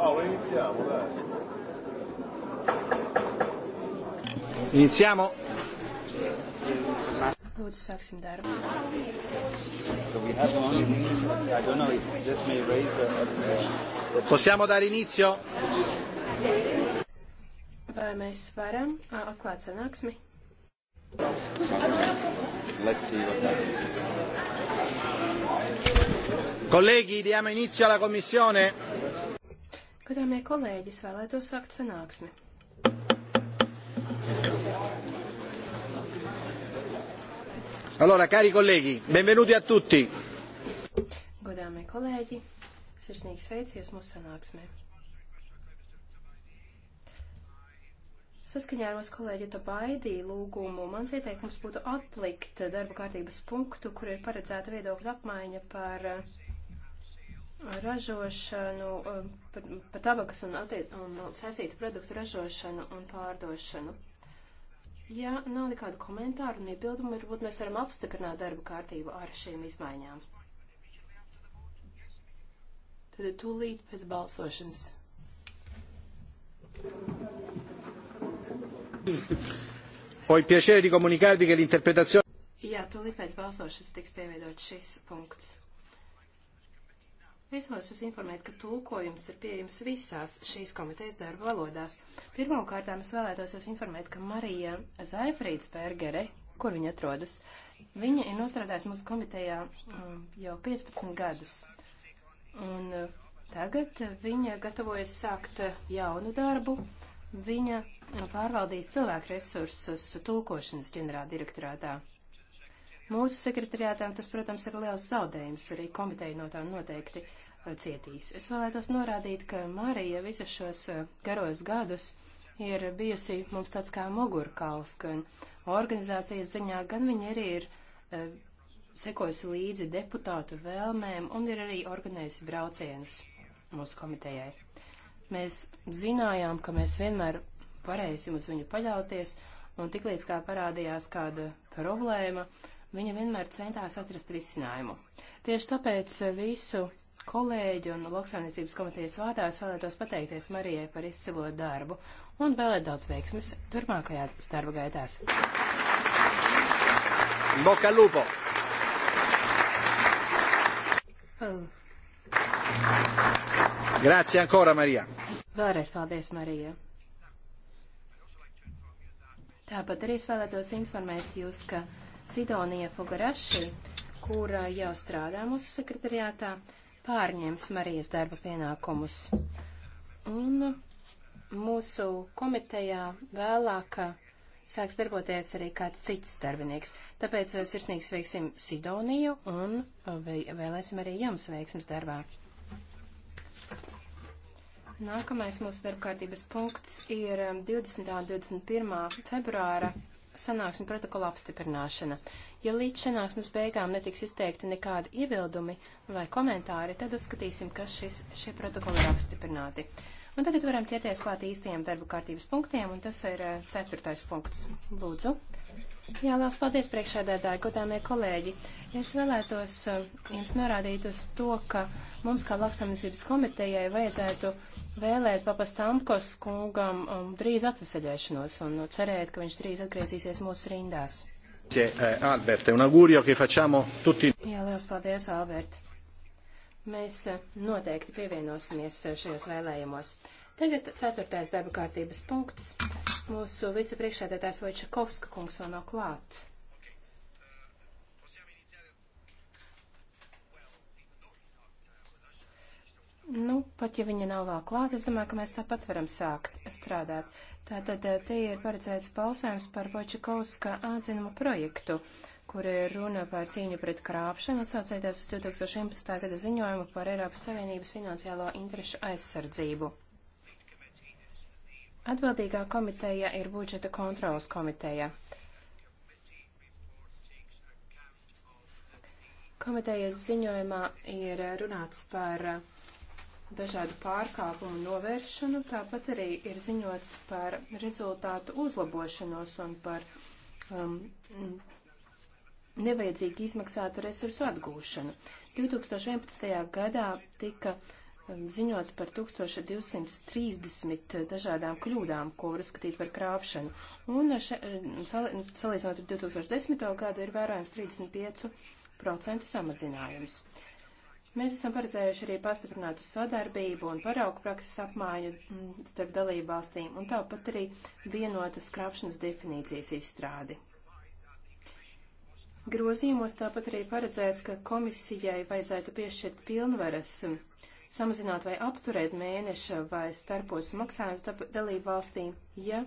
Paolo, oh, iniziamo, dai. Iniziamo. Lūdzu, sāksim darbu. Possiamo dare inizio? Vai mēs varam atklāt ah, sanāksmi? Let's see what happens. Colleghi, diamo inizio alla Commissione. Gadāmie kolēģi, es vēlētos sākt sanāksmi. Allora, cari colleghi, benvenuti a tutti. Godāmie kolēģi, sirsnīgi sveicies mūsu sanāksmē. Saskaņā ar mūsu kolēģi Tabaidī lūgumu mans ieteikums būtu atlikt darba kārtības punktu, kur ir paredzēta viedokļa apmaiņa par uh, ražošanu, um, par, par tabakas un, un um, saistītu produktu ražošanu un pārdošanu. Ja nav nekādu komentāru un iebildumu, varbūt mēs varam apstiprināt darba kārtību ar šīm izmaiņām. Tad tūlīt pēc balsošanas. Ho il piacere di comunicarvi che l'interpretazione. Jā, tūlīt pēc balsošanas tiks pievienots šis punkts. Vēlos jūs informēt, ka tulkojums ir pieejams visās šīs komitejas darba valodās. Pirmkārtām es vēlētos jūs informēt, ka Marija Zaifrīdsbergere, kur viņa atrodas, viņa ir nostrādājusi mūsu komitejā mm, jau 15 gadus. Un mm, tagad viņa gatavojas sākt jaunu darbu. Viņa pārvaldīs cilvēku resursus tulkošanas ģenerāldirektorātā. direktorātā mūsu sekretariātām tas, protams, ir liels zaudējums, arī komiteja no tā noteikti uh, cietīs. Es vēlētos norādīt, ka Marija visus šos uh, garos gadus ir bijusi mums tāds kā mugurkauls, gan organizācijas ziņā, gan viņa arī ir uh, sekojusi līdzi deputātu vēlmēm un ir arī organizējusi braucienus mūsu komitejai. Mēs zinājām, ka mēs vienmēr varēsim uz viņu paļauties, un tiklīdz kā parādījās kāda problēma, Viņa vienmēr centās atrast risinājumu. Tieši tāpēc visu kolēģi un lauksaimniecības komitejas vārdā es vēlētos pateikties Marijai par izcilo darbu un vēlēt daudz veiksmes turpmākajā darba gaitās. Bokalupo. Oh. Grazie ancora, Marija. Vēlreiz paldies, Marija. Tāpat arī es vēlētos informēt jūs, ka Sidonija Fogaraši, kura jau strādā mūsu sekretariātā, pārņems Marijas darba pienākumus. Un mūsu komitejā vēlāk sāks darboties arī kāds cits darbinieks. Tāpēc sirsnīgi sveiksim Sidoniju un vēlēsim arī jums veiksmes darbā. Nākamais mūsu darbkārtības punkts ir 20. Um, un 21. februāra sanāksmi protokola apstiprināšana. Ja līdz sanāksmes beigām netiks izteikti nekādi iebildumi vai komentāri, tad uzskatīsim, ka šis, šie protokoli ir apstiprināti. Un tagad varam ķerties klāt īstajiem darba kārtības punktiem, un tas ir eh, ceturtais punkts. Lūdzu. Jā, liels paldies priekšādētāji, godāmie kolēģi. Es vēlētos eh, jums norādīt uz to, ka mums kā lauksamniecības komitejai vajadzētu uh, vēlēt papastāmkos kungam um, drīz atveseļošanos un nu, cerēt, ka viņš drīz atgriezīsies mūsu rindās. Eh, Alberte, un augurio, ka facciamo tutti. Jā, liels paldies, Albert. Mēs eh, noteikti pievienosimies eh, šajos vēlējumos. Tagad ceturtais darba kārtības punkts. Mūsu vicepriekšēdētājs Vojčakovska kungs vēl nav klāts. Nu, pat ja viņa nav vēl klāta, es domāju, ka mēs tāpat varam sākt strādāt. Tātad eh, te ir paredzēts balsājums par Vočakovska atzinumu projektu, kur ir runa par cīņu pret krāpšanu, atsaucēties uz 2011. gada ziņojumu par Eiropas Savienības finansiālo interešu aizsardzību. Atbildīgā komiteja ir budžeta kontrolas komiteja. Komitejas ziņojumā ir runāts par uh, dažādu pārkāpumu novēršanu, tāpat arī ir ziņots par rezultātu uzlabošanos un par um, nevajadzīgi izmaksātu resursu atgūšanu. 2011. gadā tika um, ziņots par 1230 dažādām kļūdām, ko var uzskatīt par krāpšanu, un uh, še, um, sal, salīdzinot ar 2010. gadu ir vērojams 35% samazinājums. Uh, Mēs esam paredzējuši arī pastiprinātu sadarbību un paraugu prakses apmaiņu mm, starp dalībvalstīm un tāpat arī vienotas krāpšanas definīcijas izstrādi. Grozījumos tāpat arī paredzēts, ka komisijai vajadzētu piešķirt pilnvaras mm, samazināt vai apturēt mēneša vai starpos maksājumus dalību valstīm, ja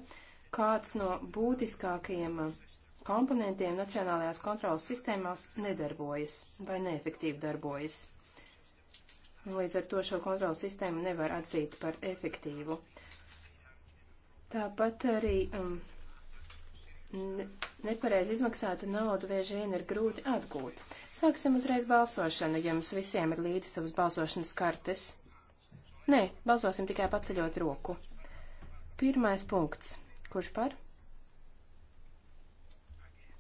kāds no būtiskākajiem mm, komponentiem nacionālajās kontrolas sistēmās nedarbojas vai neefektīvi darbojas. Līdz ar to šo kontrolu sistēmu nevar atzīt par efektīvu. Tāpat arī um, nepareizi izmaksātu naudu bieži vien ir grūti atgūt. Sāksim uzreiz balsošanu, ja mums visiem ir līdzi savas balsošanas kartes. Nē, balsosim tikai paceļot roku. Pirmais punkts. Kurš par?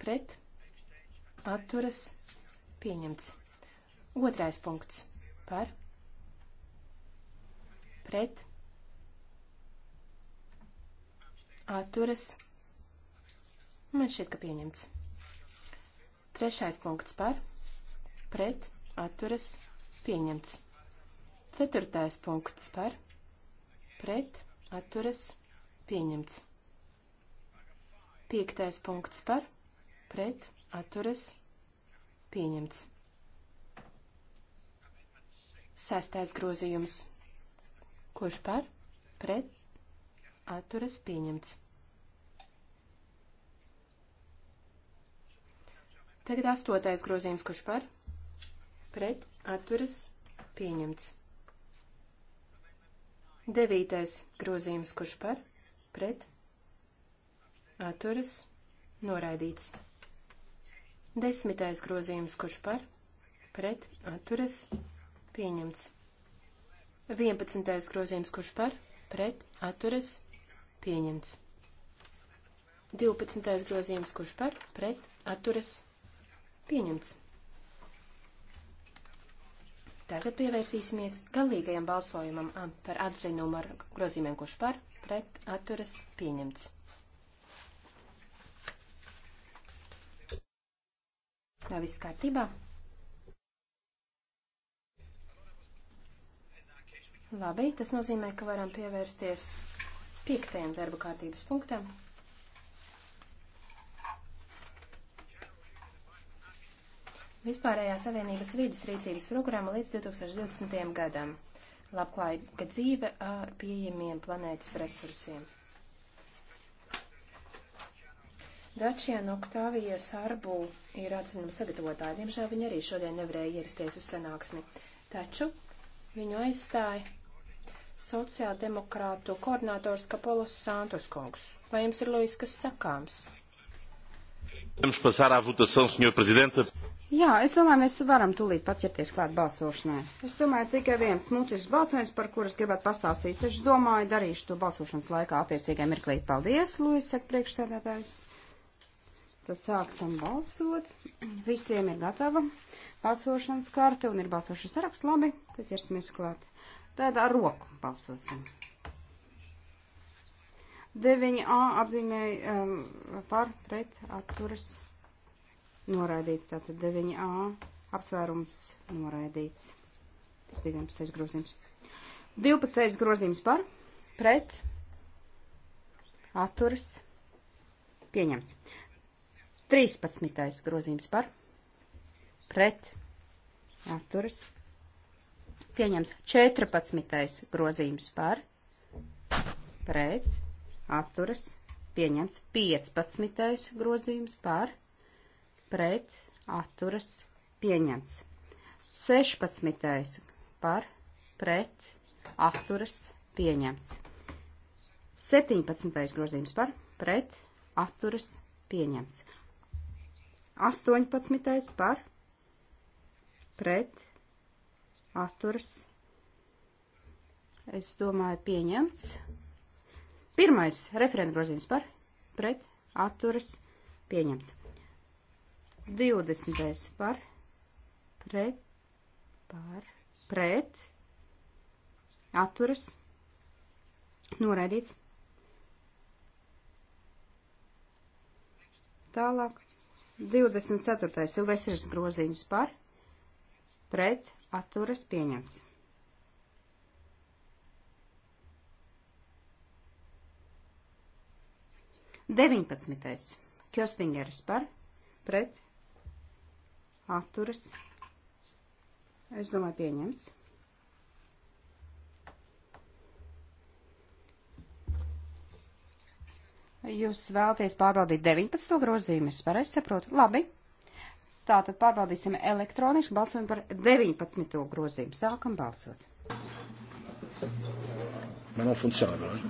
Pret? Atturas? Pieņemts. Otrais punkts. Par? pret, atturas, man šķiet, ka pieņemts. Trešais punkts par, pret, atturas, pieņemts. Ceturtais punkts par, pret, atturas, pieņemts. Piektais punkts par, pret, atturas, pieņemts. Sestais grozījums Kurš par? Pret. Atturas pieņemts. Tagad astotais grozījums. Kurš par? Pret. Atturas pieņemts. Devītais grozījums. Kurš par? Pret. Atturas noraidīts. Desmitais grozījums. Kurš par? Pret. Atturas pieņemts. 11. grozījums, kurš par, pret, atturas, pieņemts. 12. grozījums, kurš par, pret, atturas, pieņemts. Tagad pievērsīsimies galīgajam balsojumam par atzinumu ar grozījumiem, kurš par, pret, atturas, pieņemts. Tā viss kārtībā. Labi, tas nozīmē, ka varam pievērsties piektajam darba kārtības punktam. Vispārējā Savienības vīdes rīcības programma līdz 2020. gadam. Labklājīga dzīve ar pieejamiem planētas resursiem. Dačija un Oktāvija Sārbu ir atzinuma sagatavotāji. Diemžēl viņi arī šodien nevarēja ierasties uz sanāksmi. Taču viņu aizstāja sociāldemokrātu koordinators Kapolos Santos kungs. Vai jums ir Luis, kas sakāms? Jā, es domāju, mēs varam tūlīt pat ķerties klāt balsošanai. Es domāju, tikai viens mutisks balsojums, par kur es gribētu pastāstīt. Es domāju, darīšu to balsošanas laikā attiecīgai mirklī. Paldies, Luis, saka priekšsēdētājs. Tad sāksim balsot. Visiem ir gatava balsošanas karte un ir balsošanas saraksts. Labi, tad ķersimies klāt. Tad ar roku balsosim. 9a apzīmēja um, par pret atturas noraidīts. Tātad 9a apsvērums noraidīts. Tas bija 11. grozījums. 12. grozījums par pret atturas pieņemts. 13. grozījums par pret atturas pieņemts pieņems 14. grozījums par, pret, atturas, pieņems 15. grozījums par, pret, atturas, pieņems 16. par, pret, atturas, pieņems 17. grozījums par, pret, atturas, pieņems 18. par, pret, atturas. Es domāju, pieņemts. Pirmais referenta grozījums par, pret, atturas, pieņemts. 20. par, pret, par, pret, atturas, noraidīts. Tālāk, 24. silvestris grozījums par, pret, atturas pieņemts. Deviņpadsmitais. Kjostingeris par, pret, atturas. Es domāju, pieņems. Jūs vēlaties pārbaudīt 19. grozījumus, pareizi saprotu? Labi. Tātad pārbaudīsim elektroniski balsojumu par 19. grozījumu. Sākam balsot. Man nav funkcionāla. Eh?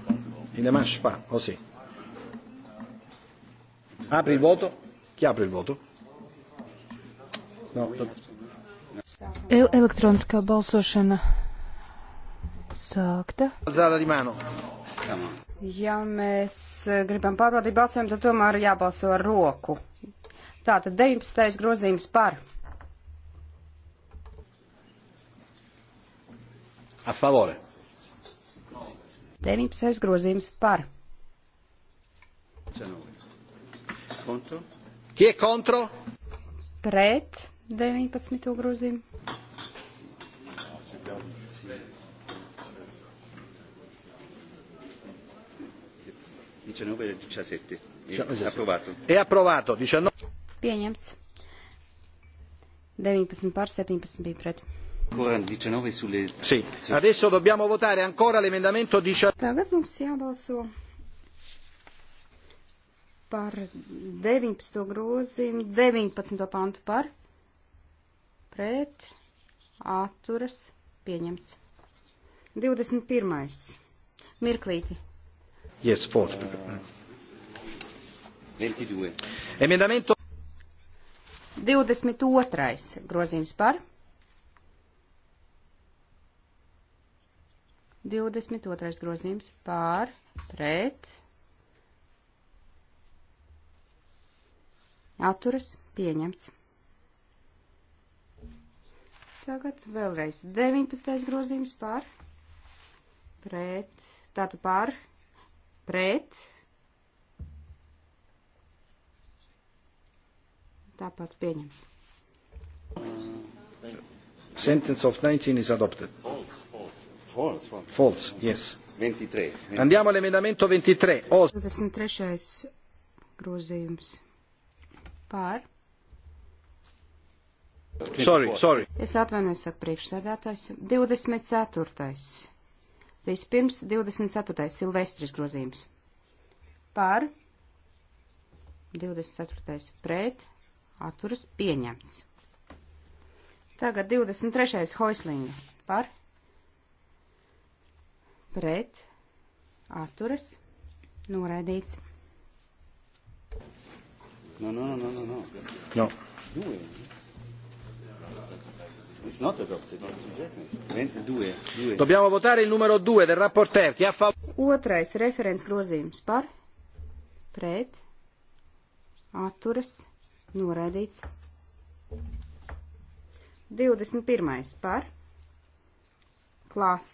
Il ne marche pas, aussi. Oh Apri il voto. Chi apre il voto? No. El elektroniskā balsošana sākta. Zāda di mano. Ja mēs gribam pārbaudīt balsojumu, tad tomēr jābalso ar roku. Tātad 19. grozījums par. A favore. 19. grozījums par. Kie kontro? Pret 19. grozījumu. Diciannove e diciassette. È e approvato. È approvato. 19... Pieņemts. 19 par 17 bija pret. Sì, adesso dobbiamo votare ancora l'emendamento 19. Tagad mums jābalso par 19. grozījumu, 19. pantu par, pret, atturas, pieņemts. 21. Mirklīti. Yes, fourth. 22. Emendamento. 22. grozījums par. 22. grozījums pār, pret, atturas, pieņemts. Tagad vēlreiz 19. grozījums pār, pret, tātad pār, pret, tāpat pieņemts. Sentence of 19 is adopted. False. False. False, false yes. 23. 23. Andiamo all'emendamento 23. Os 23. grozījums. Pār. Sorry, sorry. Es atvainojos, saka priekšsēdētājs. 24. Vispirms 24. Silvestris grozījums. Pār. 24. pret atturas pieņemts. Tagad 23. hoislinga par pret atturas noraidīts. No, no, no, no, no. No. Due. It's not adopted, it's rejected. Due, due. Dobbiamo votare il numero 2 del rapporteur. Chi ha fav... Otrais referents grozījums par pret atturas noraidīts Noraidīts. 21. par, klas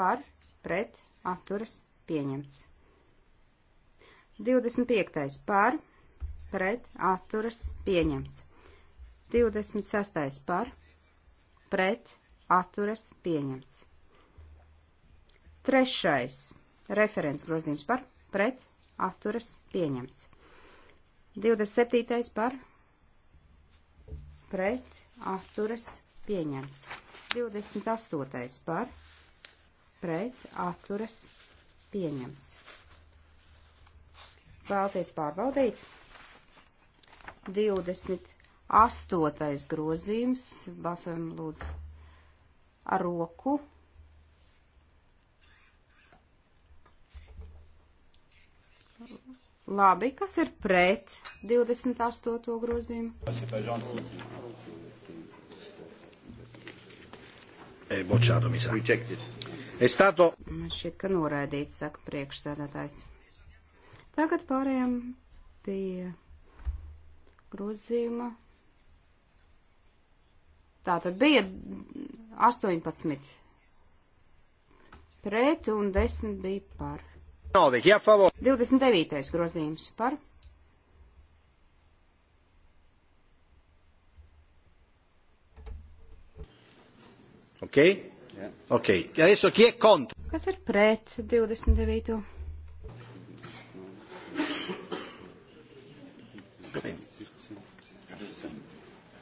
par, pret, atturas, pieņemts. 25. par, pret, atturas, pieņemts. 26. par, pret, atturas, pieņemts. Trešais referents grozījums par, pret, atturas, pieņemts. 27. par, pret atturas pieņemts. 28. par pret atturas pieņemts. Vēlties pārbaudīt. 28. grozījums. Basam lūdzu ar roku. Labi, kas ir pret 28. grozījumu? Bocciato, mi sa. Rejected. È stato... Man šķiet, ka noraidīts, saka priekšsēdētājs. Tagad pārējām pie grozījuma. Tā tad bija 18 pret un 10 bija par. 29. grozījums par. Ok? Ok. Adesso chi è contro? Kas ir pret 29.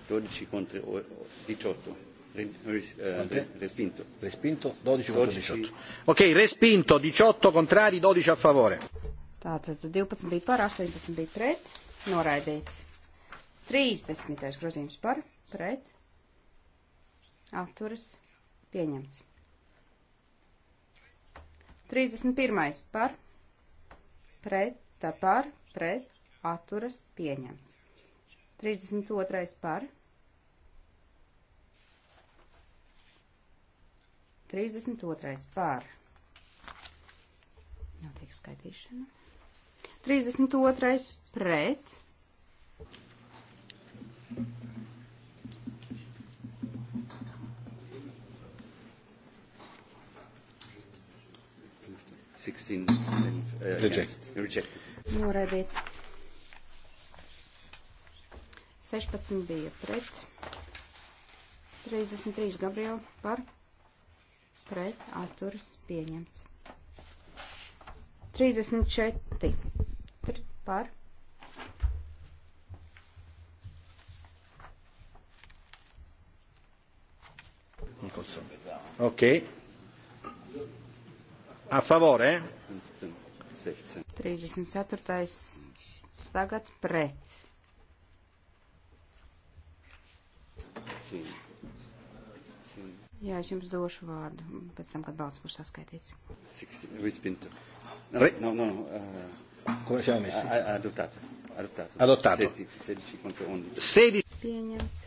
Dodici contro 18 eh, respinto. Respinto 12 contro 18. Ok, respinto 18 contrari, 12 a favore. Tātad 12 bija par, 18 bija pret, noraidīts. 30. grozījums par, pret, atturas, pieņemts. 31. par, pret, tā par, pret, atturas, pieņemts. 32. par, pret 32. par. Notiek skaitīšana. 32. pret. Uh, Noraidīts. 16 bija pret. 33 Gabriela par pret atturas pieņemts. 34 par Ok. A favore? 34. Tagad pret. Sim. Jā, es jums došu vārdu pēc tam, kad balsts būs saskaitīts. No, no, no, uh, Come siamo messi? Adottato. Adottato. adottato. 16, 16 contro 11. 16. Pieņemts.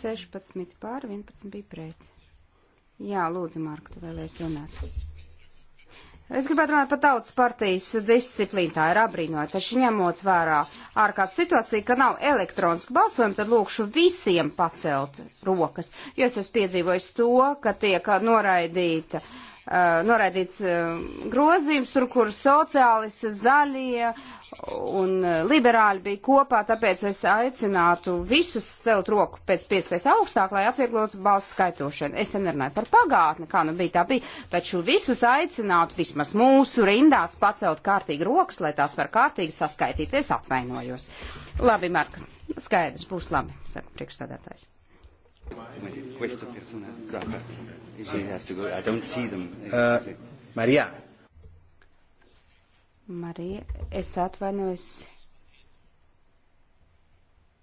16 pār, 11 bija pret. Jā, lūdzu, Marku, tu vēlēsi runāt. Es gribētu runāt par tautas partijas disciplīnu, tā ir abrīnoja, taču ņemot vērā ārkārtas situāciju, ka nav elektroniski balsojumi, tad lūkšu visiem pacelt rokas, jo es esmu piedzīvojis to, ka tiek noraidīta uh, Uh, noraidīts uh, grozījums, tur, kur sociālisti, zaļie un uh, liberāļi bija kopā, tāpēc es aicinātu visus celt roku pēc piespējas augstāk, lai atvieglotu balsu skaitošanu. Es te nerunāju par pagātni, kā nu bija tā bija, taču visus aicinātu vismaz mūsu rindās pacelt kārtīgi rokas, lai tās var kārtīgi saskaitīties, atvainojos. Labi, Marka, skaidrs, būs labi, saka priekšsēdētājs. Questo personaggio, da parte. He has to go. I don't see them. Exactly. Uh, Marijā. Marija, es atvainojos.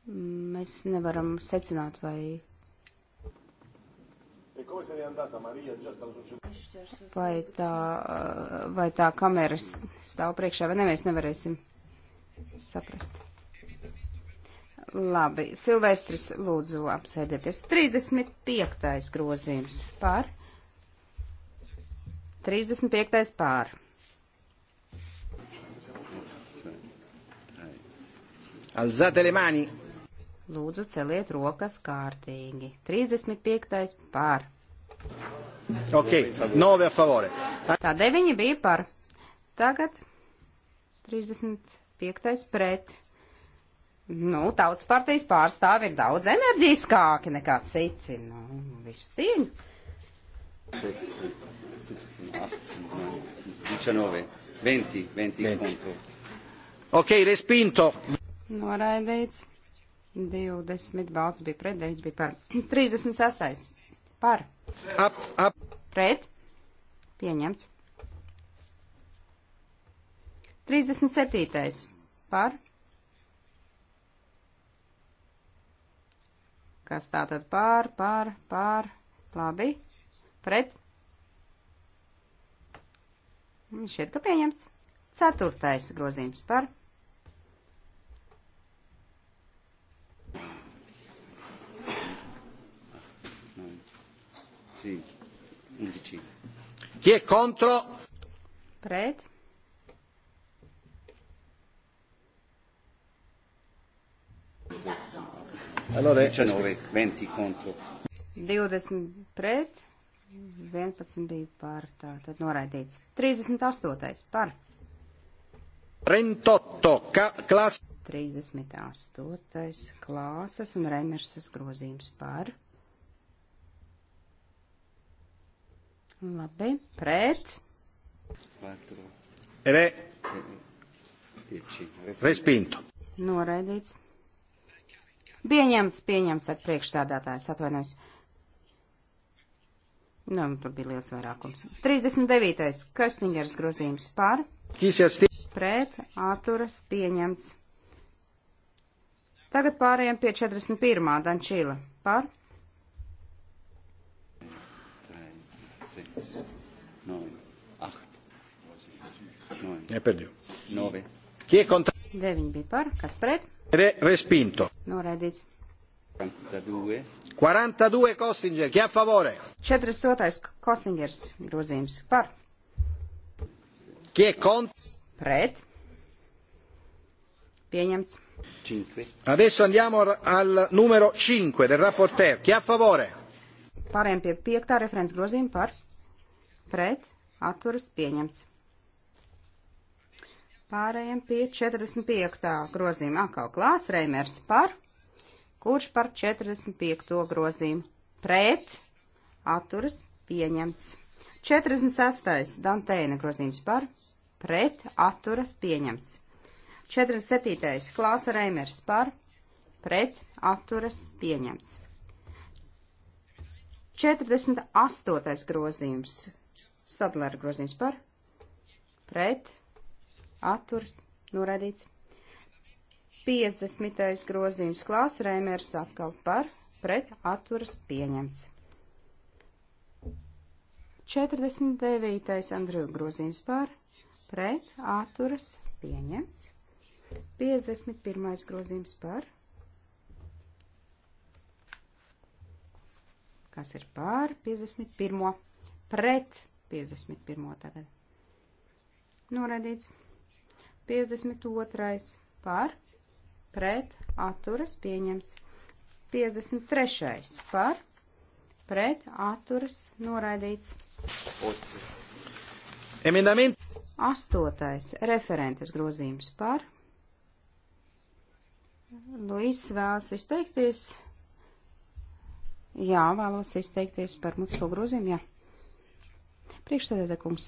Mēs nevaram secināt, vai. E vai tā, vai tā kamera stāv priekšā, vai ne, mēs nevarēsim saprast. Labi, Silvestris, lūdzu, apsēdieties. 35. grozījums pār. 35. pār. Alzate le mani! Lūdzu, celiet rokas kārtīgi. 35. pār. Ok, 9 a favore. Tā 9 bija par. Tagad 35. pret. Nu, tautas partijas pārstāvi ir daudz enerģiskāki nekā citi. Nu, visu cieņu. 19, 20, 20. Ok, respinto. Noraidīts. 20 balsts bija pret, 9 bija par. 36. Par. Ap, ap. Pret. Pieņemts. 37. Par. kas tātad pār, pār, pār, labi, pret. Šķiet, ka pieņemts. Ceturtais grozījums par. Chi è contro? Pret. No. Allora, 19, eh, 20 e contro. 20 pret, 11 bija par, tā tad noraidīts. 38. par. 38. Ka, klas... 38. klāsas un remersas grozījums par. Labi, pret. Re. Respinto. Noraidīts. Pieņems, pieņems, saka priekšsādātājs, atvainojos. Nu, tur bija liels vairākums. 39. Kastingers grozījums par. Pret, atturas, pieņemts. Tagad pārējām pie 41. Dančīla. Par. Nepēdējo. Deviņi bija par, kas pret? Re, respinto. Noraidīts. 42. 42 Kostinger, chi a favore? 42. Kostingers grozījums par. Chi è contro? Pret. Pieņemts. 5. Adesso andiamo al numero 5 del rapporteur. Chi è a favore? Pārējām pie 5. referents grozījuma par. Pret. Atturas pieņemts. Pārējiem pie 45. grozījuma atkal klās Reimers par, kurš par 45. grozījumu pret atturas pieņemts. 46. Dantēna grozījums par, pret atturas pieņemts. 47. Klāsa Reimers par, pret atturas pieņemts. 48. grozījums, Stadlera grozījums par, pret atturs, norādīts. 50. grozījums klās Rēmērs atkal par, pret, atturas, pieņemts. 49. Andriju grozījums par, pret, atturas, pieņemts. 51. grozījums par, kas ir par 51. pret 51. tagad. Noradīts. 52. par, pret, atturas pieņemts. 53. par, pret, atturas noraidīts. Eminament. 8. referentes grozījums par. Luis vēlas izteikties. Jā, vēlos izteikties par mutisko grozījumu, jā. Priekšsēdētājs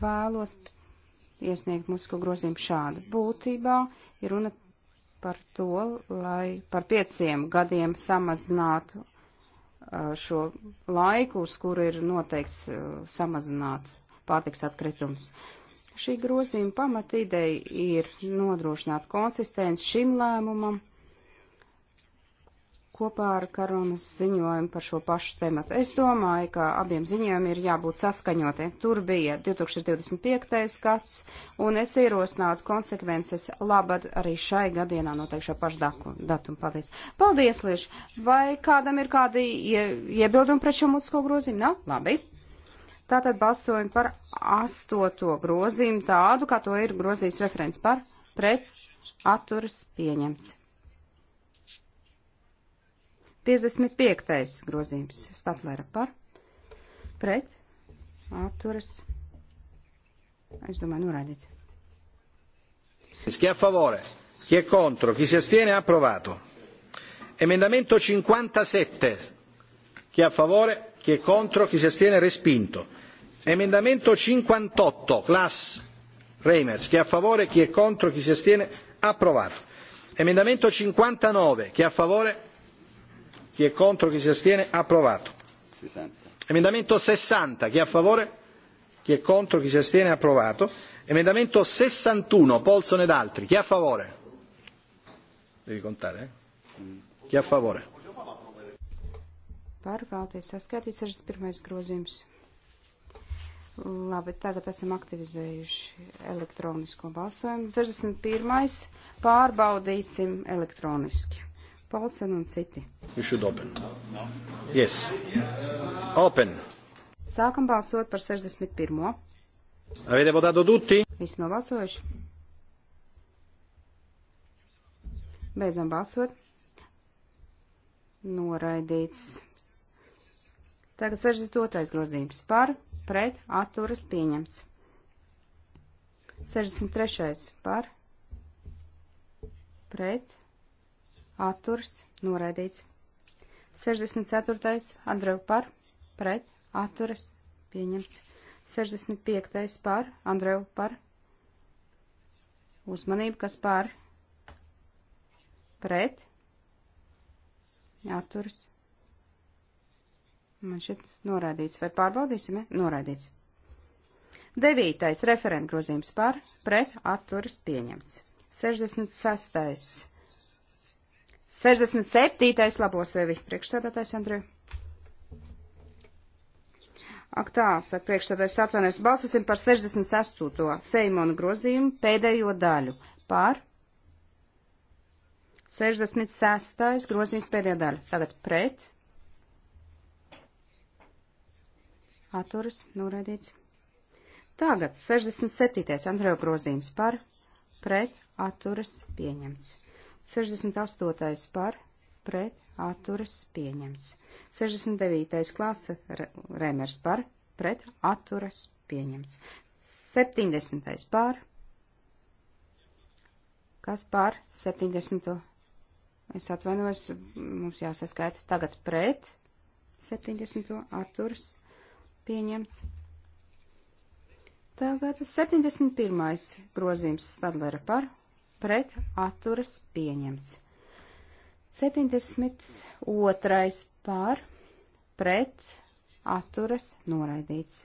vēlos iesniegt mūsu grozījumu šādu. Būtībā ir runa par to, lai par pieciem gadiem samazinātu uh, šo laiku, uz kuru ir noteikts uh, samazināt pārtiks atkritums. Šī grozījuma pamatideja ir nodrošināt konsistenci šim lēmumam kopā ar Karunas ziņojumu par šo pašu tematu. Es domāju, ka abiem ziņojumiem ir jābūt saskaņotiem. Tur bija 2025. gads, un es ierosinātu konsekvences labad arī šai gadienā noteikšā pašu datumu. Paldies. Paldies, Liež. Vai kādam ir kādi ie, iebildumi pret šo mutisko grozījumu? Nav? Labi. Tātad balsojam par astoto grozījumu tādu, kā to ir grozījis referents par pret atturas pieņemts. 55. grozījums Statlera par pret atturas. Es domāju, norādīts. Chi è a favore? Chi è contro? Chi si astiene? Approvato. Emendamento 57. Chi è a favore? Chi è contro? Chi si astiene? Respinto. Emendamento 58. Class Reimers. Chi è a favore? Chi è contro? Chi si astiene? Approvato. Emendamento 59. Chi è a favore? Chi è contro? Chi si astiene? Approvato. 60. Emendamento 60. Chi è a favore? Chi è contro? Chi si astiene? Approvato. Emendamento 61. Polson ed altri. Chi è a favore? Devi contare, eh? Chi è a favore? Par vēlties saskatīt 61. grozījums. Labi, tagad esam aktivizējuši elektronisko balsojumu. 61. pārbaudīsim elektroniski. Paulsen un citi. You should open. Yes. Open. Sākam balsot par 61. Avete votato tutti? Visi nobalsojuši. Beidzam balsot. Noraidīts. Tagad 62. grozījums par, pret, atturas pieņemts. 63. par, pret, atturs, noraidīts. 64. Andreju par, pret, atturas, pieņemts. 65. par, Andreju par, uzmanību, kas par, pret, atturas. Man šit noraidīts, vai pārbaudīsim, ne? Eh? Noraidīts. Devītais referentgrozījums par, pret, atturas, pieņemts. 66. 67. labo sevi. Priekšsēdētājs Andrija. Ak tā, saka priekšsēdētājs atvainojas. Balsosim par 68. Feimona grozījumu pēdējo daļu. Pār. 66. grozījums pēdējā daļa. Tagad pret. Atturas, noraidīts. Tagad 67. Andreja grozījums par, pret, atturas, pieņemts. 68. par pret atturas pieņemts. 69. klāsa Remers par pret atturas pieņemts. 70. par. Kas par 70. Es atvainojos, mums jāsaskaita tagad pret 70. atturas pieņemts. Tagad 71. grozījums Stadlera par pret atturas pieņemts. 72. pār pret atturas noraidīts.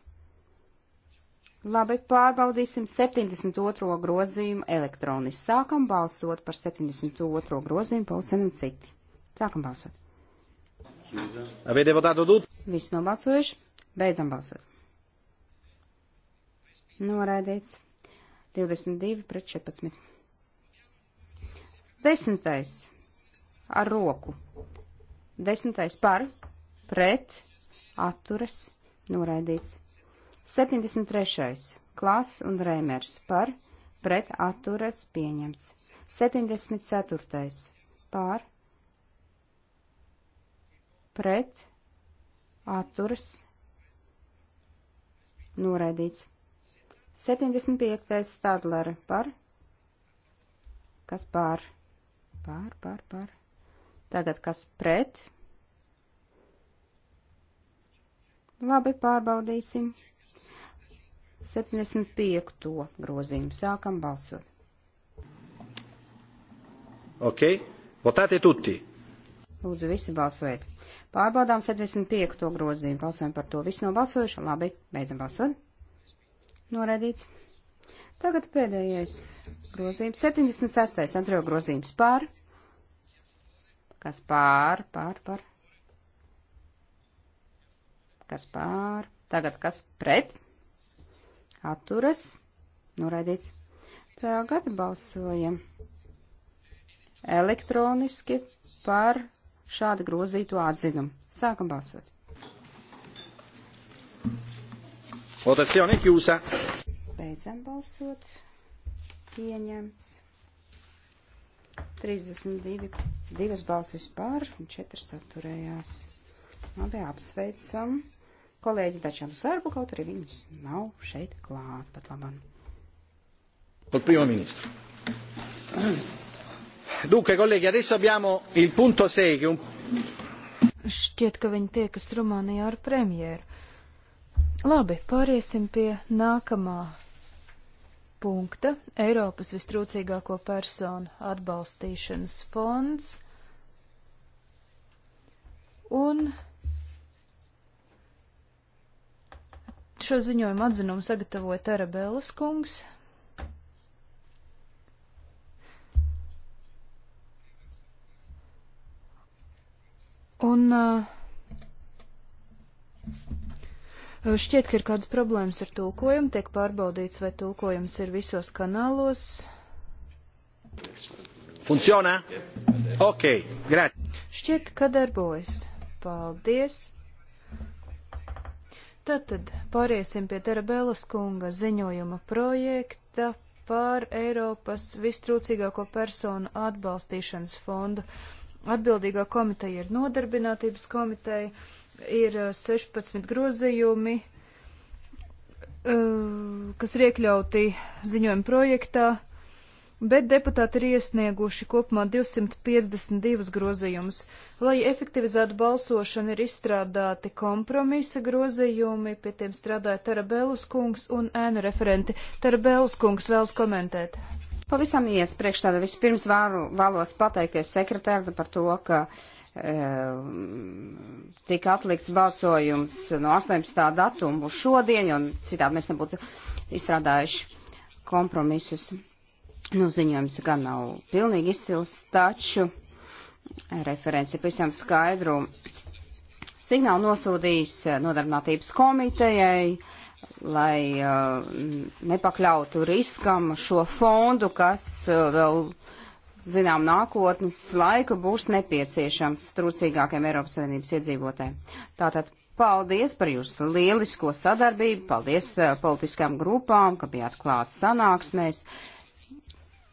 Labi, pārbaudīsim 72. grozījumu elektroniski. Sākam balsot par 72. grozījumu, pulcenam citi. Sākam balsot. Visi nobalsojuši. Beidzam balsot. Noraidīts. 22 pret 14. Desmitais ar roku. Desmitais par, pret, atturas, noraidīts. 73. Klās un Rēmers par, pret, atturas, pieņemts. 74. pār, pret, atturas, noraidīts. 75. Stadlera par, kas pār, Par, par, par. Tagad kas pret? Labi, pārbaudīsim. 75. To grozījumu sākam balsot. Ok, votate tutti. Lūdzu, visi balsojiet. Pārbaudām 75. grozījumu. Balsojam par to. Visi nav balsojuši. Labi, beidzam balsot. Noredīts. Tagad pēdējais grozījums. 76. Andrejo grozījums pār. Kas pār, pār, pār. Kas pār. Tagad kas pret. Atturas. Noraidīts. Tagad balsojam elektroniski par šādu grozīto atzinumu. Sākam balsot. Votazione chiusa. Beidzam balsot. Pieņemts. 32 divas balsis par un 4 saturējās. Labi, apsveicam. Kolēģi dažām uz darbu, kaut arī viņas nav šeit klāt pat labam. Col primo ministro. Dunque, colleghi, adesso abbiamo il punto 6 che un... Šķiet, ka viņi tiekas Rumānijā ar premjeru. Labi, pāriesim pie nākamā punkta - Eiropas vistrūcīgāko personu atbalstīšanas fonds. Un šo ziņojumu atzinumu sagatavoja Terabēlas kungs. Un uh, Eh, šķiet, ka ir kādas problēmas ar tulkojumu, tiek pārbaudīts, vai tulkojums ir visos kanālos. Funciona? Ok, grāti. Šķiet, ka darbojas. Paldies. Tātad pāriesim pie Terabēlas kunga ziņojuma projekta par Eiropas vistrūcīgāko personu atbalstīšanas fondu. Atbildīgā komiteja ir nodarbinātības komiteja ir 16 eh, grozījumi, eh, kas ir iekļauti ziņojuma projektā, bet deputāti ir iesnieguši kopumā 252 grozījumus. Lai efektivizētu balsošanu, ir izstrādāti kompromisa grozījumi, pie tiem strādāja Tarabēlus kungs un ēnu referenti. Tarabēlus kungs vēlas komentēt. Pavisam ies priekšstādā vispirms vāru, vēlos pateikties sekretārdu par to, ka uh, Ehm, tika atlikts balsojums no 18. datumu uz šodien, un citādi mēs nebūtu izstrādājuši kompromisus. Nu, ziņojums gan nav pilnīgi izcils, taču referenci pavisam skaidru signālu nosūtījis nodarbinātības komitejai, lai uh, nepakļautu riskam šo fondu, kas uh, vēl zinām nākotnes laiku būs nepieciešams trūcīgākiem Eiropas Savienības iedzīvotēm. Tātad paldies par jūsu lielisko sadarbību, paldies uh, politiskām grupām, ka bijāt klāt sanāksmēs,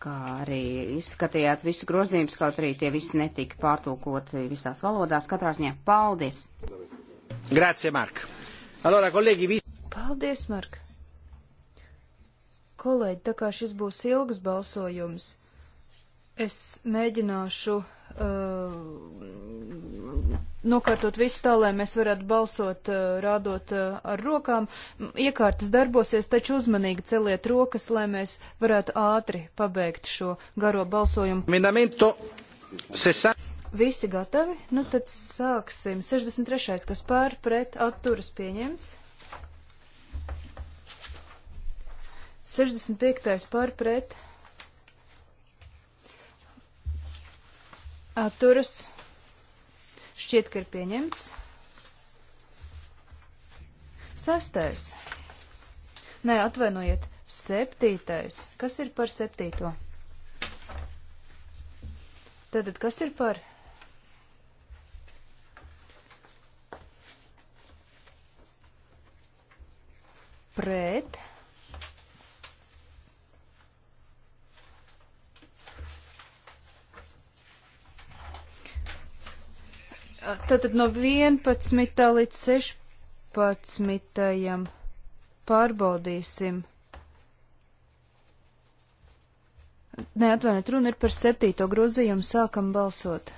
kā arī izskatījāt visu grozījumus, kaut arī tie visi netika pārtulkoti visās valodās. Katrā ziņā paldies! Grazie, Mark! Allora, kolēģi, vis... Paldies, Mark! Kolēģi, tā kā šis būs ilgs balsojums. Es mēģināšu uh, nokārtot visu tā, lai mēs varētu balsot, uh, rādot uh, ar rokām. Iekārtas darbosies, taču uzmanīgi celiet rokas, lai mēs varētu ātri pabeigt šo garo balsojumu. Minamento. Sesa. Visi gatavi? Nu tad sāksim. 63. kas pār pret atturas pieņemts. 65. pār pret atturas pieņemts. atturas šķiet, ka ir pieņemts. Sastais. Nē, atvainojiet, septītais. Kas ir par septīto? Tātad, kas ir par? Pret. Tātad no 11. līdz 16. pārbaudīsim. Neatvainojiet, runa ir par 7. grozījumu, sākam balsot.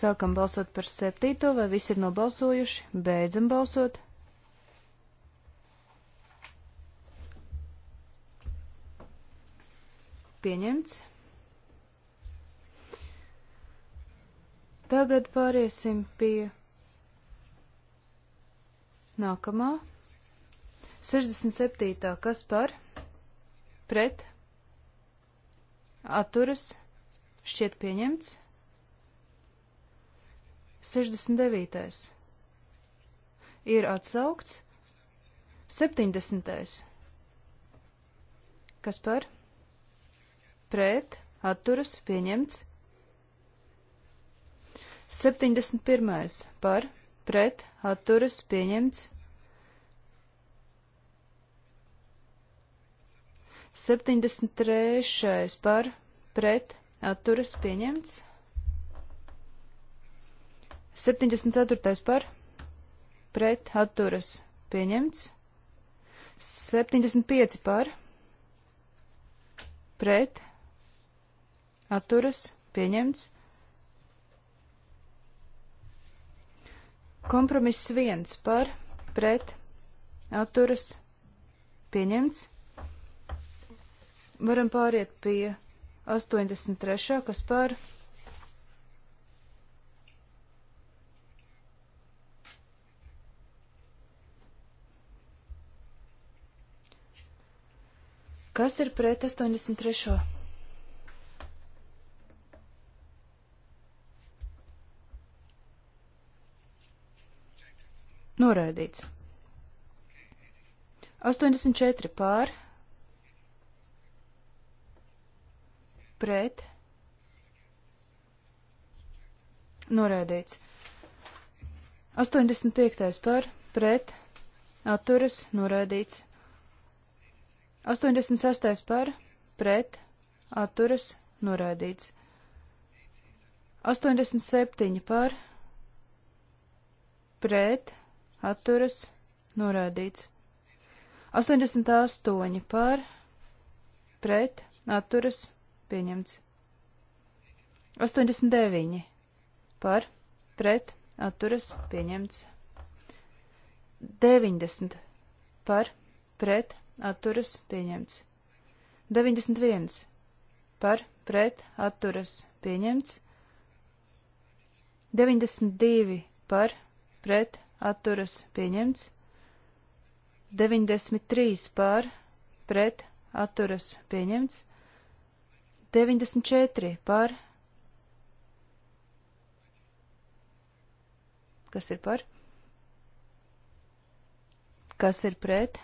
Sākam balsot par 7. vai visi ir nobalsojuši, beidzam balsot. Pieņemts. Tagad pāriesim pie nākamā. 67. kas par? Pret? Atturas? Šķiet pieņemts. 69. Ir atsaukts. 70. Kas par? Pret? Atturas? Pieņemts. 71. par, pret, atturas, pieņemts. 73. par, pret, atturas, pieņemts. 74. par, pret, atturas, pieņemts. 75 par, pret, atturas, pieņemts. Kompromiss viens par pret atturas pieņemts. Varam pāriet pie 83. kas par Kas ir pret 83. Noraidīts. 84 pār. Pret. Noraidīts. 85 pār. Pret. Atturas. Noraidīts. 86 pār. Pret. Atturas. Noraidīts. 87 par pret atturas, norādīts. 88 par, pret, atturas, pieņemts. 89 par, pret, atturas, pieņemts. 90 par, pret, atturas, pieņemts. 91 par, pret, atturas, pieņemts. 92 par, pret, atturas pieņemts, 93 par, pret, atturas pieņemts, 94 par, kas ir par, kas ir pret,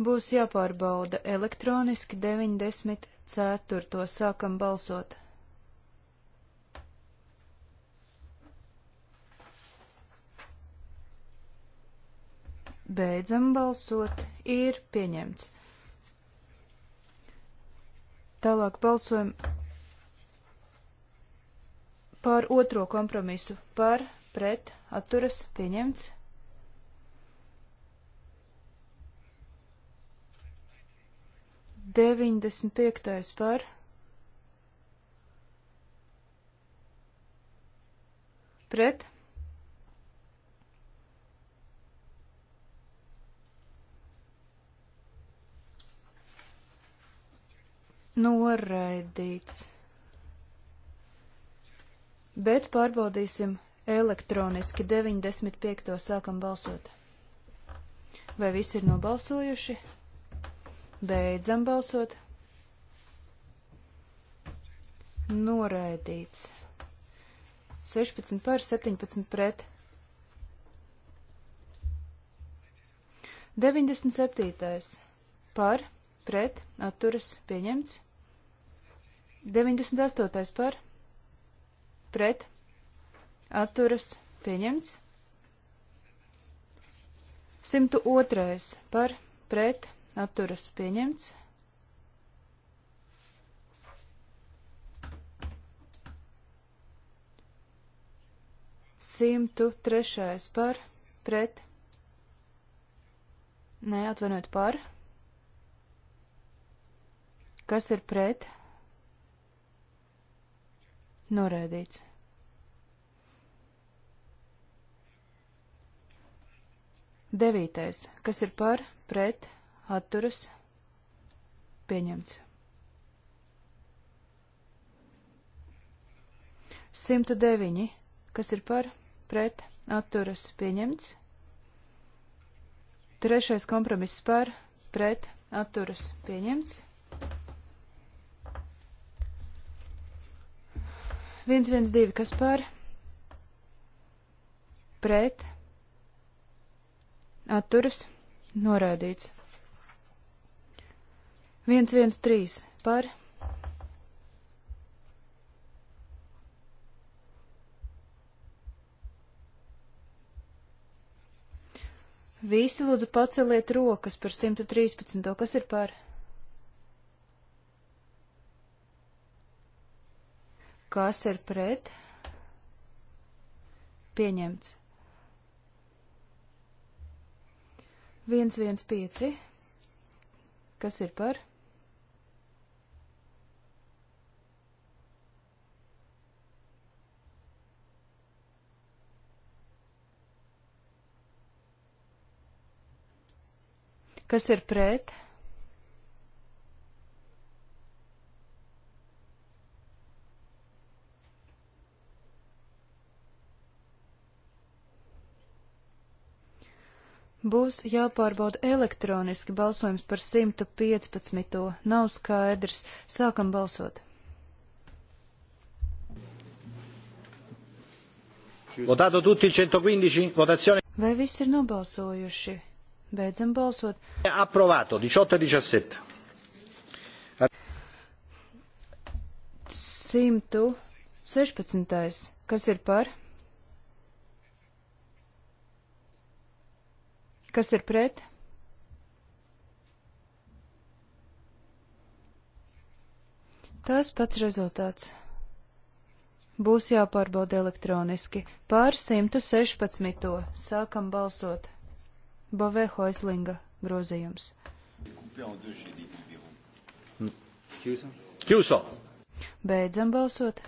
būs jāpārbauda elektroniski 93 ceturto sākam balsot. Beidzam balsot, ir pieņemts. Tālāk balsojam par otro kompromisu, par, pret, atturas, pieņemts. 95. par pret noraidīts. Bet pārbaudīsim elektroniski 95. sākam balsot. Vai visi ir nobalsojuši? Beidzam balsot. Noraidīts. 16 par 17 pret. 97. par pret atturas pieņemts. 98. par pret atturas pieņemts. 102. par pret Atturas pieņemts. Simtu trešais par, pret, nē, atvainojiet par, kas ir pret, norēdīts. Devītais, kas ir par, pret, norēdīts atturas pieņemts. 109. Kas ir par? Pret. Atturas. Pieņemts. Trešais kompromiss par. Pret. Atturas. Pieņemts. 112. Kas par? Pret. Atturas. Noraidīts. 113 par Visi lūdzu paceliet rokas par 113. Kas ir par? Kas ir pret? Pieņemts. 115. Kas ir par? Kas ir pret? Būs jāpārbauda elektroniski balsojums par 115. Nav skaidrs. Sākam balsot. Votato tutti 115. Votazione. Vai visi ir nobalsojuši? Beidzam balsot. Approvato 18-17. 116. E Kas ir par? Kas ir pret? Tas pats rezultāts. Būs jāpārbauda elektroniski. Pār 116. Sākam balsot. Bovē Hoislinga grozījums. Kjūso. Beidzam balsot.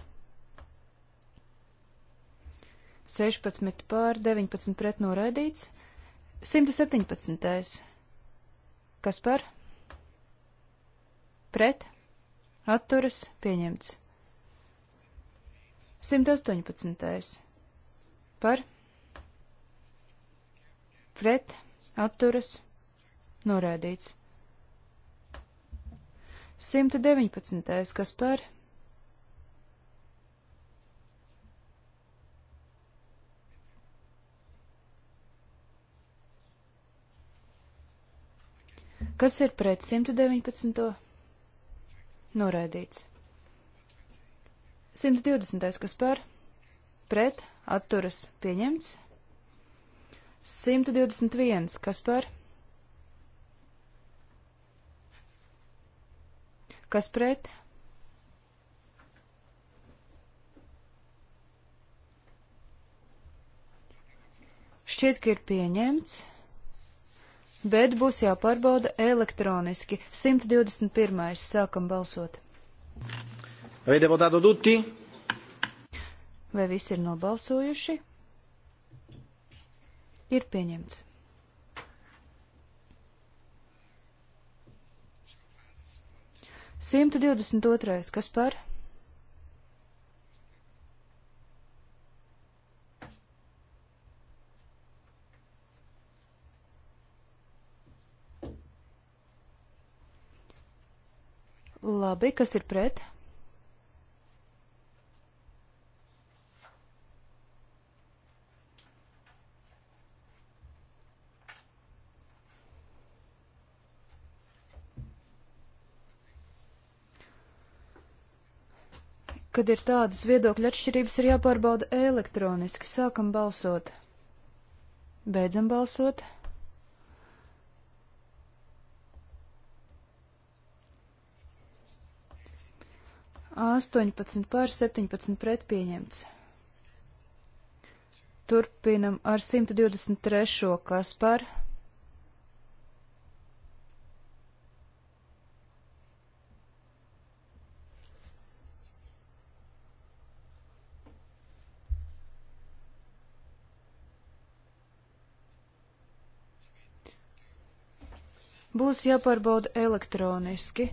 16 pār 19 pret noraidīts. 117. Kas par? Pret. Atturas pieņemts. 118. Par. Pret atturas, noraidīts. 119. kas par? Kas ir pret 119? Noraidīts. 120. kas par? Pret, atturas, pieņemts. 121. Kas par? Kas pret? Šķiet, ka ir pieņemts, bet būs jāpārbauda elektroniski. 121. sākam balsot. Vai deputātu duti? Vai visi ir nobalsojuši? Ir pieņemts. Simt divdesmit otrais, kas par? Labi, kas ir pret? Kad ir tādas viedokļa atšķirības, ir jāpārbauda elektroniski. Sākam balsot. Beidzam balsot. Astoņpadsmit pār septiņpadsmit pret pieņemts. Turpinam ar 123. kas par būs jāpārbauda elektroniski.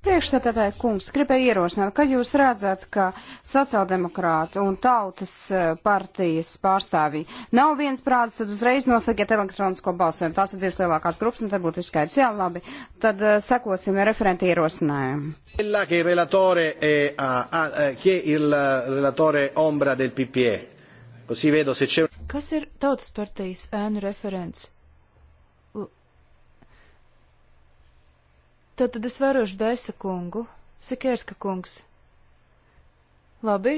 Priekšstādātāja kungs, gribēju ierosināt, ka jūs redzat, ka sociāldemokrāta un tautas eh, partijas pārstāvji nav viens prāts, tad uzreiz nosakiet elektronisko balsojumu. Tās ir divas lielākās grupas, un te būtu viss skaidrs. Jā, labi, tad eh, sekosim referenti ierosinājumu. Eh, e? Kas ir tautas partijas ēnu referents? Tad, tad es vērošu Desa kungu, Sikērska kungs. Labi,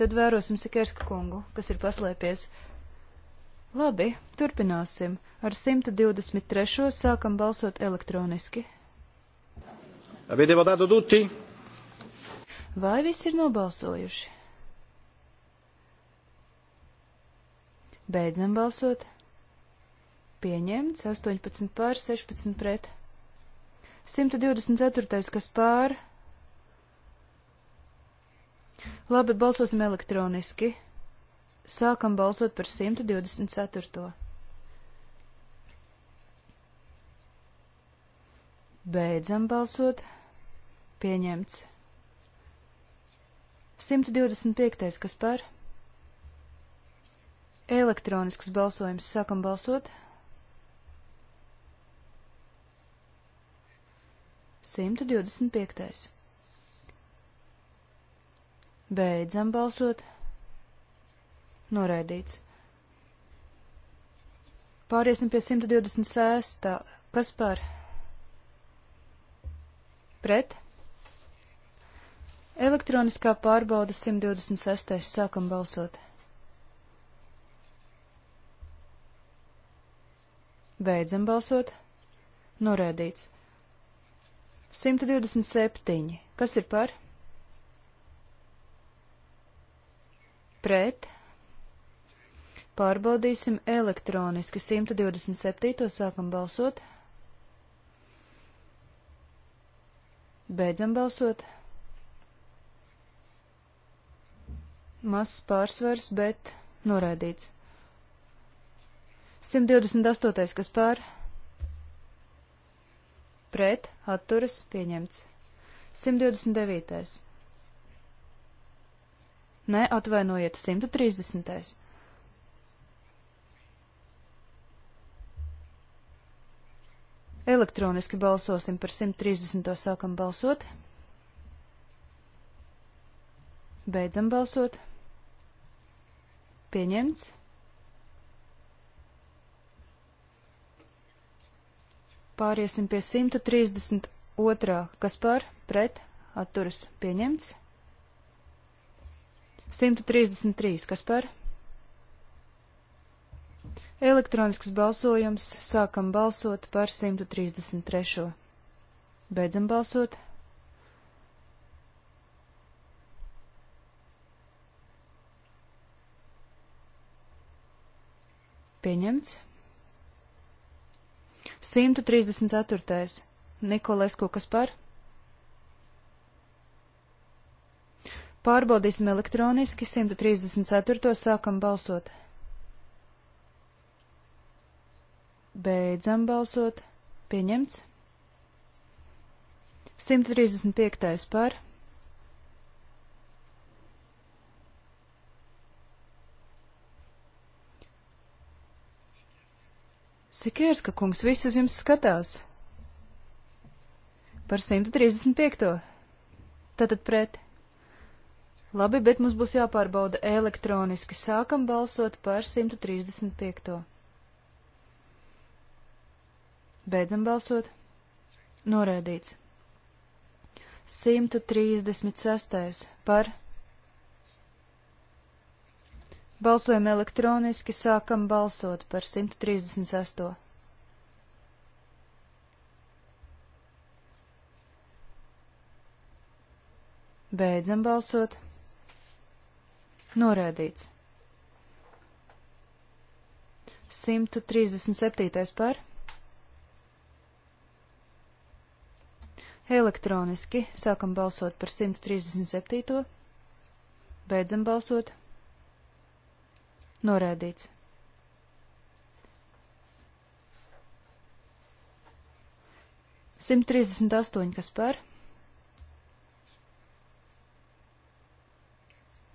tad vērosim Sikērska kungu, kas ir paslēpies. Labi, turpināsim. Ar 123. sākam balsot elektroniski. Avete votato tutti? Vai visi ir nobalsojuši? Beidzam balsot. Pieņemts 18 pār 16 pret. 124. kas pār. Labi, balsosim elektroniski. Sākam balsot par 124. Beidzam balsot. Pieņemts. 125. kas par? Elektronisks balsojums. Sākam balsot. 125. Beidzam balsot. Noraidīts. Pāriesim pie 126. Kas par? Pret? Elektroniskā pārbauda 126. Sākam balsot. Beidzam balsot. Norēdīts. 127. Kas ir par? Pret. Pārbaudīsim elektroniski. 127. sākam balsot. Beidzam balsot. Mazs pārsvars, bet noraidīts. 128. kas pār? pret, atturas, pieņemts. 129. Nē, atvainojiet, 130. Elektroniski balsosim par 130. sākam balsot. Beidzam balsot. Pieņemts. Pāriesim pie 132. Kas par? Pret? Atturas pieņemts. 133. Kas par? Elektronisks balsojums. Sākam balsot par 133. Beidzam balsot. Pieņemts. 134. Nikolesku, kas par? Pārbaudīsim elektroniski 134. sākam balsot. Beidzam balsot. Pieņemts. 135. par Sikērska kungs, viss uz jums skatās. Par 135. Tātad pret. Labi, bet mums būs jāpārbauda elektroniski. Sākam balsot par 135. Beidzam balsot. Norēdīts. 136. par Balsojam elektroniski, sākam balsot par 138. Beidzam balsot. Norēdīts. 137. par. Elektroniski sākam balsot par 137. Beidzam balsot. Noraidīts. Simt trīsdesmit astoņi, kas par?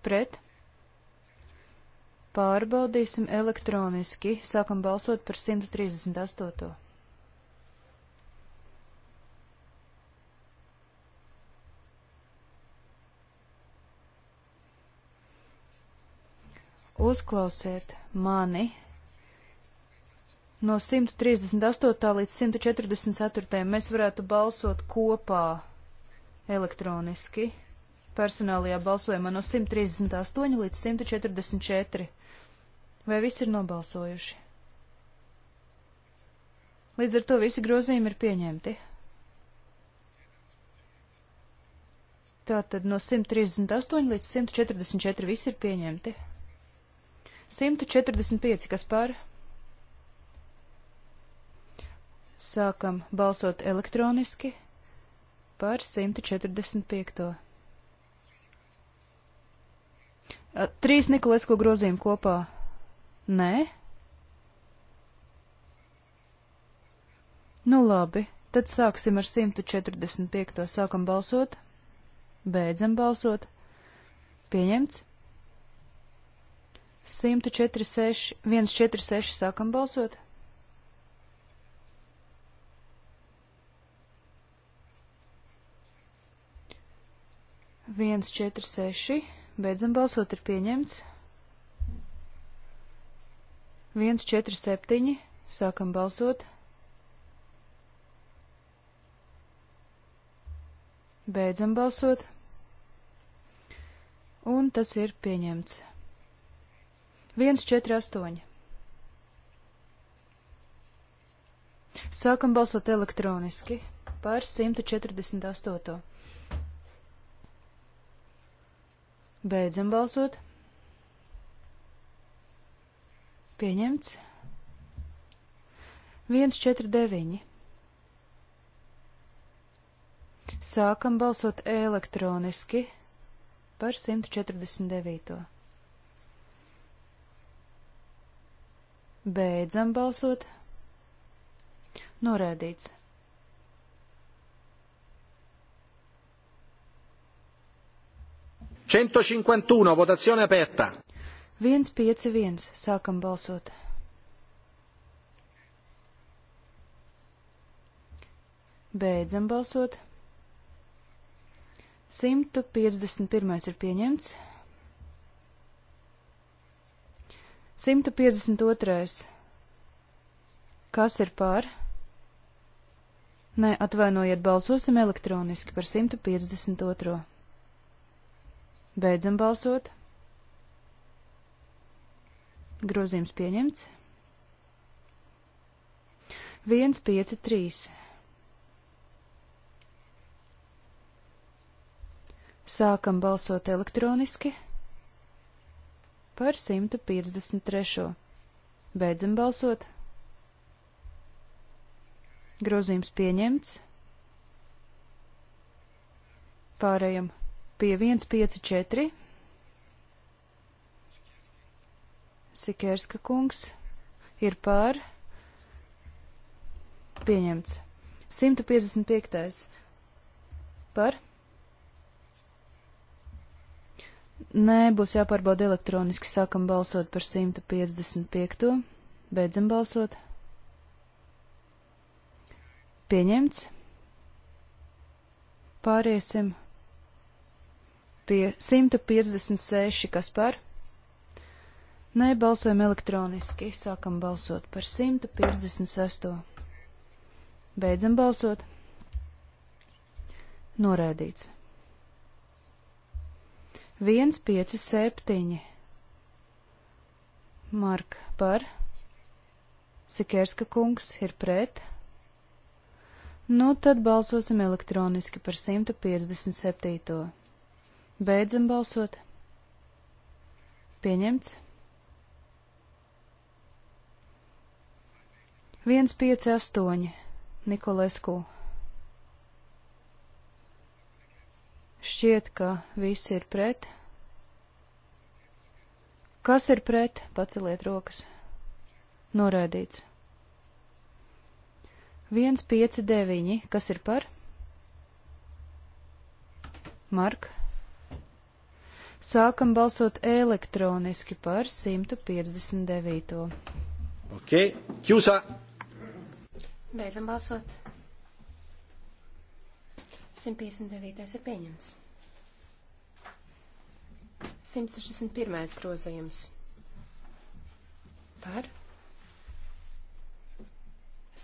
Pret. Pārbaudīsim elektroniski. Sākam balsot par 138. uzklausiet mani. No 138. līdz 144. mēs varētu balsot kopā elektroniski personālajā balsojumā no 138 līdz 144. Vai visi ir nobalsojuši? Līdz ar to visi grozījumi ir pieņemti. Tātad no 138 līdz 144 visi ir pieņemti. 145, kas par? Sākam balsot elektroniski par 145. Trīs Nikolaisko grozījumu kopā. Nē? Nu labi, tad sāksim ar 145. Sākam balsot, beidzam balsot. Pieņemts. 146, 146 sākam balsot. Viens, četri, seši. Beidzam balsot ir pieņemts. Viens, četri, septiņi. Sākam balsot. Beidzam balsot. Un tas ir pieņemts. 148. Sākam balsot elektroniski par 148. Beidzam balsot. Pieņemts. 149. Sākam balsot elektroniski par 149. Beidzam balsot. Norēdīts. Centocinquantuno, votazione aperta. 151, sākam balsot. Beidzam balsot. 151 ir pieņemts. 152. Kas ir par? Nē, atvainojiet, balsosim elektroniski par 152. Beidzam balsot. Grozījums pieņemts. 1, 5, 3. Sākam balsot elektroniski. 1, 5, 3 par 153. Beidzam balsot. Grozījums pieņemts. Pārējam pie 154. Sikerska kungs ir pār. Pieņemts. 155. par. Nē, būs jāpārbauda elektroniski. Sākam balsot par 155. Beidzam balsot. Pieņemts. Pāriesim pie 156. Kas par? Nē, balsojam elektroniski. Sākam balsot par 156. Beidzam balsot. Noraidīts. 157. Mark par. Sikerska kungs ir pret. Nu, tad balsosim elektroniski par 157. Beidzam balsot. Pieņemts. 158. Nikolesku Šķiet, ka visi ir pret. Kas ir pret? Paceliet rokas. Noraidīts. 159. Kas ir par? Mark. Sākam balsot elektroniski par 159. Ok, ķūsā. Beidzam balsot. 159. ir pieņemts. 161. grozījums. Par.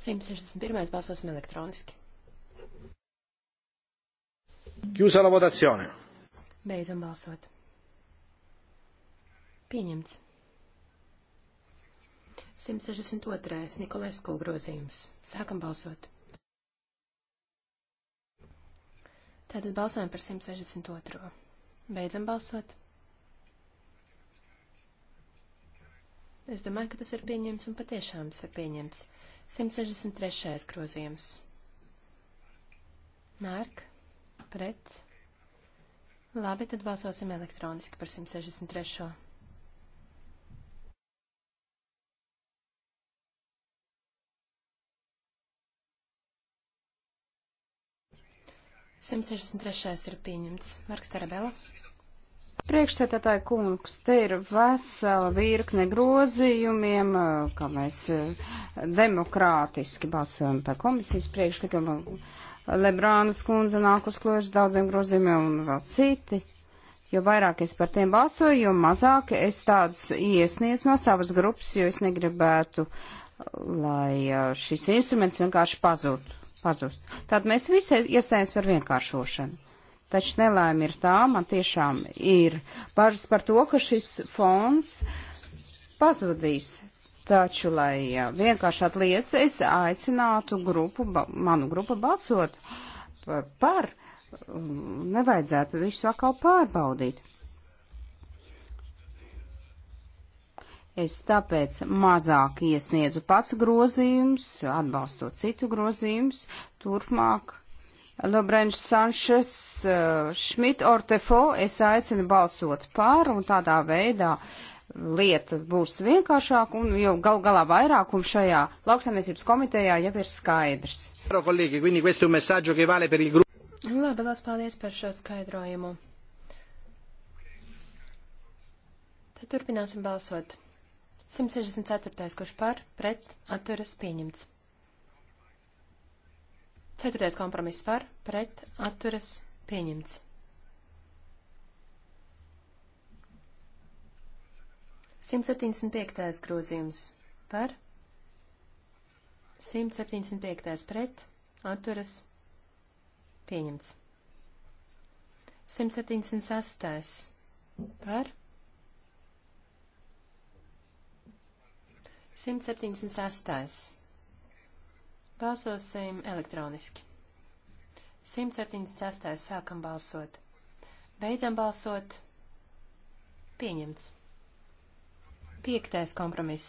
161. balsosim elektroniski. Chiusa la votazione. Beidzam balsot. Pieņemts. 162. Nikolēsko grozījums. Sākam balsot. Tātad balsojam par 162. Beidzam balsot. Es domāju, ka tas ir pieņemts un patiešām tas ir pieņemts. 163. grozījums. Mērk, pret. Labi, tad balsosim elektroniski par 163. 163. ir pieņemts. Marks Tarabela. Priekšsētātāja kungs, te ir vesela virkne grozījumiem, kā mēs demokrātiski balsojam par komisijas priekšlikumu. Lebrānas kundze nāk uz kložas daudziem grozījumiem un vēl citi. Jo vairāk es par tiem balsoju, jo mazāk es tādas iesniedzu no savas grupas, jo es negribētu, lai šis instruments vienkārši pazūtu pazust. Tad mēs visi iestājams par vienkāršošanu. Taču nelēma ir tā, man tiešām ir bažas par to, ka šis fonds pazudīs. Taču, lai vienkāršāt lietas, es aicinātu grupu, manu grupu balsot par, par um, nevajadzētu visu atkal pārbaudīt. Es tāpēc mazāk iesniedzu pats grozījums, atbalstot citu grozījums. Turpmāk Lobrenš Sanšes, Šmit eh, Ortefo, es aicinu balsot pār un tādā veidā lieta būs vienkāršāka un jau gal galā vairākums šajā lauksaimniecības komitejā jau ir skaidrs. Labi, liels paldies par šo skaidrojumu. Tad turpināsim balsot. 164. kurš par, pret, atturas pieņemts. 4. kompromiss par, pret, atturas pieņemts. 175. grozījums par, 175. pret, atturas pieņemts. 176. par, pret, atturas pieņemts. 176. Balsosim elektroniski. 176. sākam balsot. Beidzam balsot. Pieņemts. Piektais kompromiss.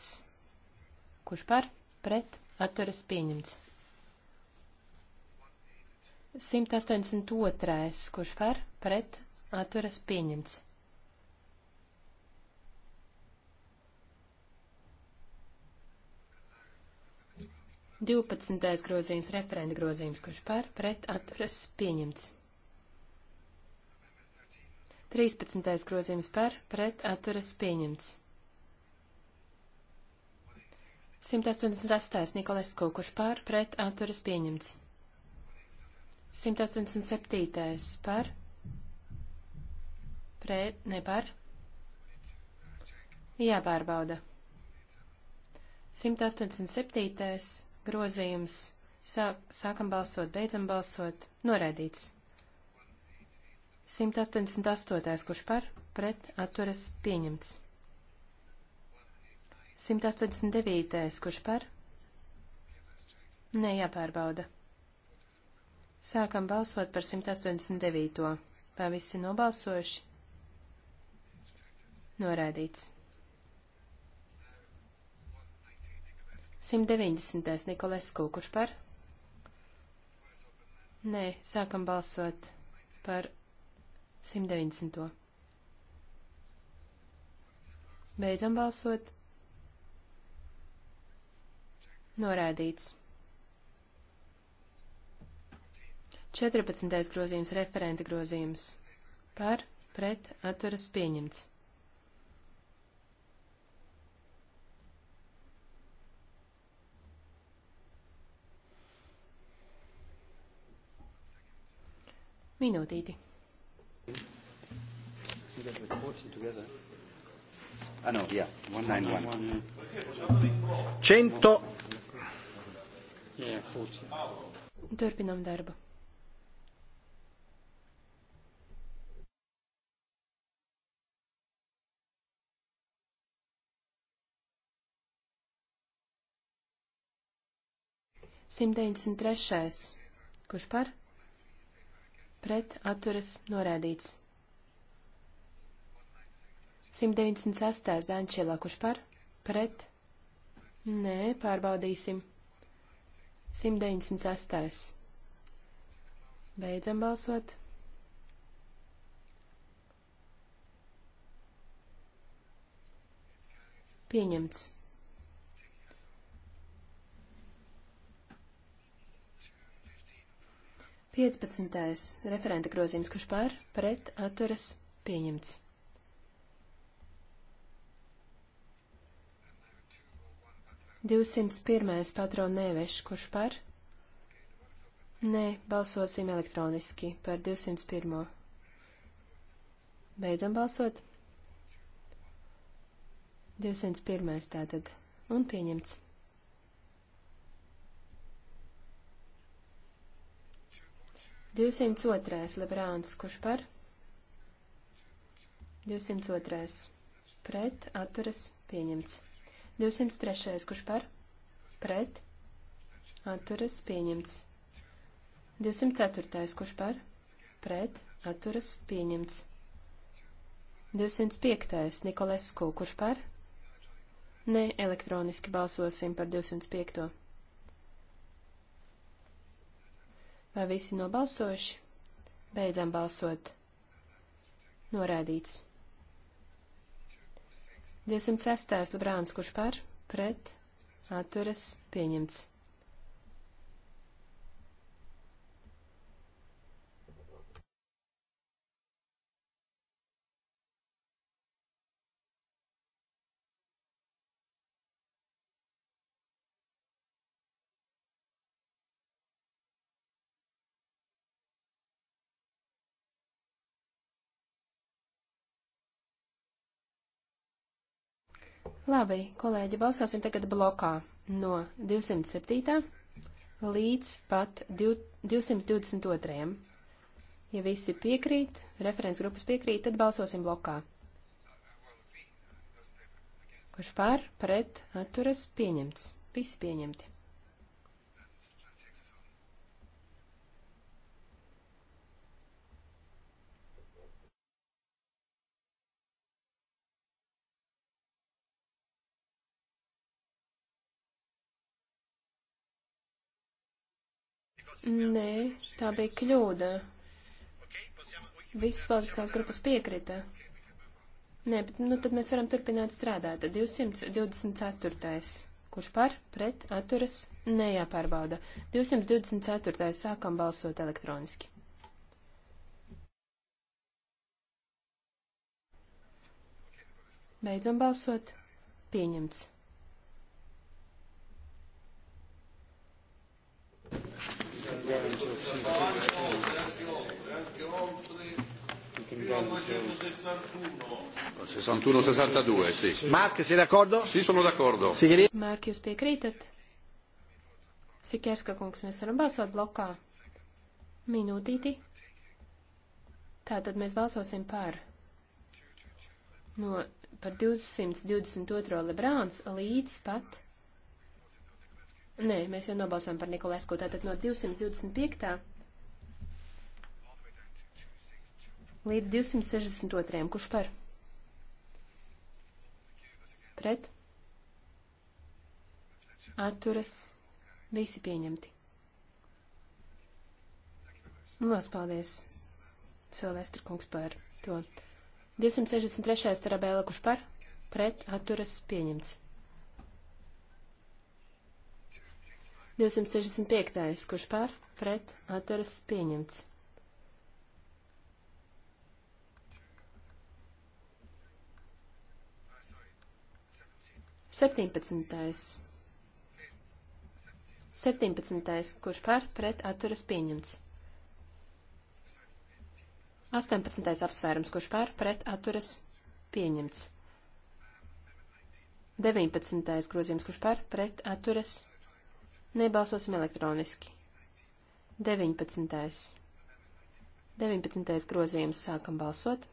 Kurš par? Pret. Atturas pieņemts. 182. Kurš par? Pret. Atturas pieņemts. 12. grozījums, referenta grozījums, kurš par pret atturas pieņemts. 13. grozījums par pret atturas pieņemts. 188. Nikolesku, kurš par pret atturas pieņemts. 187. par pret, ne par. Jāpārbauda. 187 grozījums. Sāk, sākam balsot, beidzam balsot. Noraidīts. 188. kurš par, pret, atturas, pieņemts. 189. kurš par? Nē, jāpārbauda. Sākam balsot par 189. Vai visi nobalsojuši? Noraidīts. 190. Nikolesku, kurš par? Nē, sākam balsot par 190. Beidzam balsot. Norādīts. 14. grozījums, referenta grozījums. Par, pret, atturas pieņemts. Minūtīti. Ah, no, yeah, 191. 100. Yeah, 40. Turpinam darbu. Simtdeviņdesmit trešais. Kurš par? pret atturas norādīts. 196. Dančēlā, kurš par? Pret? Nē, pārbaudīsim. 198. Beidzam balsot. Pieņemts. 15. referenta grozījums, kurš pār, pret, atturas, pieņemts. Divsimts pirmais patronu neveš, kurš par? Nē, balsosim elektroniski par 201. Beidzam balsot. 201. tātad. Un pieņemts. 202. Lebrāns, kurš par? 202. Pret, atturas, pieņemts. 203. Kurš par? Pret, atturas, pieņemts. 204. Kurš par? Pret, atturas, pieņemts. 205. Nikolesku, kurš par? Nē, elektroniski balsosim par 205. Vai visi nobalsojuši? Beidzam balsot. Norādīts. 206. Lebrāns, kurš par, pret, atturas, pieņemts. Labi, kolēģi, balsosim tagad blokā no 207. līdz pat 222. Ja visi piekrīt, referents grupas piekrīt, tad balsosim blokā. Kurš pār, pret, atturas, pieņemts. Visi pieņemti. Nē, tā bija kļūda. Visas valstiskās grupas piekrita. Nē, bet nu tad mēs varam turpināt strādāt. 224. Kurš par, pret, atturas, nejāpārbauda. 224. sākam balsot elektroniski. Beidzam balsot. Pieņemts. go until 61, 62, sì. Mark, sei d'accordo? Sì, sono d'accordo. Mark, jūs piekrītat? Sikerska kungs, mēs varam balsot blokā. Minūtīti. Tātad mēs balsosim par. No, par 222. Lebrāns līdz pat Nē, mēs jau nobalsām par Nikolēsku, tātad no 225. līdz 262. Kurš par? Pret? Atturas? Visi pieņemti. Lielas paldies, Silvestra kungs, par to. 263. tarabēla, kurš par? Pret atturas pieņemts. 265. Kurš par? Pret. Atturas pieņemts. Septiņpadsmitais. Septiņpadsmitais, kurš par pret atturas pieņemts. Astoņpadsmitais apsvērums, kurš par pret atturas pieņemts. Deviņpadsmitais grozījums, kurš par pret atturas pieņemts. Nebalsosim elektroniski. 19. 19. grozījums sākam balsot.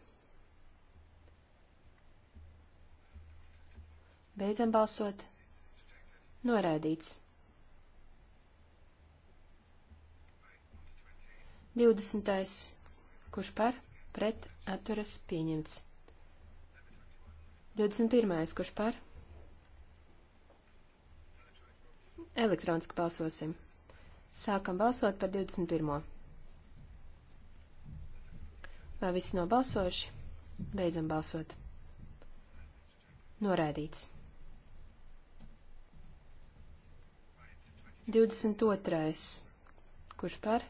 Beidzam balsot. Noraidīts. 20. Kurš par? Pret atturas pieņemts. 21. Kurš par? Elektroniski balsosim. Sākam balsot par 21. Vai visi nobalsojuši? Beidzam balsot. Noraidīts. 22. Kurš par?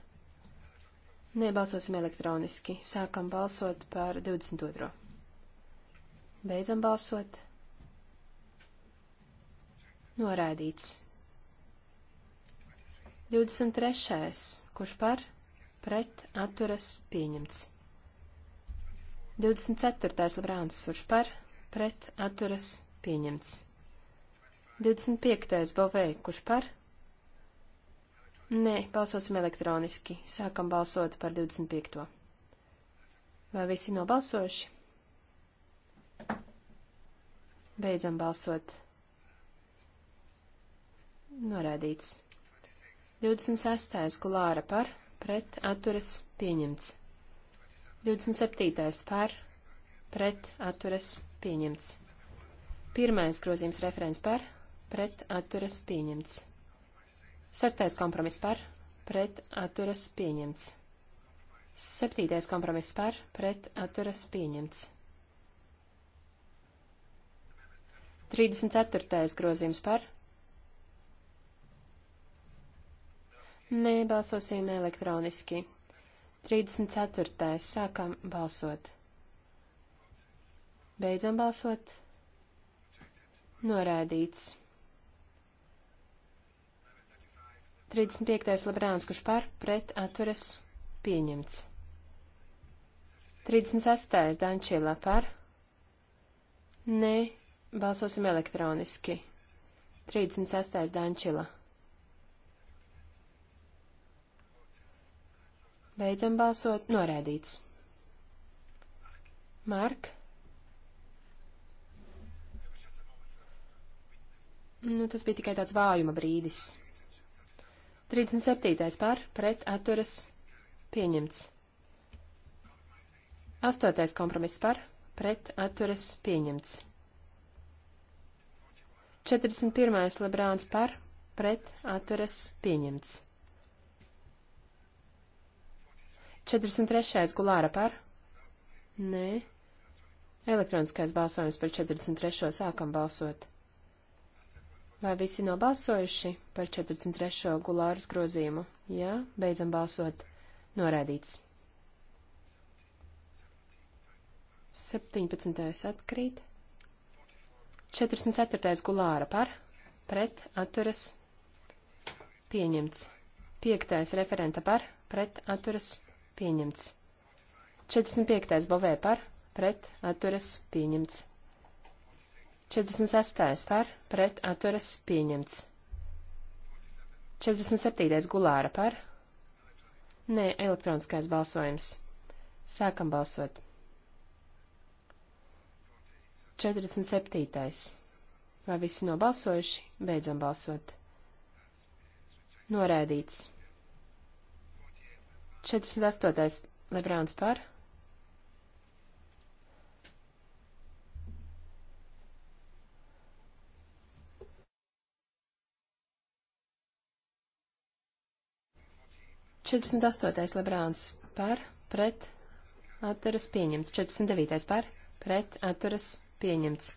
Nebalsosim elektroniski. Sākam balsot par 22. Beidzam balsot. Noraidīts. 23. kurš par, pret, atturas, pieņemts. 24. Labrāns, kurš par, pret, atturas, pieņemts. 25. Bovē, kurš par? Nē, balsosim elektroniski. Sākam balsot par 25. Vai visi nobalsojuši? Beidzam balsot. Norādīts. 26. Gulāra par, pret, atturas, pieņemts. 27. par, pret, atturas, pieņemts. Pirmais grozījums referents par, pret, atturas, pieņemts. Sastais kompromiss par, pret, atturas, pieņemts. Septītais kompromiss par, pret, atturas, pieņemts. 34. grozījums par, Nē, balsosim elektroniski. 34. Sākam balsot. Beidzam balsot. Norādīts. 35. Lebrāns, kurš par pret atturas pieņemts. 36. Dančīlā par. Nē, balsosim elektroniski. 36. Dančīlā. Beidzam balsot. Noraidīts. Mark? Nu, tas bija tikai tāds vājuma brīdis. 37. par pret atturas pieņemts. 8. kompromiss par pret atturas pieņemts. 41. lebrāns par pret atturas pieņemts. 43. gulāra par? Nē. Elektroniskais balsojums par 43. sākam balsot. Vai visi nobalsojuši par 43. gulāras grozījumu? Jā, beidzam balsot. Norādīts. 17. atkrīt. 44. gulāra par, pret, atturas, pieņemts. 5. referenta par, pret, atturas, pieņemts. 45. bovē par, pret, atturas, pieņemts. 46. par, pret, atturas, pieņemts. 47. gulāra par. Nē, elektroniskais balsojums. Sākam balsot. 47. Vai visi nobalsojuši? Beidzam balsot. Norēdīts. 48. Lebrāns par. Četrdesmit astotais Lebrāns par, pret, atturas pieņemts. Četrdesmit devītais par, pret, atturas pieņemts.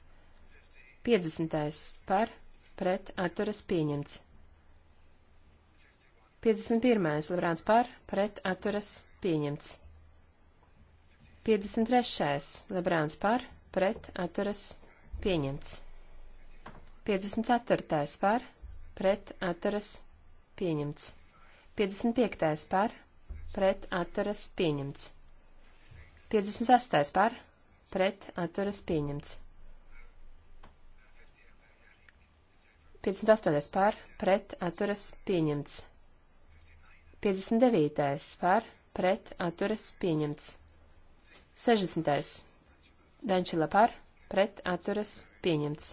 Piecdesmitais par, pret, atturas pieņemts. 51. Lebrāns par, pret, atturas, pieņemts. 53. Lebrāns par, pret, atturas, pieņemts. 54. par, pret, atturas, pieņemts. 55. par, pret, atturas, pieņemts. 56. par, pret, atturas, pieņemts. 58. par, pret, atturas, pieņemts. 59. par pret atturas pieņemts. 60. Dančila par pret atturas pieņemts.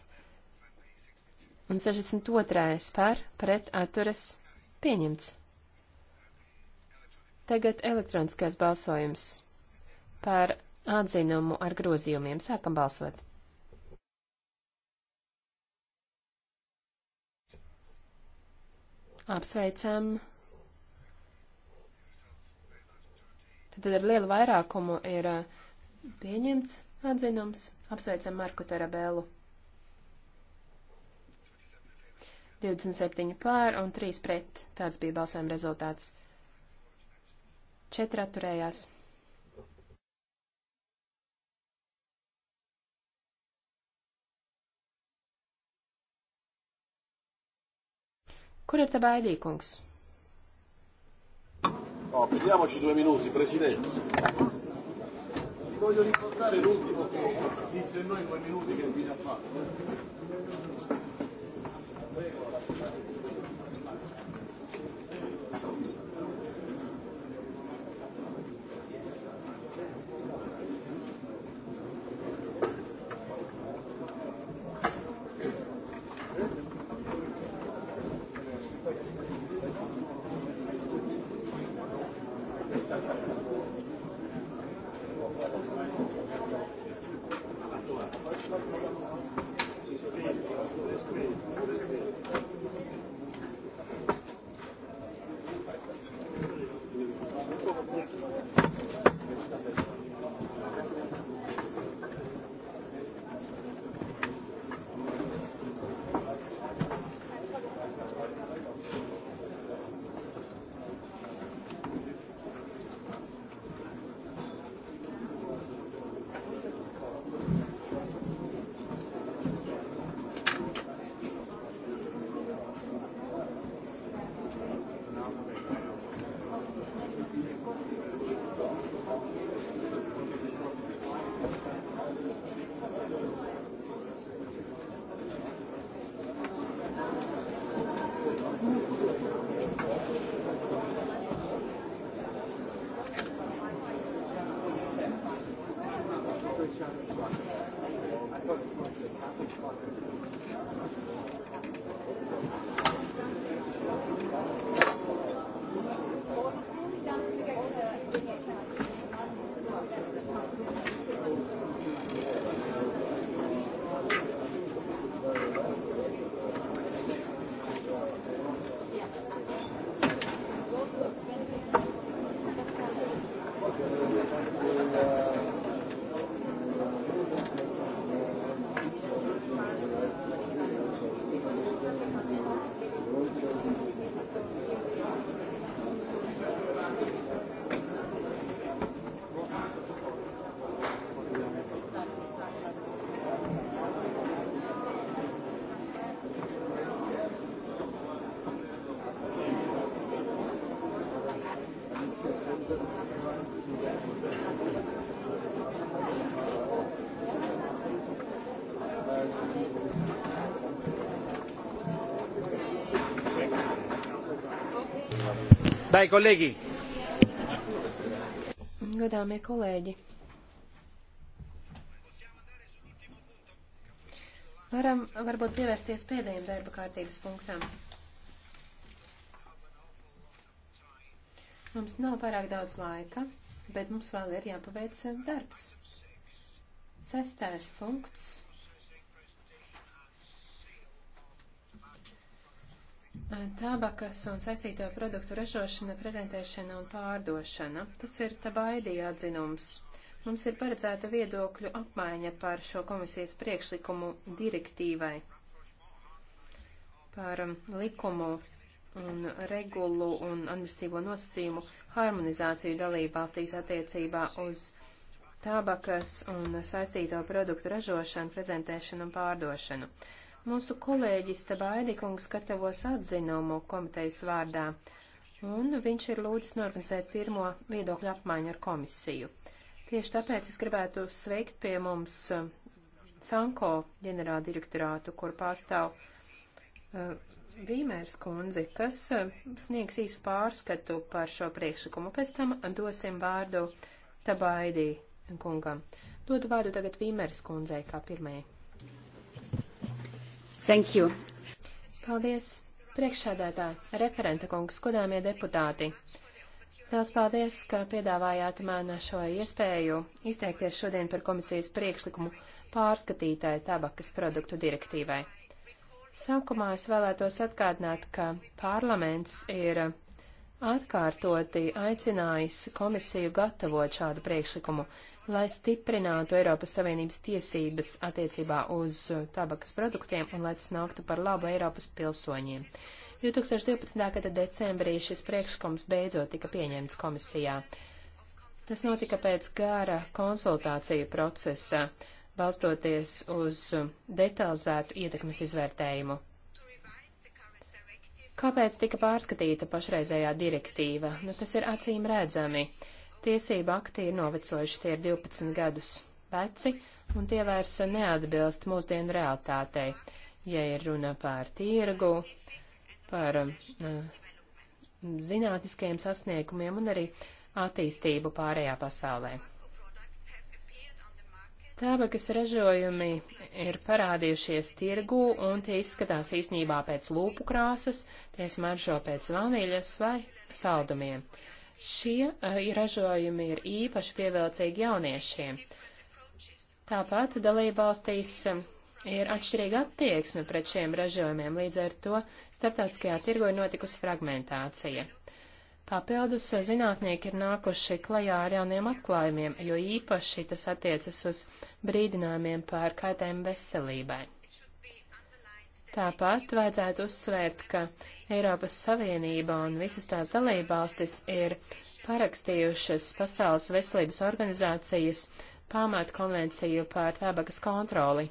Un 62. par pret atturas pieņemts. Tagad elektroniskais balsojums par atzinumu ar grozījumiem. Sākam balsot. Apsveicam Tad ar lielu vairākumu ir eh, pieņemts atzinums. Apsveicam Marku Terabēlu. 27 pār un 3 pret. Tāds bija balsojuma rezultāts. 4 atturējās. Kur ir tā baidīkungs? Oh, prendiamoci due minuti, Presidente. Ti voglio ricordare l'ultimo che disse noi in quei minuti che vi ha fatto. Dai, kolēģi! Godāmie kolēģi! Varam varbūt pievērsties pēdējiem darba kārtības punktam. Mums nav pārāk daudz laika, bet mums vēl ir jāpaveic darbs. Sestais punkts Tabakas un saistīto produktu ražošana, prezentēšana un pārdošana. Tas ir tabaidī atzinums. Mums ir paredzēta viedokļu apmaiņa par šo komisijas priekšlikumu direktīvai par um, likumu un regulu un administīvo nosacījumu harmonizāciju dalību valstīs attiecībā uz tabakas un saistīto produktu ražošanu, prezentēšanu un pārdošanu. Mūsu kolēģis Tabaidikungs gatavos atzinumu komitejas vārdā, un viņš ir lūdzis norganizēt pirmo viedokļu apmaiņu ar komisiju. Tieši tāpēc es gribētu sveikt pie mums eh, Sanko ģenerāldirektorātu, kur pārstāv uh, Vīmērs kundzi, kas eh, sniegs īsu pārskatu par šo priekšlikumu. Pēc tam dosim vārdu Tabaidī kungam. Dodu vārdu tagad Vīmērs kundzei kā pirmajai. Thank you. Paldies, priekšsēdētāji, referenta kungs, godāmie deputāti. Liels paldies, ka piedāvājāt man šo iespēju izteikties šodien par komisijas priekšlikumu pārskatītāju tabakas produktu direktīvai. Sākumā es vēlētos atgādināt, ka parlaments ir atkārtoti aicinājis komisiju gatavot šādu priekšlikumu lai stiprinātu Eiropas Savienības tiesības attiecībā uz tabakas produktiem un lai tas nāktu par labu Eiropas pilsoņiem. 2012. gada decembrī šis priekšlikums beidzot tika pieņemts komisijā. Tas notika pēc gara konsultāciju procesa, balstoties uz detalizētu ietekmes izvērtējumu. Kāpēc tika pārskatīta pašreizējā direktīva? Nu, tas ir acīm redzami. Uh, Tiesība akti ir novecojuši, tie ir 12 gadus veci, un tie vairs neatbilst mūsdienu realitātei, ja ir runa par tirgu, par uh, zinātniskajiem sasniegumiem un arī attīstību pārējā pasaulē. Tābakas ražojumi ir parādījušies tirgū, un tie izskatās īsnībā pēc lūpu krāsas, tie smaržo pēc vanīļas vai saldumiem. Šie eh, ražojumi ir īpaši pievilcīgi jauniešiem. Tāpat dalībvalstīs eh, ir atšķirīga attieksme pret šiem ražojumiem, līdz ar to starptautiskajā tirgo ir notikusi fragmentācija. Papildus eh, zinātnieki ir nākuši klajā ar jauniem atklājumiem, jo īpaši tas attiecas uz brīdinājumiem par kaitējumu veselībai. Tāpat vajadzētu uzsvērt, ka Eiropas Savienība un visas tās dalībvalstis ir parakstījušas Pasaules veselības organizācijas pamatkonvenciju par tabakas kontroli.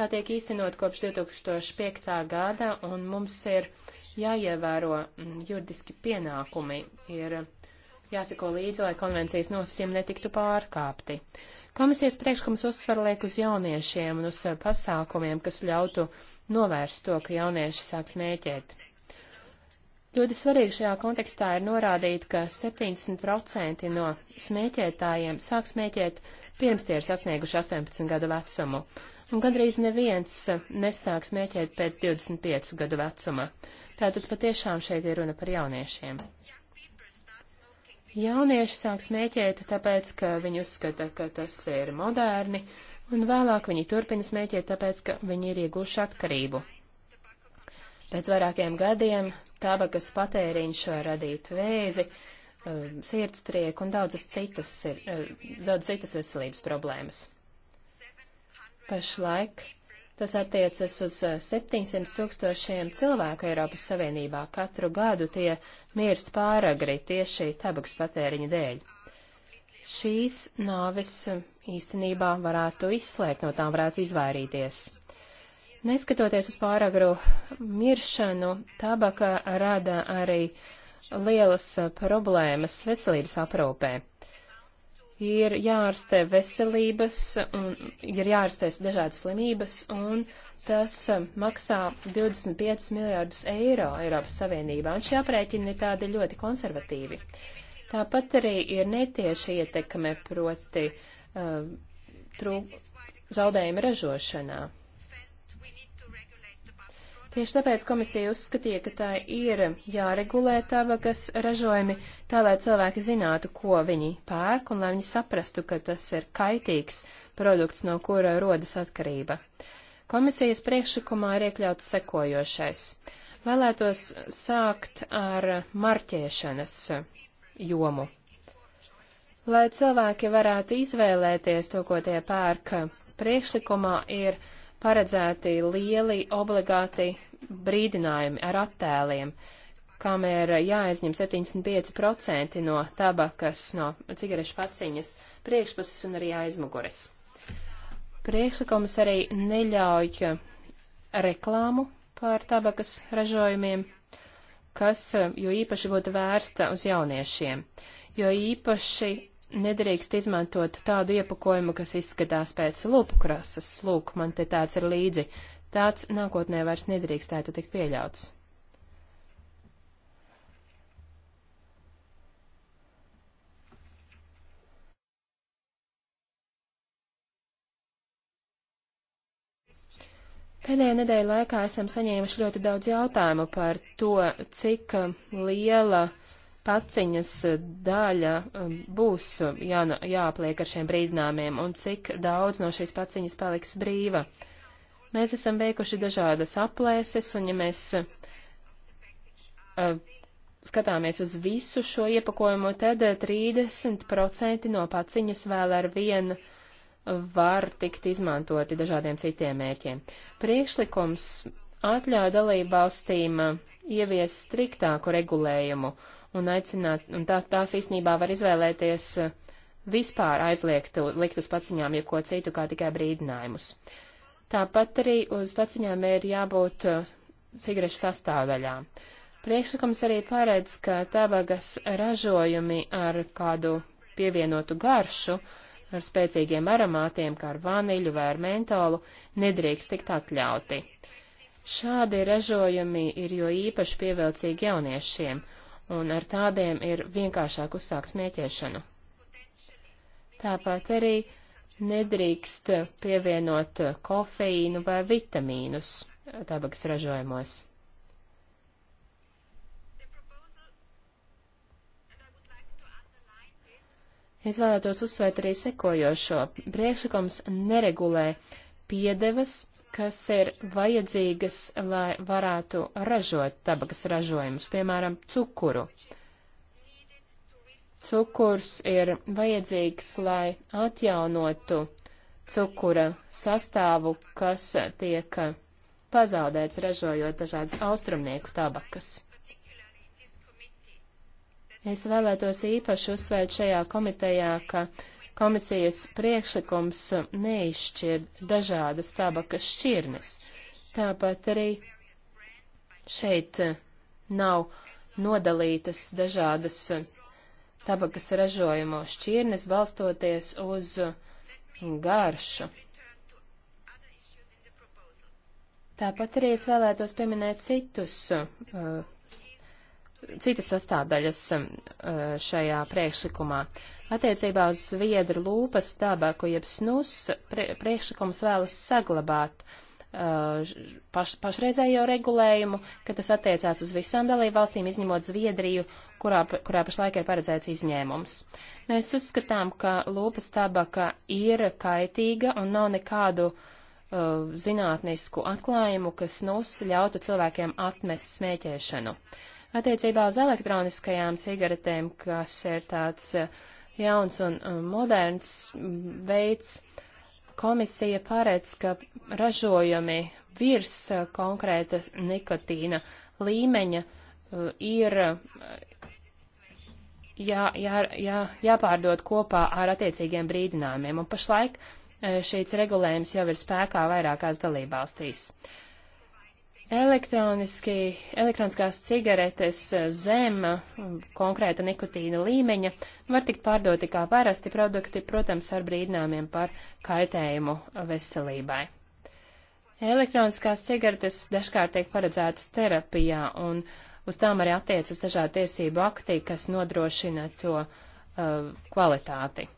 Tā tiek īstenot kopš 2005. gada, un mums ir jāievēro mm, juridiski pienākumi, ir jāseko līdzi, lai konvencijas nosacījumi netiktu pārkāpti. Komisijas priekšlikums uzsver liek uz jauniešiem un uz pasākumiem, kas ļautu novērst to, ka jaunieši sāk smēķēt. Ļoti svarīgi šajā kontekstā ir norādīt, ka 70% no smēķētājiem sāk smēķēt pirms tie ir sasnieguši 18 gadu vecumu, un gandrīz neviens nesāk smēķēt pēc 25 gadu vecuma. Tātad patiešām šeit ir runa par jauniešiem. Jaunieši sāk smēķēt tāpēc, ka viņi uzskata, ka tas ir moderni, un vēlāk viņi turpina smēķēt tāpēc, ka viņi ir iegūši atkarību. Pēc vairākiem gadiem tabakas patēriņš var eh, radīt vēzi, eh, sirdstrieku un daudzas citas, ir, eh, daudz citas veselības problēmas. Pašlaik tas attiecas uz 700 tūkstošiem cilvēku Eiropas Savienībā. Katru gadu tie mirst pāragri tieši tabaks patēriņa dēļ. Šīs nāves īstenībā varētu izslēgt, no tām varētu izvairīties. Neskatoties uz pāragru miršanu, tabaka rada arī lielas eh, problēmas veselības aprūpē. Ir jārastē veselības, un ir jārastēs dažādas slimības, un tas eh, maksā 25 miljārdus eiro Eiropas Savienībā, un šie aprēķini ir tādi ļoti konservatīvi. Tāpat arī ir netieši ietekme proti uh, eh, trūk, zaudējuma ražošanā. Tieši tāpēc komisija uzskatīja, ka tā ir jāregulē tabakas ražojumi, tā lai cilvēki zinātu, ko viņi pērk, un lai viņi saprastu, ka tas ir kaitīgs produkts, no kura rodas atkarība. Komisijas priekšlikumā ir iekļauts sekojošais. Vēlētos sākt ar marķēšanas jomu lai cilvēki varētu izvēlēties to, ko tie pērk. Priekšlikumā ir paredzēti lieli obligāti brīdinājumi ar attēliem, kam ir jāaizņem 75% no tabakas, no cigarešu paciņas priekšpuses un arī aizmugures. Priekšlikums arī neļauj reklāmu par tabakas ražojumiem, kas jo īpaši būtu vērsta uz jauniešiem, jo īpaši nedrīkst izmantot tādu iepakojumu, kas izskatās pēc lupkrasas. Lūk, man te tāds ir līdzi. Tāds nākotnē vairs nedrīkstētu tikt pieļauts. Pēdējā nedēļa laikā esam saņēmuši ļoti daudz jautājumu par to, cik liela paciņas daļa um, būs um, jā, jāapliek ar šiem brīdinājumiem un cik daudz no šīs paciņas paliks brīva. Mēs esam veikuši dažādas aplēses, un ja mēs uh, skatāmies uz visu šo iepakojumu, tad 30% uh, no paciņas vēl ar vienu var tikt izmantoti dažādiem citiem mērķiem. Priekšlikums atļauj dalībvalstīm uh, ievies striktāku regulējumu, un aicināt, un tā, tās īstenībā var izvēlēties eh, vispār aizliegt, likt uz paciņām jebko citu, kā tikai brīdinājumus. Tāpat arī uz paciņām ir jābūt eh, cigarešu sastāvdaļā. Priekšlikums arī paredz, ka tabagas ražojumi ar kādu pievienotu garšu, ar spēcīgiem aromātiem, kā ar vaniļu vai ar mentolu, nedrīkst tikt atļauti. Šādi ražojumi ir jo īpaši pievilcīgi jauniešiem, un ar tādiem ir vienkāršāk uzsākt smēķēšanu. Tāpat arī nedrīkst pievienot kofeīnu vai vitamīnus tabakas ražojumos. Es vēlētos uzsvērt arī sekojošo. Priekšlikums neregulē piedevas kas ir vajadzīgas, lai varētu ražot tabakas ražojumus, piemēram, cukuru. Cukurs ir vajadzīgs, lai atjaunotu cukura sastāvu, kas tiek pazaudēts ražojot dažādas austrumnieku tabakas. Es vēlētos īpaši uzsvērt šajā komitejā, ka uh, Komisijas priekšlikums neizšķir dažādas tabakas šķirnes. Tāpat arī šeit nav nodalītas dažādas tabakas ražojumu šķirnes balstoties uz garšu. Tāpat arī es vēlētos pieminēt citus, uh, citas sastāvdaļas uh, šajā priekšlikumā. Uh, Attiecībā uz zviedru lūpas tabaku, jeb snus, prie, priekšlikums vēlas saglabāt uh, paš, pašreizējo regulējumu, ka tas attiecās uz visām dalību valstīm, izņemot Zviedriju, kurā, kurā pašlaik ir paredzēts izņēmums. Mēs uzskatām, ka lūpas tabaka ir kaitīga un nav nekādu uh, zinātnisku atklājumu, kas nus ļautu cilvēkiem atmest smēķēšanu. Attiecībā uz elektroniskajām cigaretēm, kas ir tāds uh, jauns un moderns veids. Komisija paredz, ka ražojumi virs konkrēta nikotīna līmeņa ir jā, jā, jā, jāpārdod kopā ar attiecīgiem brīdinājumiem, un pašlaik šīs regulējums jau ir spēkā vairākās dalībvalstīs. Uh, elektroniskās cigaretes eh, zem mm, konkrēta nikotīna līmeņa var tikt pārdoti kā parasti produkti, protams, ar brīdinājumiem par kaitējumu veselībai. Elektroniskās cigaretes dažkārt tiek paredzētas terapijā, un uz tām arī attiecas dažādi tiesību akti, kas nodrošina to uh, kvalitāti. Uh,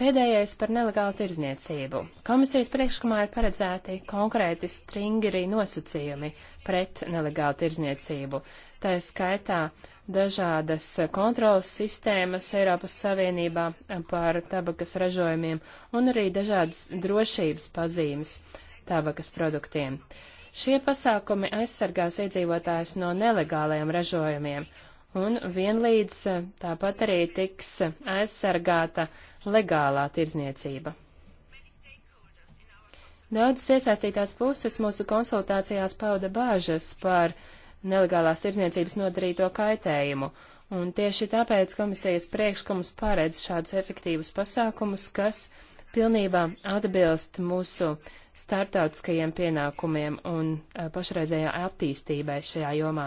Pēdējais par nelegālu tirzniecību. Komisijas priekšlikumā ir paredzēti konkrēti stringri nosacījumi pret nelegālu tirzniecību. Tā ir skaitā dažādas kontrolas sistēmas Eiropas Savienībā par tabakas ražojumiem un arī dažādas drošības pazīmes tabakas produktiem. Šie pasākumi aizsargās iedzīvotājs no nelegālajiem ražojumiem un vienlīdz tāpat arī tiks aizsargāta uh, legālā tirzniecība. Daudzas iesaistītās puses mūsu konsultācijās pauda bāžas par nelegālās tirzniecības nodarīto kaitējumu, un tieši tāpēc komisijas priekšlikums paredz šādus efektīvus pasākumus, kas pilnībā atbilst mūsu starptautiskajiem pienākumiem un pašreizējā attīstībai šajā jomā.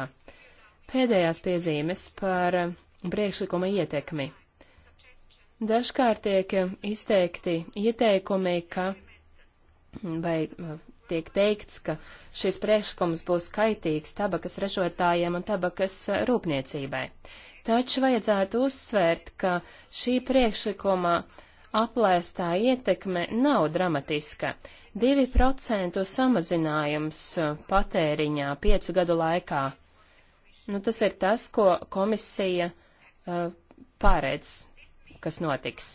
Pēdējās piezīmes par priekšlikuma ietekmi. Dažkārt tiek eh, izteikti ieteikumi, ka vai eh, tiek teikts, ka šis priekšlikums būs kaitīgs tabakas ražotājiem un tabakas eh, rūpniecībai. Taču vajadzētu uzsvērt, ka šī priekšlikuma aplēstā ietekme nav dramatiska. 2% samazinājums patēriņā piecu gadu laikā. Nu, tas ir tas, ko komisija uh, paredz kas notiks.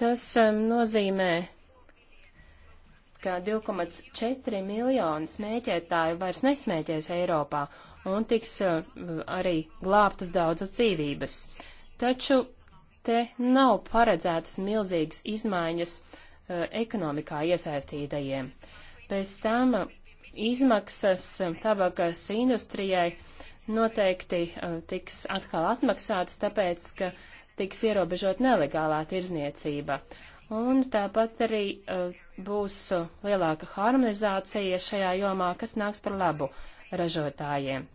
Tas um, nozīmē, ka 2,4 miljonu smēķētāju vairs nesmēķēs Eiropā un tiks uh, arī glābtas daudzas dzīvības. Taču te nav paredzētas milzīgas izmaiņas uh, ekonomikā iesaistītajiem. Pēc tam uh, izmaksas um, tabakas industrijai noteikti uh, tiks atkal atmaksātas, tāpēc, ka tiks ierobežot nelegālā tirzniecība. Un tāpat arī uh, būs uh, lielāka harmonizācija šajā jomā, kas nāks par labu ražotājiem.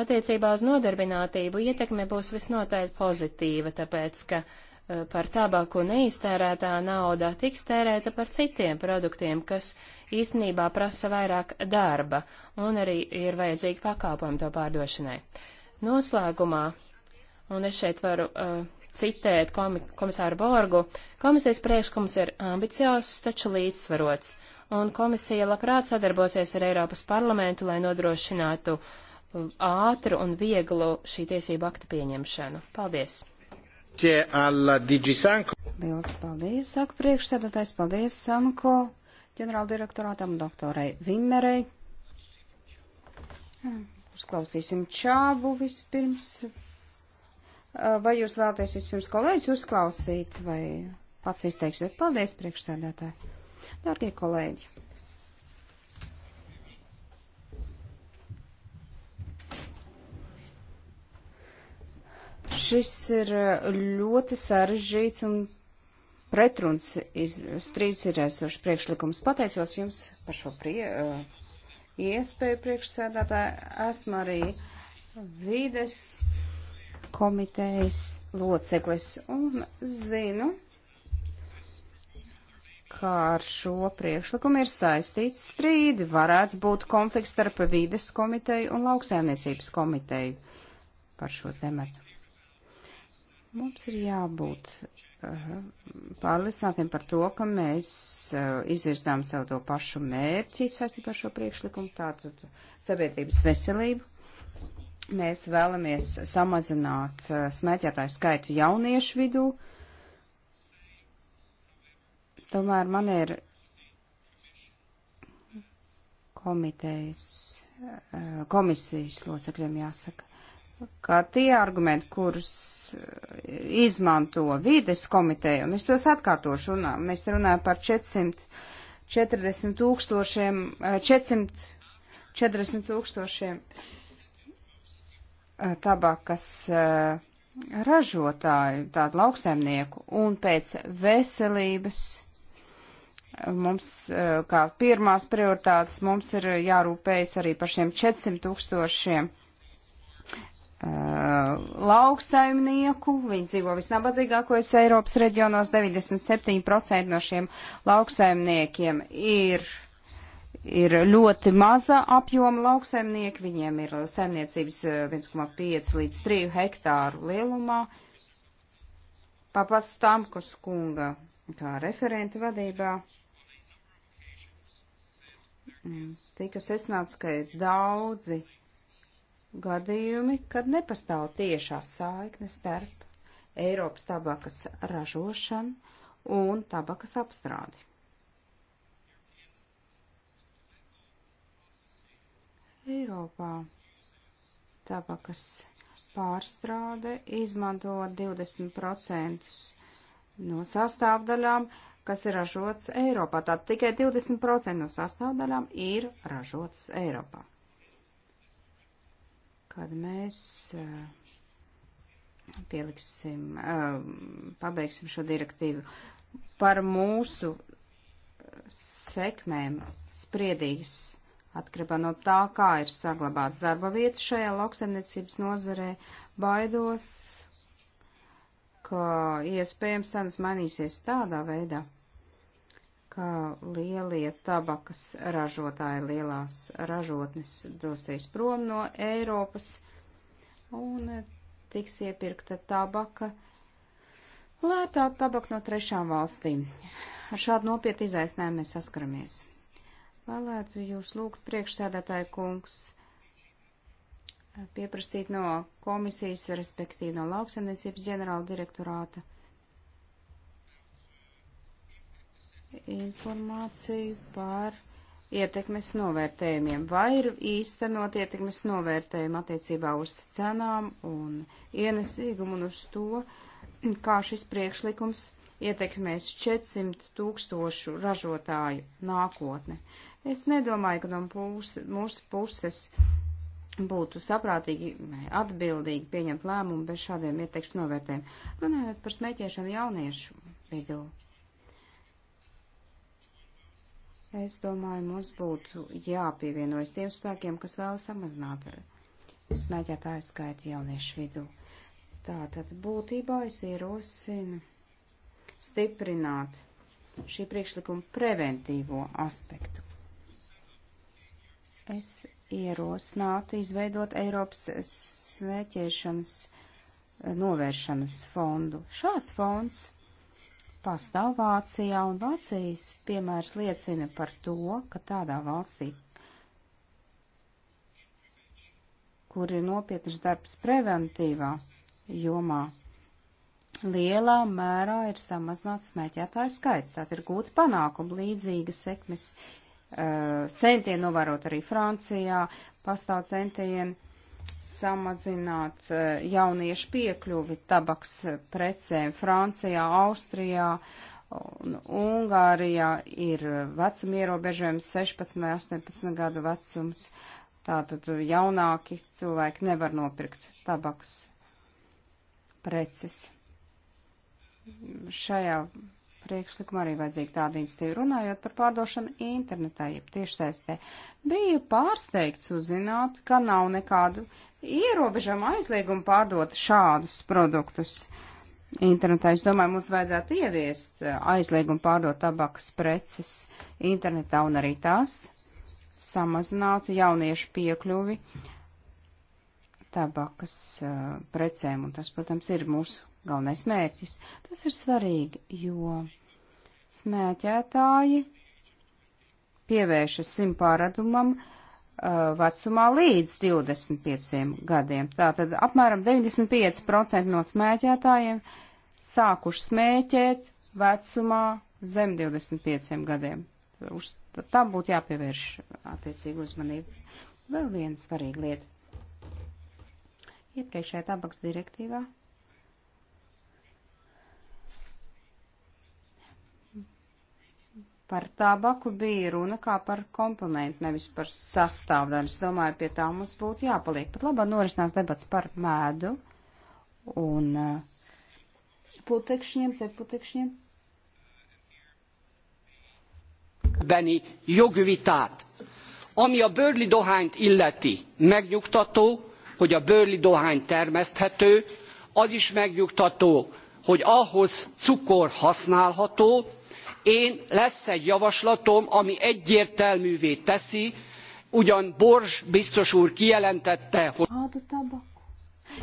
Attiecībā uz nodarbinātību ietekme būs visnotaļ pozitīva, tāpēc, ka uh, par tabaku neiztērētā nauda tiks tērēta par citiem produktiem, kas īstenībā prasa vairāk darba un arī ir vajadzīgi pakalpojumi to pārdošanai. Noslēgumā, un es šeit varu uh, citēt komisāru Borgu, komisijas priekšlikums ir ambiciozs, taču līdzsvarots, un komisija labprāt sadarbosies ar Eiropas parlamentu, lai nodrošinātu uh, ātru un vieglu šī tiesību akta pieņemšanu. Paldies! Lielas paldies, saka priekšsēdētājs, paldies Sanko ģenerāldirektorātam doktorai Vimmerei. Uzklausīsim Čābu vispirms. Eh, vai jūs vēlaties vispirms kolēģis uzklausīt vai pats izteiksiet? Paldies, priekšsēdētāji. Dārgie kolēģi. Šis ir eh, ļoti sarežģīts un pretruns strīds ir esošs priekšlikums. Pateicos jums par šo prie, uh, iespēju priekšsēdētāju. Esmu arī vides komitejas loceklis un zinu, kā ar šo priekšlikumu ir saistīts strīdi. Varētu būt konflikts starp vides komiteju un lauksēmniecības komiteju par šo tematu. Mums ir jābūt uh, pārliecinātiem par to, ka mēs uh, izvirzām sev to pašu mērķi saistībā ar šo priekšlikumu, tātad sabiedrības veselību. Mēs vēlamies samazināt eh, smēķētāju skaitu jauniešu vidū. Tomēr man ir komitejas, eh, komisijas locekļiem jāsaka, ka tie argumenti, kurus eh, izmanto vides komiteja, un es tos atkārtošu, un mēs te runājam par 440 tūkstošiem, 440 tūkstošiem Eh, tabakas eh, ražotāju, tādu lauksaimnieku, un pēc veselības eh, mums, kā pirmās prioritātes, mums ir jārūpējas arī par šiem 400 tūkstošiem lauksaimnieku. Viņi dzīvo visnabadzīgākos Eiropas reģionos. 97% no šiem lauksaimniekiem ir ir ļoti maza apjoma lauksaimnieki, viņiem ir saimniecības 1,5 eh, līdz 3 hektāru lielumā. Papas Tamkos kunga kā referenta vadībā mm, tika secināts, ka ir daudzi gadījumi, kad nepastāv tiešā saikne starp Eiropas tabakas ražošanu un tabakas apstrādi. Eiropā tabakas pārstrāde izmanto 20% no sastāvdaļām, kas ir ražotas Eiropā. Tātad tikai 20% no sastāvdaļām ir ražotas Eiropā. Kad mēs eh, pieliksim, eh, pabeigsim šo direktīvu par mūsu sekmēm spriedīs Atkarībā no tā, kā ir saglabāts darba vietas šajā lauksaimniecības nozarē, baidos, ka iespējams cenas mainīsies tādā veidā, ka lielie tabakas ražotāji, lielās ražotnes dosies prom no Eiropas un tiks iepirkta tabaka, lētā tabaka no trešām valstīm. Ar šādu nopietnu izaicinājumu mēs saskaramies. Vēlētu jūs lūgt priekšsēdētāju kungs pieprasīt no komisijas, respektīvi no lauksaimniecības ģenerāla direktorāta informāciju par ietekmes novērtējumiem. Vai ir īstenot ietekmes novērtējumu attiecībā uz cenām un ienesīgumu un uz to, kā šis priekšlikums ietekmēs 400 tūkstošu ražotāju nākotni. Es nedomāju, ka no mūsu, mūsu puses būtu saprātīgi, atbildīgi pieņemt lēmumu bez šādiem ieteikšu novērtēm. Runājot par smēķēšanu jauniešu vidū. Es domāju, mums būtu jāpievienojas tiem spēkiem, kas vēlas samazināt smēķētāju skaitu jauniešu vidū. Tātad būtībā es ierosinu stiprināt šī priekšlikuma preventīvo aspektu es ierosinātu izveidot Eiropas svēķēšanas eh, novēršanas fondu. Šāds fonds pastāv Vācijā, un Vācijas piemērs liecina par to, ka tādā valstī, kur ir nopietnas darbs preventīvā jomā, lielā mērā ir samazināts smēķētāju skaits. Tātad ir gūti panākumi līdzīga sekmes Eh, centieni novērot arī Francijā, pastāv centieni samazināt eh, jauniešu piekļuvi tabaks precēm Francijā, Austrijā. Un Ungārijā ir vecuma ierobežojums 16 vai 18 gadu vecums. Tātad jaunāki cilvēki nevar nopirkt tabaks preces. Šajā priekšlikumu arī vajadzīga tāda institīva runājot par pārdošanu internetā, jeb tiešsaistē. Biju pārsteigts uzzināt, ka nav nekādu ierobežojumu aizliegumu pārdot šādus produktus internetā. Es domāju, mums vajadzētu ieviest eh, aizliegumu pārdot tabakas preces internetā un arī tās samazinātu jauniešu piekļuvi tabakas uh, precēm, un tas, protams, ir mūsu galvenais mērķis. Tas ir svarīgi, jo smēķētāji pievēršas simpāradumam uh, vecumā līdz 25 gadiem. Tātad apmēram 95% no smēķētājiem sākuši smēķēt vecumā zem 25 gadiem. Uz tam būtu jāpievērš attiecīgi uzmanība. Vēl viena svarīga lieta. Iepriekšējā tabaks direktīvā Par tabaku bija runa kā par komponentu, nevis par sastāvdaļu. Es domāju, pie tā mums būtu jāpaliek. Pat labāk norisinās debats par mēdu un eh, putekšņiem, zepputekšņiem. beni jogi vitát. Ami a bőrli dohányt illeti, megnyugtató, hogy a bőrli dohány termeszthető, az is megnyugtató, hogy ahhoz cukor használható, én lesz egy javaslatom ami egyértelművé teszi ugyan borg biztos úr kijelentette hogy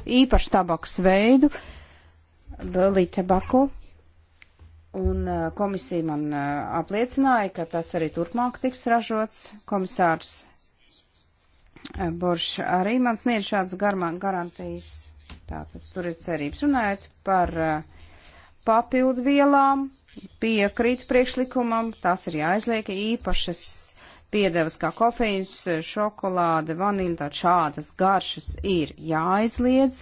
īpašu tabakas veidu, Bellī tabako, un komisija man apliecināja, ka tas arī turpmāk tiks ražots. Komisārs Boršs arī man sniedz šādas garantijas. Tātad tur ir cerības. Runājot par uh, papildvielām piekrītu priekšlikumam, tās ir jāizliek īpašas piedevas kā kofeīns, šokolāde, vaniļa, tā šādas garšas ir jāizliedz.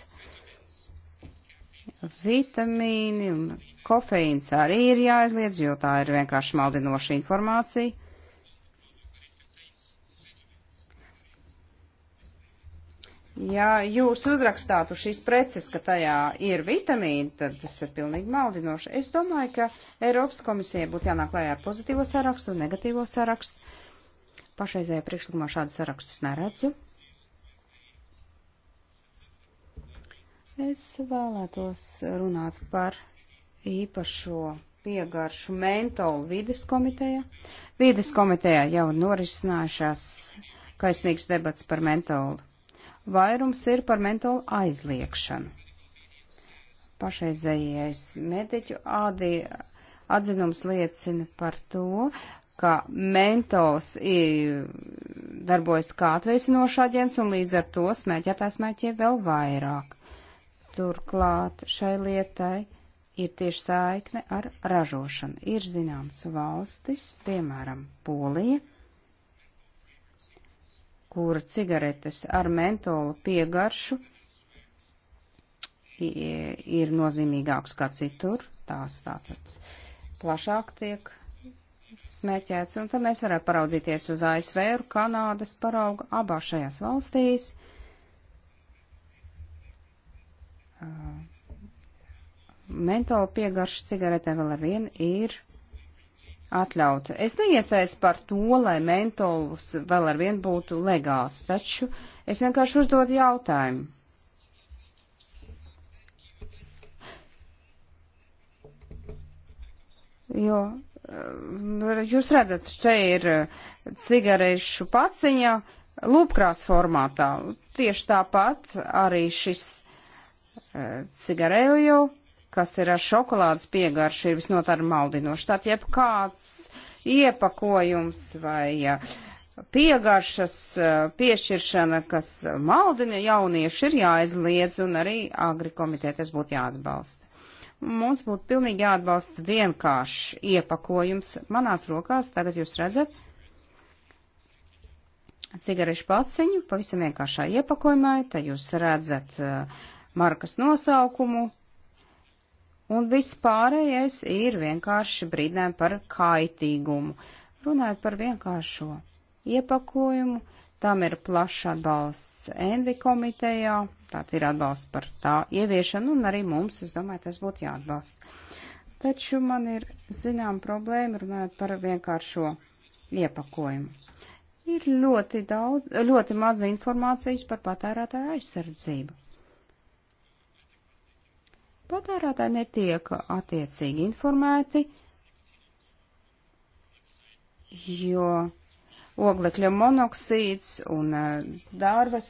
Vitamīni un kofeīns arī ir jāizliedz, jo tā ir vienkārši maldinoša informācija. Ja jūs uzrakstātu šīs preces, ka tajā ir vitamīni, tad tas ir pilnīgi maldinoši. Es domāju, ka Eiropas komisija būtu jānāk lējā ar pozitīvo sarakstu un negatīvo sarakstu. Pašreizējā priekšlikumā šādu sarakstus neredzu. Es vēlētos runāt par īpašo piegaršu mentolu vides komiteja. Vides komiteja jau norisinājušās kaismīgas debats par mentolu vairums ir par mentolu aizliekšanu. Pašreizējais mediķu ādī atzinums liecina par to, ka mentols darbojas kā atveicinošā ģens un līdz ar to smēķētājs smēķē vēl vairāk. Turklāt šai lietai ir tieši saikne ar ražošanu. Ir zināms valstis, piemēram, Polija, kura cigaretes ar mentola piegaršu ir nozīmīgāks kā citur. Tās tātad plašāk tiek smēķēts. Un tad mēs varētu paraudzīties uz ASV un Kanādas paraugu abās šajās valstīs. Mentola piegarša cigaretē vēl ar vienu ir atļautu. Es neiesaistu par to, lai mentols vēl ar vienu būtu legāls, taču es vienkārši uzdodu jautājumu. Jo eh, jūs redzat, šeit ir eh, cigarešu paciņa lūpkrās formātā. Tieši tāpat arī šis eh, cigarēļu kas ir ar šokolādes piegaršu, ir visnotaļ maldinoši. Tātad jebkāds iepakojums vai piegaršas eh, piešķiršana, kas maldina jaunieši, ir jāizliedz un arī agri komitēties būtu jāatbalsta. Mums būtu pilnīgi jāatbalsta vienkāršs iepakojums. Manās rokās tagad jūs redzat cigarešu paciņu pavisam vienkāršā iepakojumā, tad jūs redzat uh, markas nosaukumu, Un viss pārējais ir vienkārši brīdinājumi par kaitīgumu. Runājot par vienkāršo iepakojumu, tam ir plašs atbalsts Envi komitejā, tātad ir atbalsts par tā ieviešanu, un arī mums, es domāju, tas būtu jāatbalsta. Taču man ir zinām problēma runājot par vienkāršo iepakojumu. Ir ļoti daudz, ļoti maz informācijas par patērētāju aizsardzību Patērētāji netiek attiecīgi informēti, jo oglekļa monoksīds un eh, darbas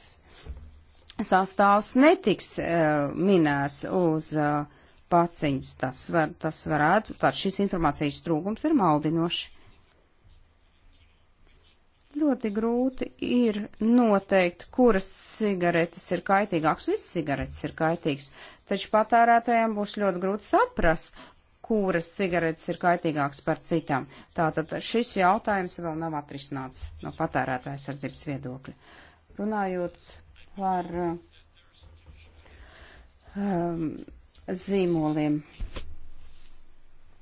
sastāvs netiks uh, minēts uz uh, paciņas. Tas, var, tas varētu, tāds šis informācijas trūkums ir maldinoši. Ļoti grūti ir noteikt, kuras cigaretes ir kaitīgākas. Viss cigaretes ir kaitīgas taču patērētājiem būs ļoti grūti saprast, kuras cigaretes ir kaitīgākas par citām. Tātad šis jautājums vēl nav atrisināts no patērētāja sardzības viedokļa. Runājot par um, zīmoliem,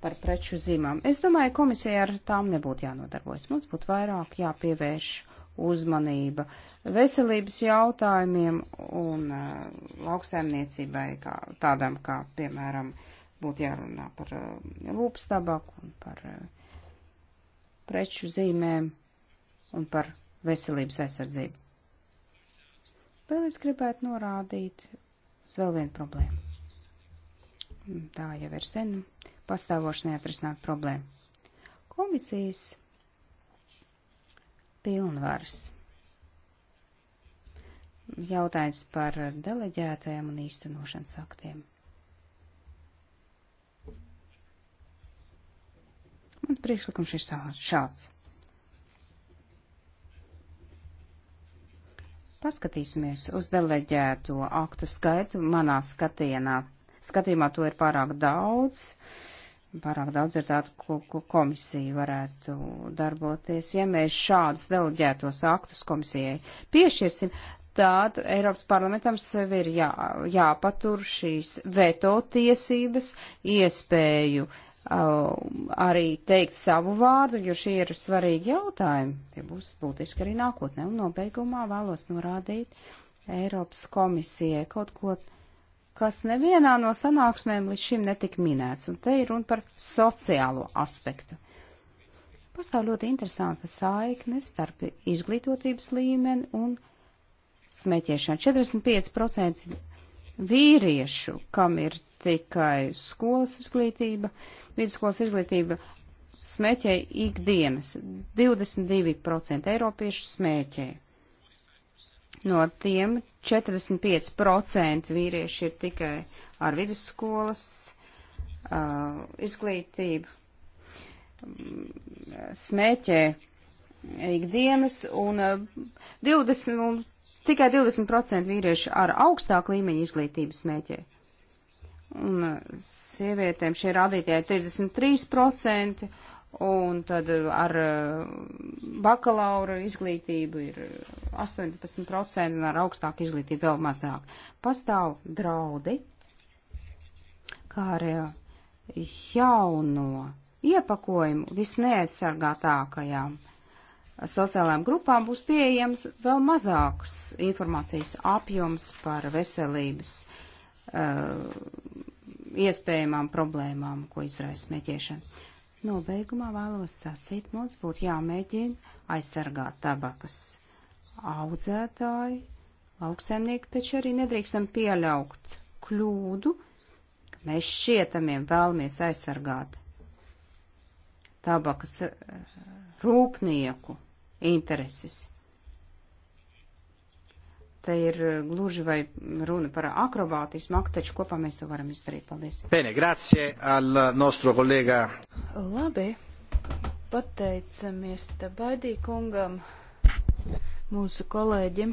par preču zīmām, es domāju, komisija ar tām nebūtu jānodarbojas. Mums būtu vairāk jāpievērš uzmanība veselības jautājumiem un uh, lauksaimniecībai, kā, tādam kā, piemēram, būtu jārunā par uh, e, lūpstabaku un par uh, preču zīmēm un par veselības aizsardzību. Vēl es gribētu norādīt uz vēl vienu problēmu. Tā jau ir sen pastāvošana neatrisināt problēmu. Komisijas pilnvaras. Jautājums par deleģētajiem un īstenošanas aktiem. Mans priekšlikums ir šāds. Paskatīsimies uz deleģēto aktu skaitu. Manā skatienā, skatījumā to ir pārāk daudz. Uh, pārāk daudz ir tādu, ko, ko komisija varētu darboties. Ja mēs šādus deleģētos aktus komisijai piešķirsim, tad Eiropas parlamentam sev ir jā, jāpatur šīs veto tiesības, iespēju uh, arī teikt savu vārdu, jo šie ir svarīgi jautājumi. Tie būs būtiski arī nākotnē. Un nobeigumā vēlos norādīt Eiropas komisijai kaut ko kas nevienā no sanāksmēm līdz šim netika minēts, un te ir runa par sociālo aspektu. Pastāv ļoti interesanta saikne starp izglītotības līmeni un smēķēšanu. 45% vīriešu, kam ir tikai skolas izglītība, vidusskolas izglītība, smēķē ikdienas. 22% eiropiešu smēķē. No tiem 45% vīrieši ir tikai ar vidusskolas uh, izglītību. Mm, smēķē ikdienas un, uh, 20, un tikai 20% vīrieši ar augstāku līmeņu izglītību smēķē. Un uh, sievietēm šie rādītāji ir 33% un tad eh, ar eh, bakalaura izglītību ir 18% eh, un ar augstāku izglītību vēl mazāk. Pastāv draudi, kā arī jauno iepakojumu visneaizsargātākajām sociālajām grupām būs pieejams vēl mazāks informācijas apjoms par veselības uh, iespējamām problēmām, ko izraisa smēķēšana. Nobeigumā vēlos sacīt, mums būtu jāmēģina aizsargāt tabakas audzētāji, lauksaimnieki, taču arī nedrīkstam pieļaut kļūdu, ka mēs šietamiem vēlamies aizsargāt tabakas eh, rūpnieku intereses te ir eh, gluži vai runa par akrobātismu, ak, taču kopā mēs to varam izdarīt. Paldies. Bene, grazie al nostro kolēga. Labi, pateicamies Tabaidī kungam, mūsu kolēģim.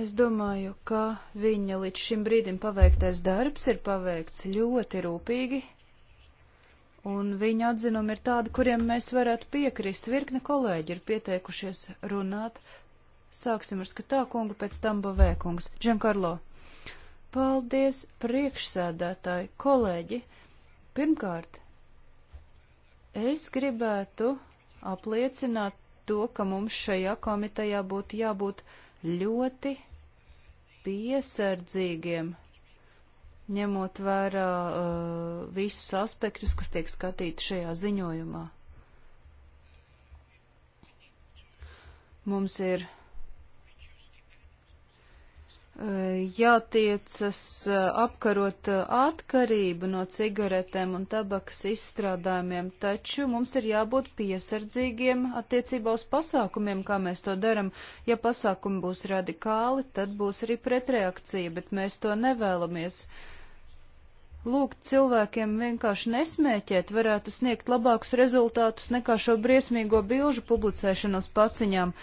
Es domāju, ka viņa līdz šim brīdim paveiktais darbs ir paveikts ļoti rūpīgi, un viņa atzinumi ir tādi, kuriem mēs varētu piekrist. Virkne kolēģi ir pieteikušies runāt. Sāksim ar skatā kungu, pēc tam bavē kungs. Džankarlo. Paldies, priekšsēdētāji, kolēģi. Pirmkārt, es gribētu apliecināt to, ka mums šajā komitejā būtu jābūt ļoti piesardzīgiem, ņemot vērā uh, visus aspektus, kas tiek skatīti šajā ziņojumā. Mums ir jātiecas apkarot atkarību no cigaretēm un tabakas izstrādājumiem, taču mums ir jābūt piesardzīgiem attiecībā uz pasākumiem, kā mēs to daram. Ja pasākumi būs radikāli, tad būs arī pretreakcija, bet mēs to nevēlamies. Lūgt cilvēkiem vienkārši nesmēķēt varētu sniegt labākus rezultātus nekā šo briesmīgo bilžu publicēšanu uz paciņām.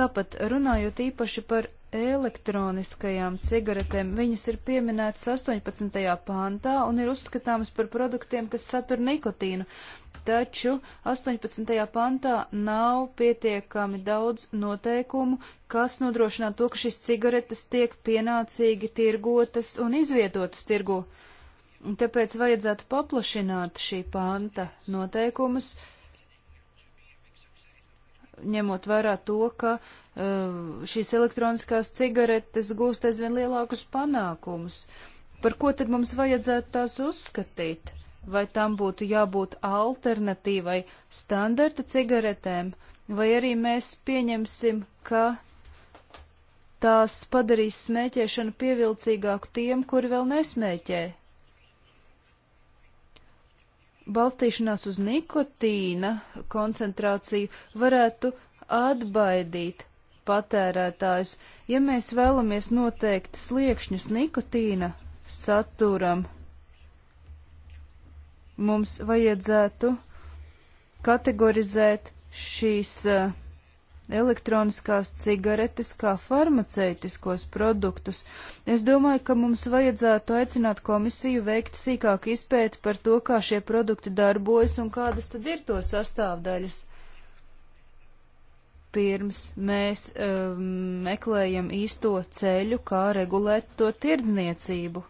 Tāpat runājot īpaši par elektroniskajām cigaretēm. Viņas ir pieminētas 18. pāntā un ir uzskatāmas par produktiem, kas satur nikotīnu, taču 18. pāntā nav pietiekami daudz noteikumu, kas nodrošinā to, ka šīs cigaretes tiek pienācīgi tirgotas un izvietotas tirgu. Tāpēc vajadzētu paplašināt šī panta noteikumus, ņemot vērā to, ka uh, Eh, šīs elektroniskās cigaretes gūst aizvien lielākus panākumus. Par ko tad mums vajadzētu tās uzskatīt? Vai tam būtu jābūt alternatīvai standarta cigaretēm, vai arī mēs pieņemsim, ka tās padarīs smēķēšanu pievilcīgāku tiem, kuri vēl nesmēķē. Balstīšanās uz nikotīna koncentrāciju varētu atbaidīt patērētājus. Ja mēs vēlamies noteikt sliekšņus nikotīna saturam, mums vajadzētu kategorizēt šīs uh, elektroniskās cigaretes kā farmaceitiskos produktus. Es domāju, ka mums vajadzētu aicināt komisiju veikt sīkāku izpēti par to, kā šie produkti darbojas un kādas tad ir to sastāvdaļas pirms mēs um, meklējam īsto ceļu, kā regulēt to tirdzniecību.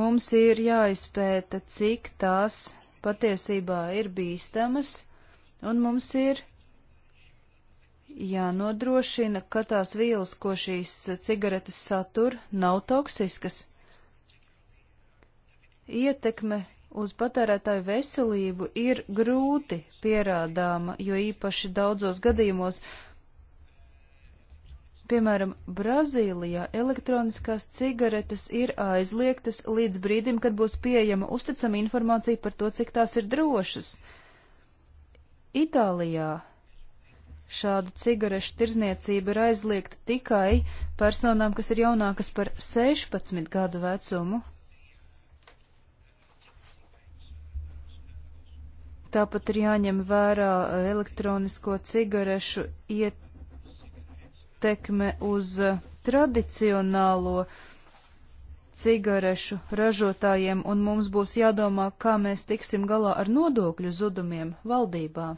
Mums ir jāizpēta, cik tās patiesībā ir bīstamas, un mums ir jānodrošina, ka tās vielas, ko šīs cigaretes satur, nav toksiskas. Ietekme uz patērētāju veselību ir grūti pierādāma, jo īpaši daudzos gadījumos, piemēram, Brazīlijā elektroniskās cigaretes ir aizliegtas līdz brīdim, kad būs pieejama uzticama informācija par to, cik tās ir drošas. Itālijā šādu cigarešu tirzniecība ir aizliegta tikai personām, kas ir jaunākas par 16 gadu vecumu. Tāpat ir jāņem vērā uh, elektronisko cigarešu ietekme uz uh, tradicionālo cigarešu ražotājiem, un mums būs jādomā, kā mēs tiksim galā ar nodokļu zudumiem valdībā.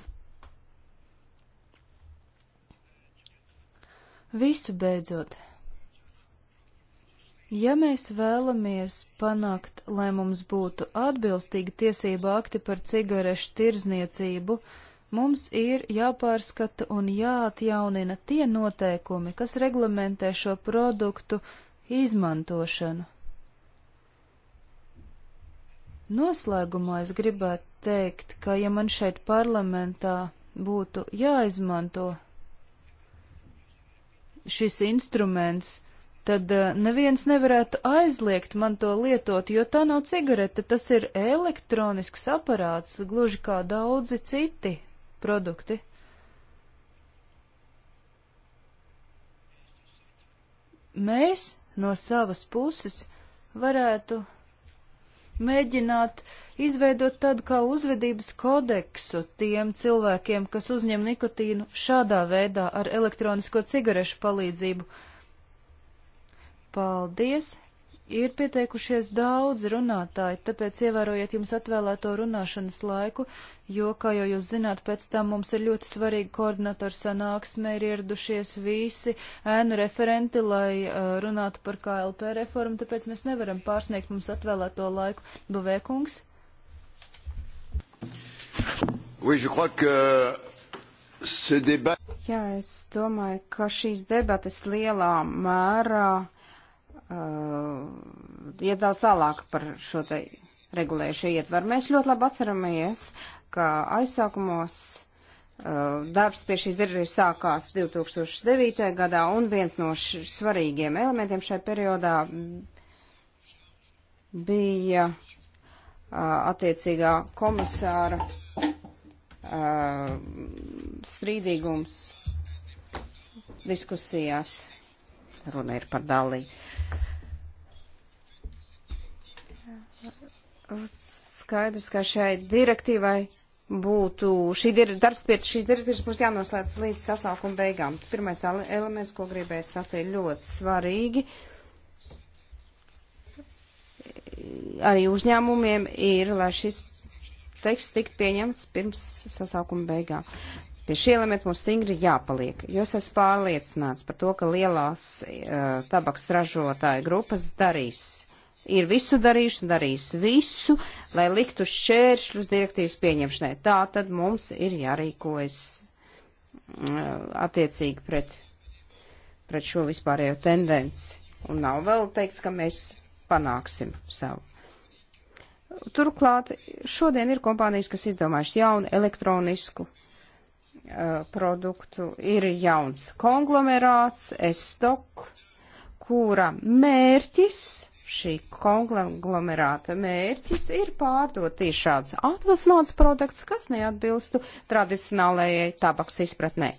Visu beidzot. Ja mēs vēlamies panākt, lai mums būtu atbilstīgi tiesība akti par cigarešu tirzniecību, mums ir jāpārskata un jāatjaunina tie noteikumi, kas reglamentē šo produktu izmantošanu. Noslēgumā es gribētu teikt, ka ja man šeit parlamentā būtu jāizmanto šis instruments, tad eh, neviens nevarētu aizliegt man to lietot, jo tā nav cigarete, tas ir elektronisks aparāts, gluži kā daudzi citi produkti. Mēs no savas puses varētu mēģināt izveidot tādu kā uzvedības kodeksu tiem cilvēkiem, kas uzņem nikotīnu šādā veidā ar elektronisko cigarešu palīdzību. Uh, Paldies! Ir pieteikušies daudz runātāji, tāpēc ievērojiet jums atvēlēto runāšanas laiku, jo, kā jau jūs zināt, pēc tam mums ir ļoti svarīga koordinatora sanāksme, ir ieradušies visi ēnu referenti, lai uh, runātu par KLP reformu, tāpēc mēs nevaram pārsniegt mums atvēlēto laiku. Buvēkungs? Oui, je crois que ce débat... Jā, es domāju, ka šīs debates lielā mērā. Uh, Uh, iet daudz tālāk par šo te regulējušo ietvaru. Mēs ļoti labi atceramies, ka aizsākumos uh, darbs pie šīs direktīvas sākās 2009. gadā, un viens no svarīgiem elementiem šajā periodā bija uh, attiecīgā komisāra uh, strīdīgums diskusijās Runa ir par Dali. Skaidrs, ka šai direktīvai būtu, šī dir, darbs pie šīs direktīvas būs jānoslēdz līdz sasaukuma beigām. Pirmais elements, ko gribēju sacīt, ļoti svarīgi. Arī uzņēmumiem ir, lai šis teksts tiktu pieņemts pirms sasaukuma beigām. Pie šī elementa mums stingri jāpaliek, jo es esmu pārliecināts par to, ka lielās uh, tabaks ražotāju grupas darīs. Ir visu darījuši un darīs visu, lai liktu šķēršļus direktīvas pieņemšanai. Tā tad mums ir jārīkojas uh, attiecīgi pret, pret šo vispārējo tendenci. Un nav vēl teikts, ka mēs panāksim savu. Turklāt šodien ir kompānijas, kas izdomājušas jaunu elektronisku Uh, produktu ir jauns konglomerāts, Estok, kura mērķis, šī konglomerāta mērķis ir pārdot tiešāds atvasnāts produkts, kas neatbilstu tradicionālajai tabaks izpratnē.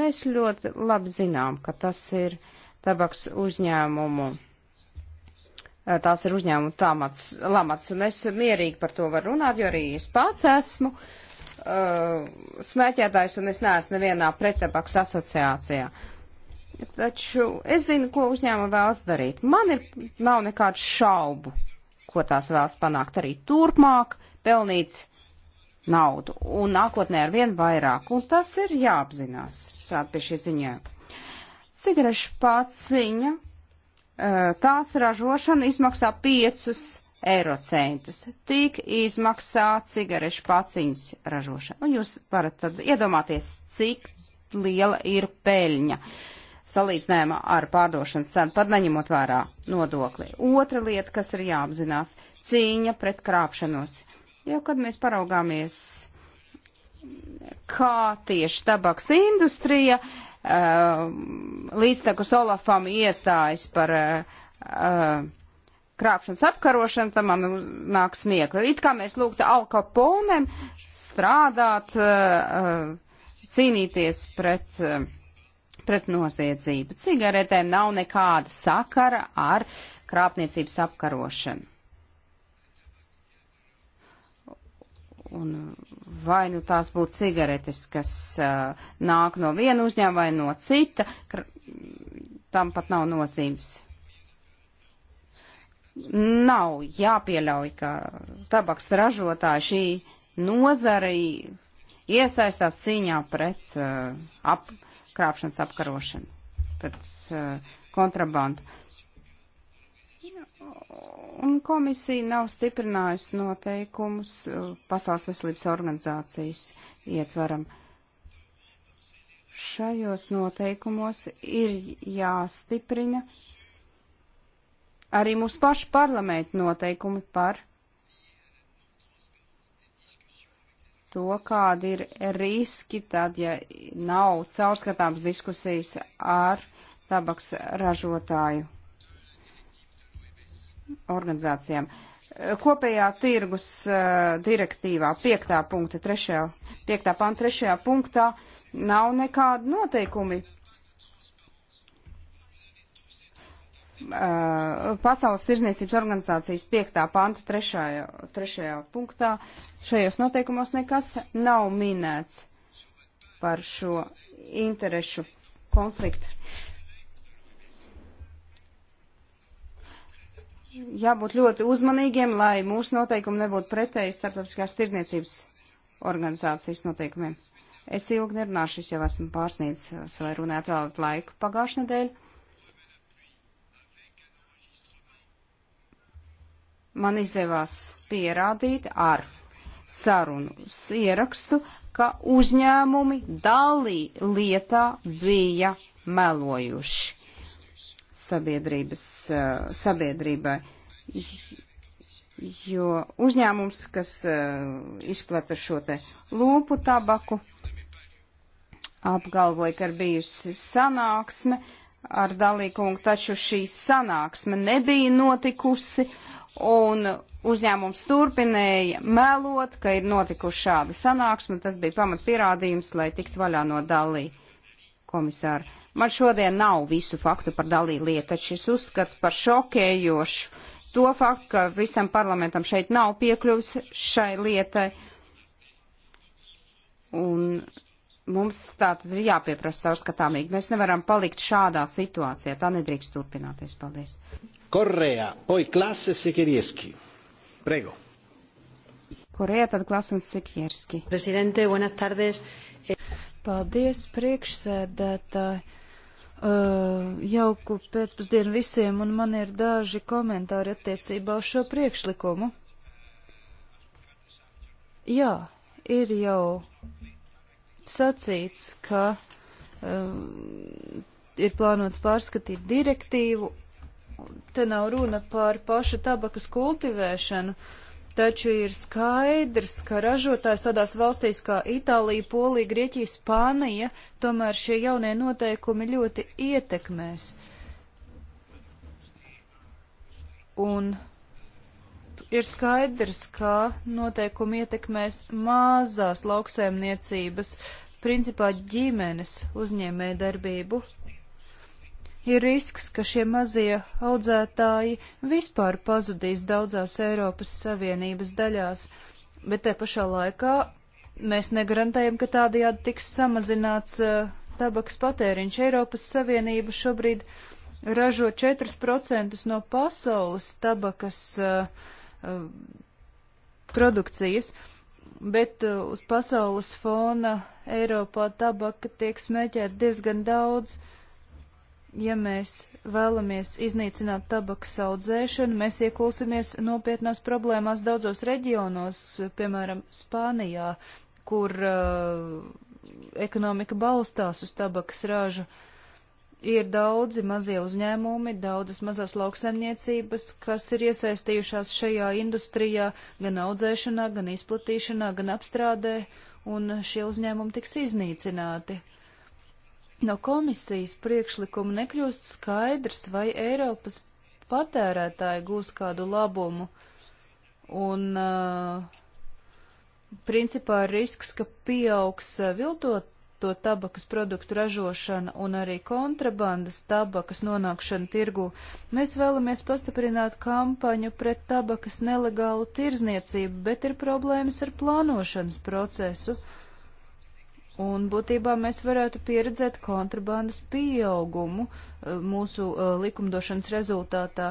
Mēs ļoti labi zinām, ka tas ir tabaks uzņēmumu. Uh, tās ir uzņēmuma tāmats, lamats, un es mierīgi par to varu runāt, jo arī es pats esmu uh, Uh, smēķētājs un es neesmu nevienā prettabaks asociācijā. Taču es zinu, ko uzņēma vēlas darīt. Man ir, nav nekādu šaubu, ko tās vēlas panākt arī turpmāk, pelnīt naudu un nākotnē ar vien vairāk. Un tas ir jāapzinās, sāp pie šī ziņojuma. Cigarešu pāciņa, uh, tās ražošana izmaksā 5 eiro centus. Tik izmaksā cigarešu paciņas ražošana. Un jūs varat tad iedomāties, cik liela ir peļņa salīdzinājumā ar pārdošanas cenu, pat neņemot vērā nodokli. Otra lieta, kas ir jāapzinās - cīņa pret krāpšanos. Jau kad mēs paraugāmies, kā tieši tabaks industrija uh, līdztekus Olafam iestājas par uh, uh, krāpšanas apkarošana, tam man nāk smiekli. It kā mēs lūgtu alkaponēm strādāt, eh, eh, cīnīties pret, eh, pret noziedzību. Cigaretēm nav nekāda sakara ar krāpniecības apkarošanu. Un vai nu tās būtu cigaretes, kas uh, nāk no viena uzņēmuma vai no cita, tam pat nav nozīmes nav jāpieļauj, ka tabaks ražotāji šī nozara iesaistās cīņā pret uh, apkrāpšanas apkarošanu, pret uh, kontrabandu. Un komisija nav stiprinājusi noteikumus uh, Pasaules veselības organizācijas ietvaram. Šajos noteikumos ir jāstiprina uh, arī mūsu pašu parlamentu noteikumi par to, kādi ir riski tad, ja nav caurskatāms diskusijas ar tabaks ražotāju organizācijām. Kopējā tirgus uh, direktīvā 5. punkta 3. 5. panta 3. punktā nav nekādi noteikumi Uh, Pasaules tirzniecības organizācijas 5. panta 3. 3. punktā šajos noteikumos nekas nav minēts par šo interešu konfliktu. Jābūt ļoti uzmanīgiem, lai mūsu noteikumi nebūtu pretēji starptautiskās tirdniecības organizācijas noteikumiem. Es ilgi nerunāšu, es jau esmu pārsniedzis, vai runāt vēl laiku pagājušajā nedēļā. man izdevās pierādīt ar sarunu ierakstu, ka uzņēmumi dalī lietā bija melojuši sabiedrības, eh, sabiedrībai. Jo uzņēmums, kas eh, izplata šo te lūpu tabaku, apgalvoja, ka ir bijusi sanāksme ar dalīkungu, taču šī sanāksme nebija notikusi un uzņēmums turpinēja melot, ka ir notikuši šāda sanāksme, tas bija pamat pierādījums, lai tiktu vaļā no dalī komisāra. Man šodien nav visu faktu par dalī lietu, taču es uzskatu par šokējošu to faktu, ka visam parlamentam šeit nav piekļuvis šai lietai. Un mums tā tad ir jāpieprasa savskatāmīgi. Mēs nevaram palikt šādā situācijā. Tā nedrīkst turpināties. Paldies. Correa, poi Klasse Sekierski. Prego. Correa, tad Klasse un Sekierski. Presidente, buenas tardes. Paldies, priekšsēdētāji. Uh, jauku pēcpusdienu visiem, un man ir daži komentāri attiecībā uz šo priekšlikumu. Jā, ir jau sacīts, ka uh, ir plānots pārskatīt direktīvu te nav runa par pašu tabakas kultivēšanu, taču ir skaidrs, ka ražotājs tādās valstīs kā Itālija, Polija, Grieķija, Spānija, tomēr šie jaunie noteikumi ļoti ietekmēs. Un ir skaidrs, ka noteikumi ietekmēs mazās lauksēmniecības, principā ģimenes uzņēmē darbību ir risks, ka šie mazie audzētāji vispār pazudīs daudzās Eiropas Savienības daļās, bet te pašā laikā mēs negarantējam, ka tādajādi tiks samazināts uh, tabaks patēriņš. Eiropas Savienība šobrīd ražo 4% no pasaules tabakas uh, uh, produkcijas, bet uz pasaules fona Eiropā tabaka tiek smēķēt diezgan daudz. Uh, ja mēs vēlamies iznīcināt tabakas audzēšanu, mēs iekulsimies nopietnās problēmās daudzos reģionos, piemēram, Spānijā, kur uh, ekonomika balstās uz tabakas ražu. Ir daudzi mazie uzņēmumi, daudzas mazās lauksaimniecības, kas ir iesaistījušās šajā industrijā gan audzēšanā, gan izplatīšanā, gan apstrādē, un šie uzņēmumi tiks iznīcināti. Uh, no komisijas priekšlikuma nekļūst skaidrs, vai Eiropas patērētāji gūs kādu labumu. Un, uh, principā, ir risks, ka pieaugs uh, viltoto tabakas produktu ražošana un arī kontrabandas tabakas nonākšana tirgū. Mēs vēlamies pastiprināt kampaņu pret tabakas nelegālu tirzniecību, bet ir problēmas ar plānošanas procesu. Uh, Un būtībā mēs varētu pieredzēt kontrabandas pieaugumu eh, mūsu eh, likumdošanas rezultātā.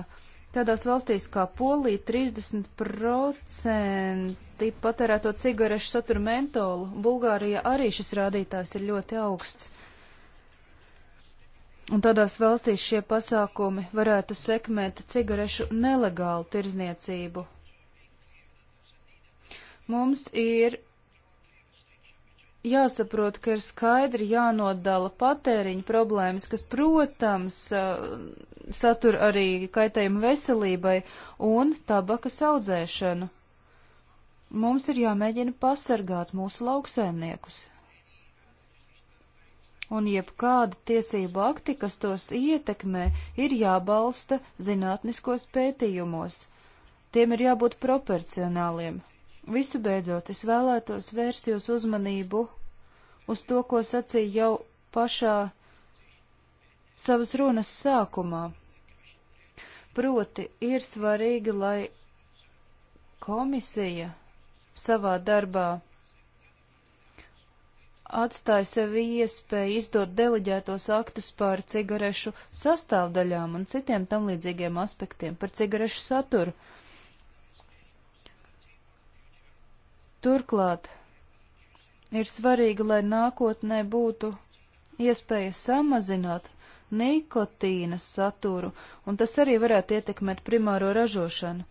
Tādās valstīs kā Polija 30% patērēto cigarešu satura mentolu, Bulgārija arī šis rādītājs ir ļoti augsts. Un tādās valstīs šie pasākumi varētu sekmēt cigarešu nelegālu tirzniecību. Mums ir jāsaprot, ka ir skaidri jānodala patēriņa problēmas, kas, protams, satur arī kaitējumu veselībai un tabakas audzēšanu. Mums ir jāmēģina pasargāt mūsu lauksēmniekus. Un jebkāda tiesība akti, kas tos ietekmē, ir jābalsta zinātniskos pētījumos. Tiem ir jābūt proporcionāliem, Visu beidzot, es vēlētos vērst jūs uzmanību uz to, ko sacīju jau pašā savas runas sākumā. Proti, ir svarīgi, lai komisija savā darbā atstāja sev iespēju izdot deleģētos aktus par cigarešu sastāvdaļām un citiem tam līdzīgiem aspektiem, par cigarešu saturu. Turklāt ir svarīgi, lai nākotnē būtu iespēja samazināt nikotīna saturu, un tas arī varētu ietekmēt primāro ražošanu.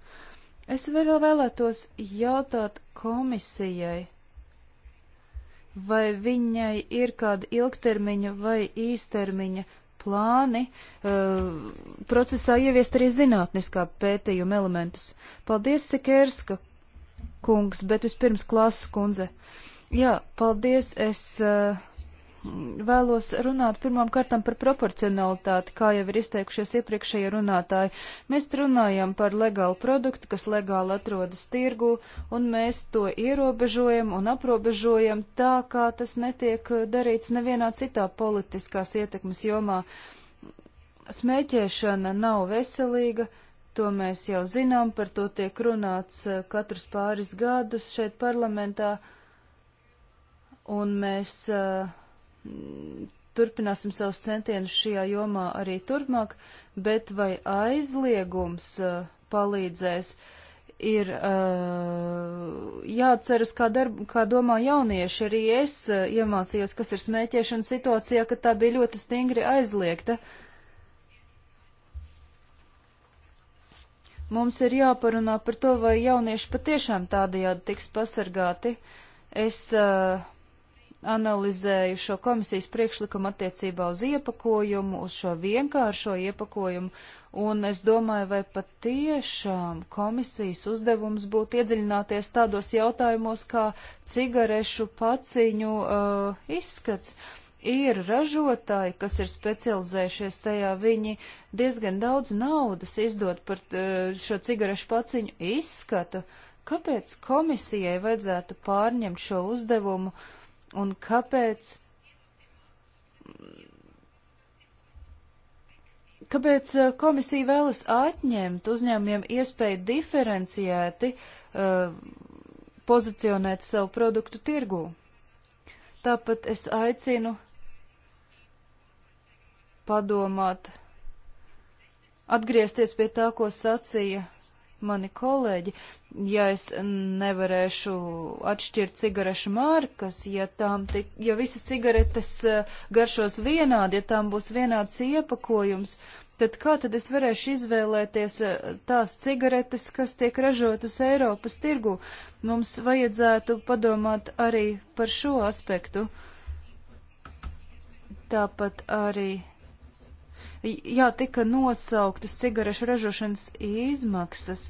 Es vēl vēlētos jautāt komisijai, vai viņai ir kāda ilgtermiņa vai īstermiņa plāni uh, procesā ieviest arī zinātniskā pētījuma elementus. Paldies, Sikerska kungs, bet vispirms klāsas kundze. Jā, paldies, es uh, vēlos runāt pirmām kārtām par proporcionalitāti, kā jau ir izteikušies iepriekšējie runātāji. Mēs runājam par legālu produktu, kas legāli atrodas tirgu, un mēs to ierobežojam un aprobežojam tā, kā tas netiek eh, darīts nevienā citā politiskās ietekmes jomā. Smēķēšana nav veselīga To mēs jau zinām, par to tiek runāts eh, katrus pāris gadus šeit parlamentā, un mēs eh, turpināsim savus centienus šajā jomā arī turpmāk, bet vai aizliegums eh, palīdzēs? ir uh, jāatceras, kā, darb, kā domā jaunieši. Arī es uh, iemācījos, kas ir smēķēšana situācijā, kad tā bija ļoti stingri aizliegta. Uh, Mums ir jāparunā par to, vai jaunieši patiešām tādajādi tiks pasargāti. Es uh, analizēju šo komisijas priekšlikumu attiecībā uz iepakojumu, uz šo vienkāršo iepakojumu, un es domāju, vai patiešām komisijas uzdevums būtu iedziļināties tādos jautājumos kā cigarešu paciņu uh, izskats. Uh, ir ražotāji, kas ir specializējušies tajā, viņi diezgan daudz naudas izdod par eh, šo cigarešu paciņu izskatu. Kāpēc komisijai vajadzētu pārņemt šo uzdevumu un kāpēc? Kāpēc eh, komisija vēlas atņemt uzņēmumiem iespēju diferenciēti uh, pozicionēt savu produktu tirgū? Tāpat es aicinu padomāt, atgriezties pie tā, ko sacīja mani kolēģi, ja es nevarēšu atšķirt cigarešu markas, ja, tām tik, ja visas cigaretes eh, garšos vienādi, ja tām būs vienāds iepakojums, tad kā tad es varēšu izvēlēties eh, tās cigaretes, kas tiek ražotas Eiropas tirgu? Mums vajadzētu padomāt arī par šo aspektu. Tāpat arī Jā, tika nosauktas cigarešu ražošanas izmaksas,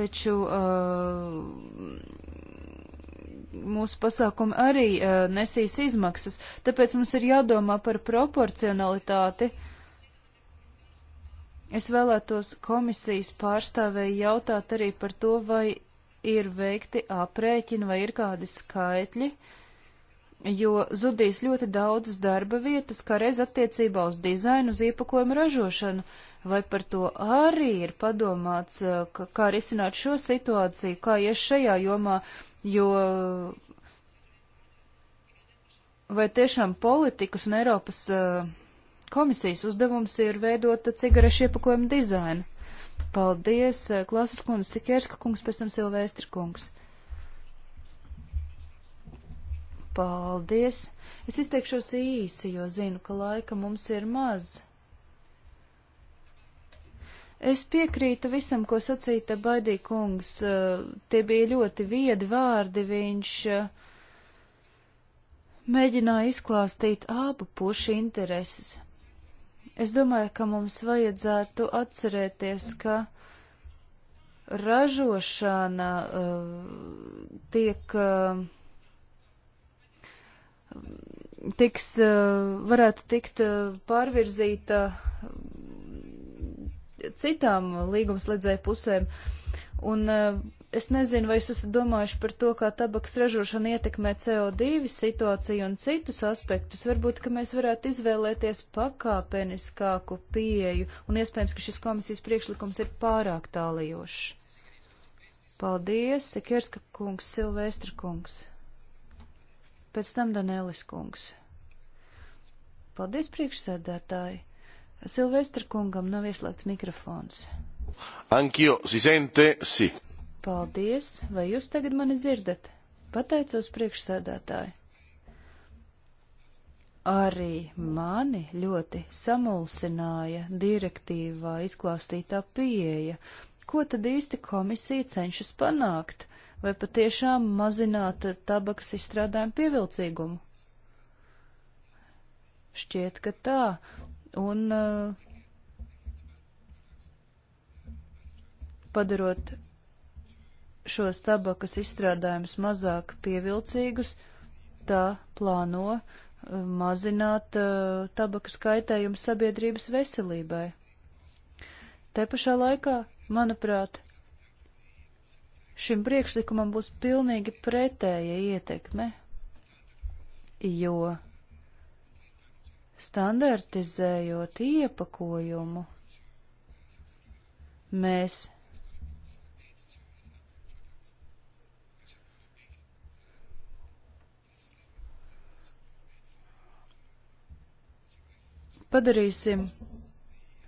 taču uh, mūsu pasākumi arī uh, nesīs izmaksas, tāpēc mums ir jādomā par proporcionalitāti. Es vēlētos komisijas pārstāvēju jautāt arī par to, vai ir veikti aprēķini vai ir kādi skaitļi, uh, jo zudīs ļoti daudzas darba vietas, kā reiz attiecībā uz dizainu, uz iepakojumu ražošanu. Vai par to arī ir padomāts, eh, ka, kā risināt šo situāciju, kā ies šajā jomā, jo vai tiešām politikas un Eiropas eh, komisijas uzdevums ir veidot cigarešu iepakojumu dizainu? Paldies, eh, Klasas kundze, Sikerska kungs, pēc tam Silvēstri kungs. Paldies! Es izteikšos īsi, jo zinu, ka laika mums ir maz. Es piekrītu visam, ko sacīja te Baidī kungs. Tie bija ļoti viedi vārdi. Viņš eh, mēģināja izklāstīt abu pušu intereses. Es domāju, ka mums vajadzētu atcerēties, ka ražošana uh, tiek. Uh, tiks, eh, varētu tikt eh, pārvirzīta eh, citām līgumslēdzēju pusēm. Un es nezinu, vai jūs esat domājuši par to, kā tabaks ražošana ietekmē CO2 situāciju un citus aspektus. Varbūt, ka mēs varētu izvēlēties pakāpeniskāku pieeju, un iespējams, ka šis komisijas priekšlikums ir pārāk tālijošs. Paldies, Sekerska kungs, Silvestra kungs pēc tam Danēlis kungs. Paldies priekšsēdētāji. Silvestra kungam nav ieslēgts mikrofons. Ankio, si sente, si. Paldies, vai jūs tagad mani dzirdat? Pateicos priekšsēdētāji. Arī mani ļoti samulsināja direktīvā izklāstītā pieeja, ko tad īsti komisija cenšas panākt, vai patiešām mazināt tabakas izstrādājumu pievilcīgumu? Šķiet, ka tā. Un uh, padarot šos tabakas izstrādājumus mazāk pievilcīgus, tā plāno uh, mazināt uh, tabakas kaitējumu sabiedrības veselībai. Te pašā laikā, manuprāt, šim priekšlikumam būs pilnīgi pretēja ietekme, jo standartizējot iepakojumu, mēs padarīsim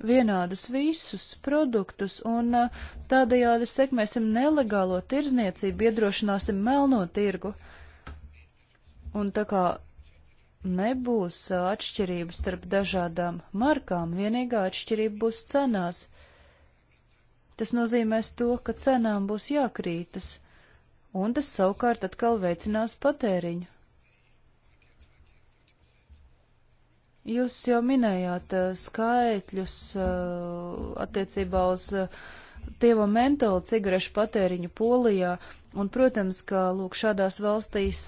vienādus visus produktus un uh, tādējādi sekmēsim nelegālo tirdzniecību, iedrošināsim melno tirgu. Un tā kā nebūs uh, atšķirības starp dažādām markām, vienīgā atšķirība būs cenās. Tas nozīmēs to, ka cenām būs jākrītas, un tas savukārt atkal veicinās patēriņu. Jūs jau minējāt eh, skaitļus eh, attiecībā uz eh, tievo mentolu cigarešu patēriņu Polijā, un, protams, ka, lūk, šādās valstīs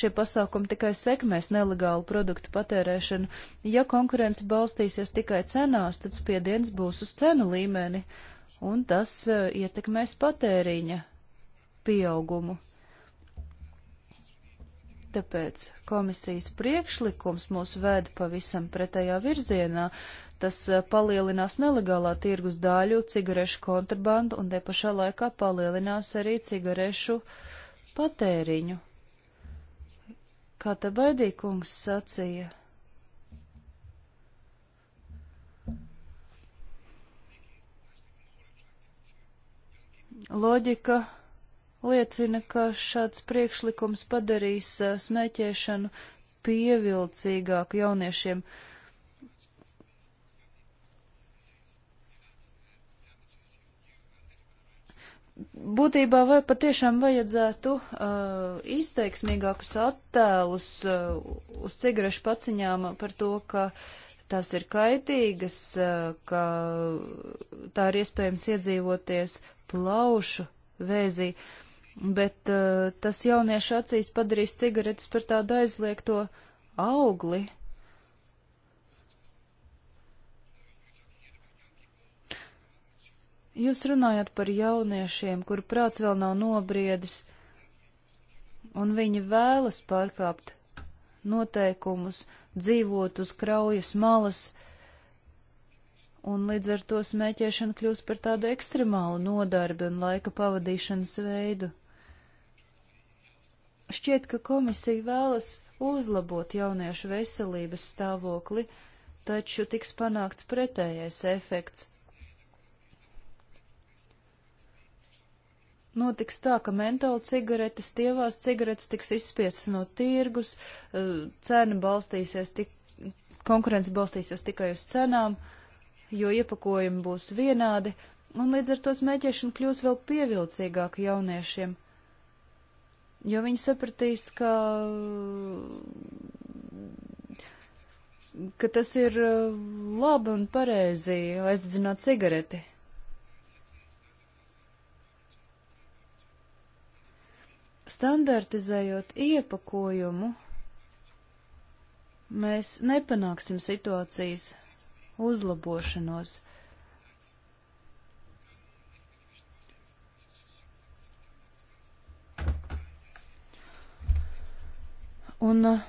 šie pasākumi tikai sekmēs nelegālu produktu patērēšanu. Ja konkurence balstīsies tikai cenās, tad spiediens būs uz cenu līmeni, un tas ietekmēs patēriņa pieaugumu. Tāpēc komisijas priekšlikums mūs ved pavisam pretējā virzienā. Tas eh, palielinās nelegālā tirgus daļu, cigarešu kontrabandu un te pašā laikā palielinās arī cigarešu patēriņu. Kā te baidīkungs sacīja? Loģika liecina, ka šāds priekšlikums padarīs eh, smēķēšanu pievilcīgāku jauniešiem. būtībā vai patiešām vajadzētu uh, izteiksmīgākus attēlus uh, uz cigarešu paciņām par to, ka tās ir kaitīgas, uh, ka tā ir iespējams iedzīvoties plaušu vēzī. Uh, bet uh, tas jauniešu acīs padarīs cigaretes par tādu aizliegto augli. Jūs runājat par jauniešiem, kuru prāts vēl nav nobriedis, un viņi vēlas pārkāpt noteikumus, dzīvot uz kraujas malas, un līdz ar to smēķēšana kļūst par tādu ekstremālu nodarbi un laika pavadīšanas veidu. Šķiet, ka komisija vēlas uzlabot jauniešu veselības stāvokli, taču tiks panākts pretējais efekts. Notiks tā, ka mentola cigaretes, tievās cigaretes tiks izspiestas no tirgus, eh, cena balstīsies tik, konkurence balstīsies tikai uz cenām, jo iepakojumi būs vienādi, un līdz ar to smēķēšana kļūs vēl pievilcīgāka jauniešiem jo viņi sapratīs, ka, ka tas ir uh, labi un pareizi aizdzināt cigareti. Standartizējot iepakojumu, mēs nepanāksim situācijas uzlabošanos. Un uh,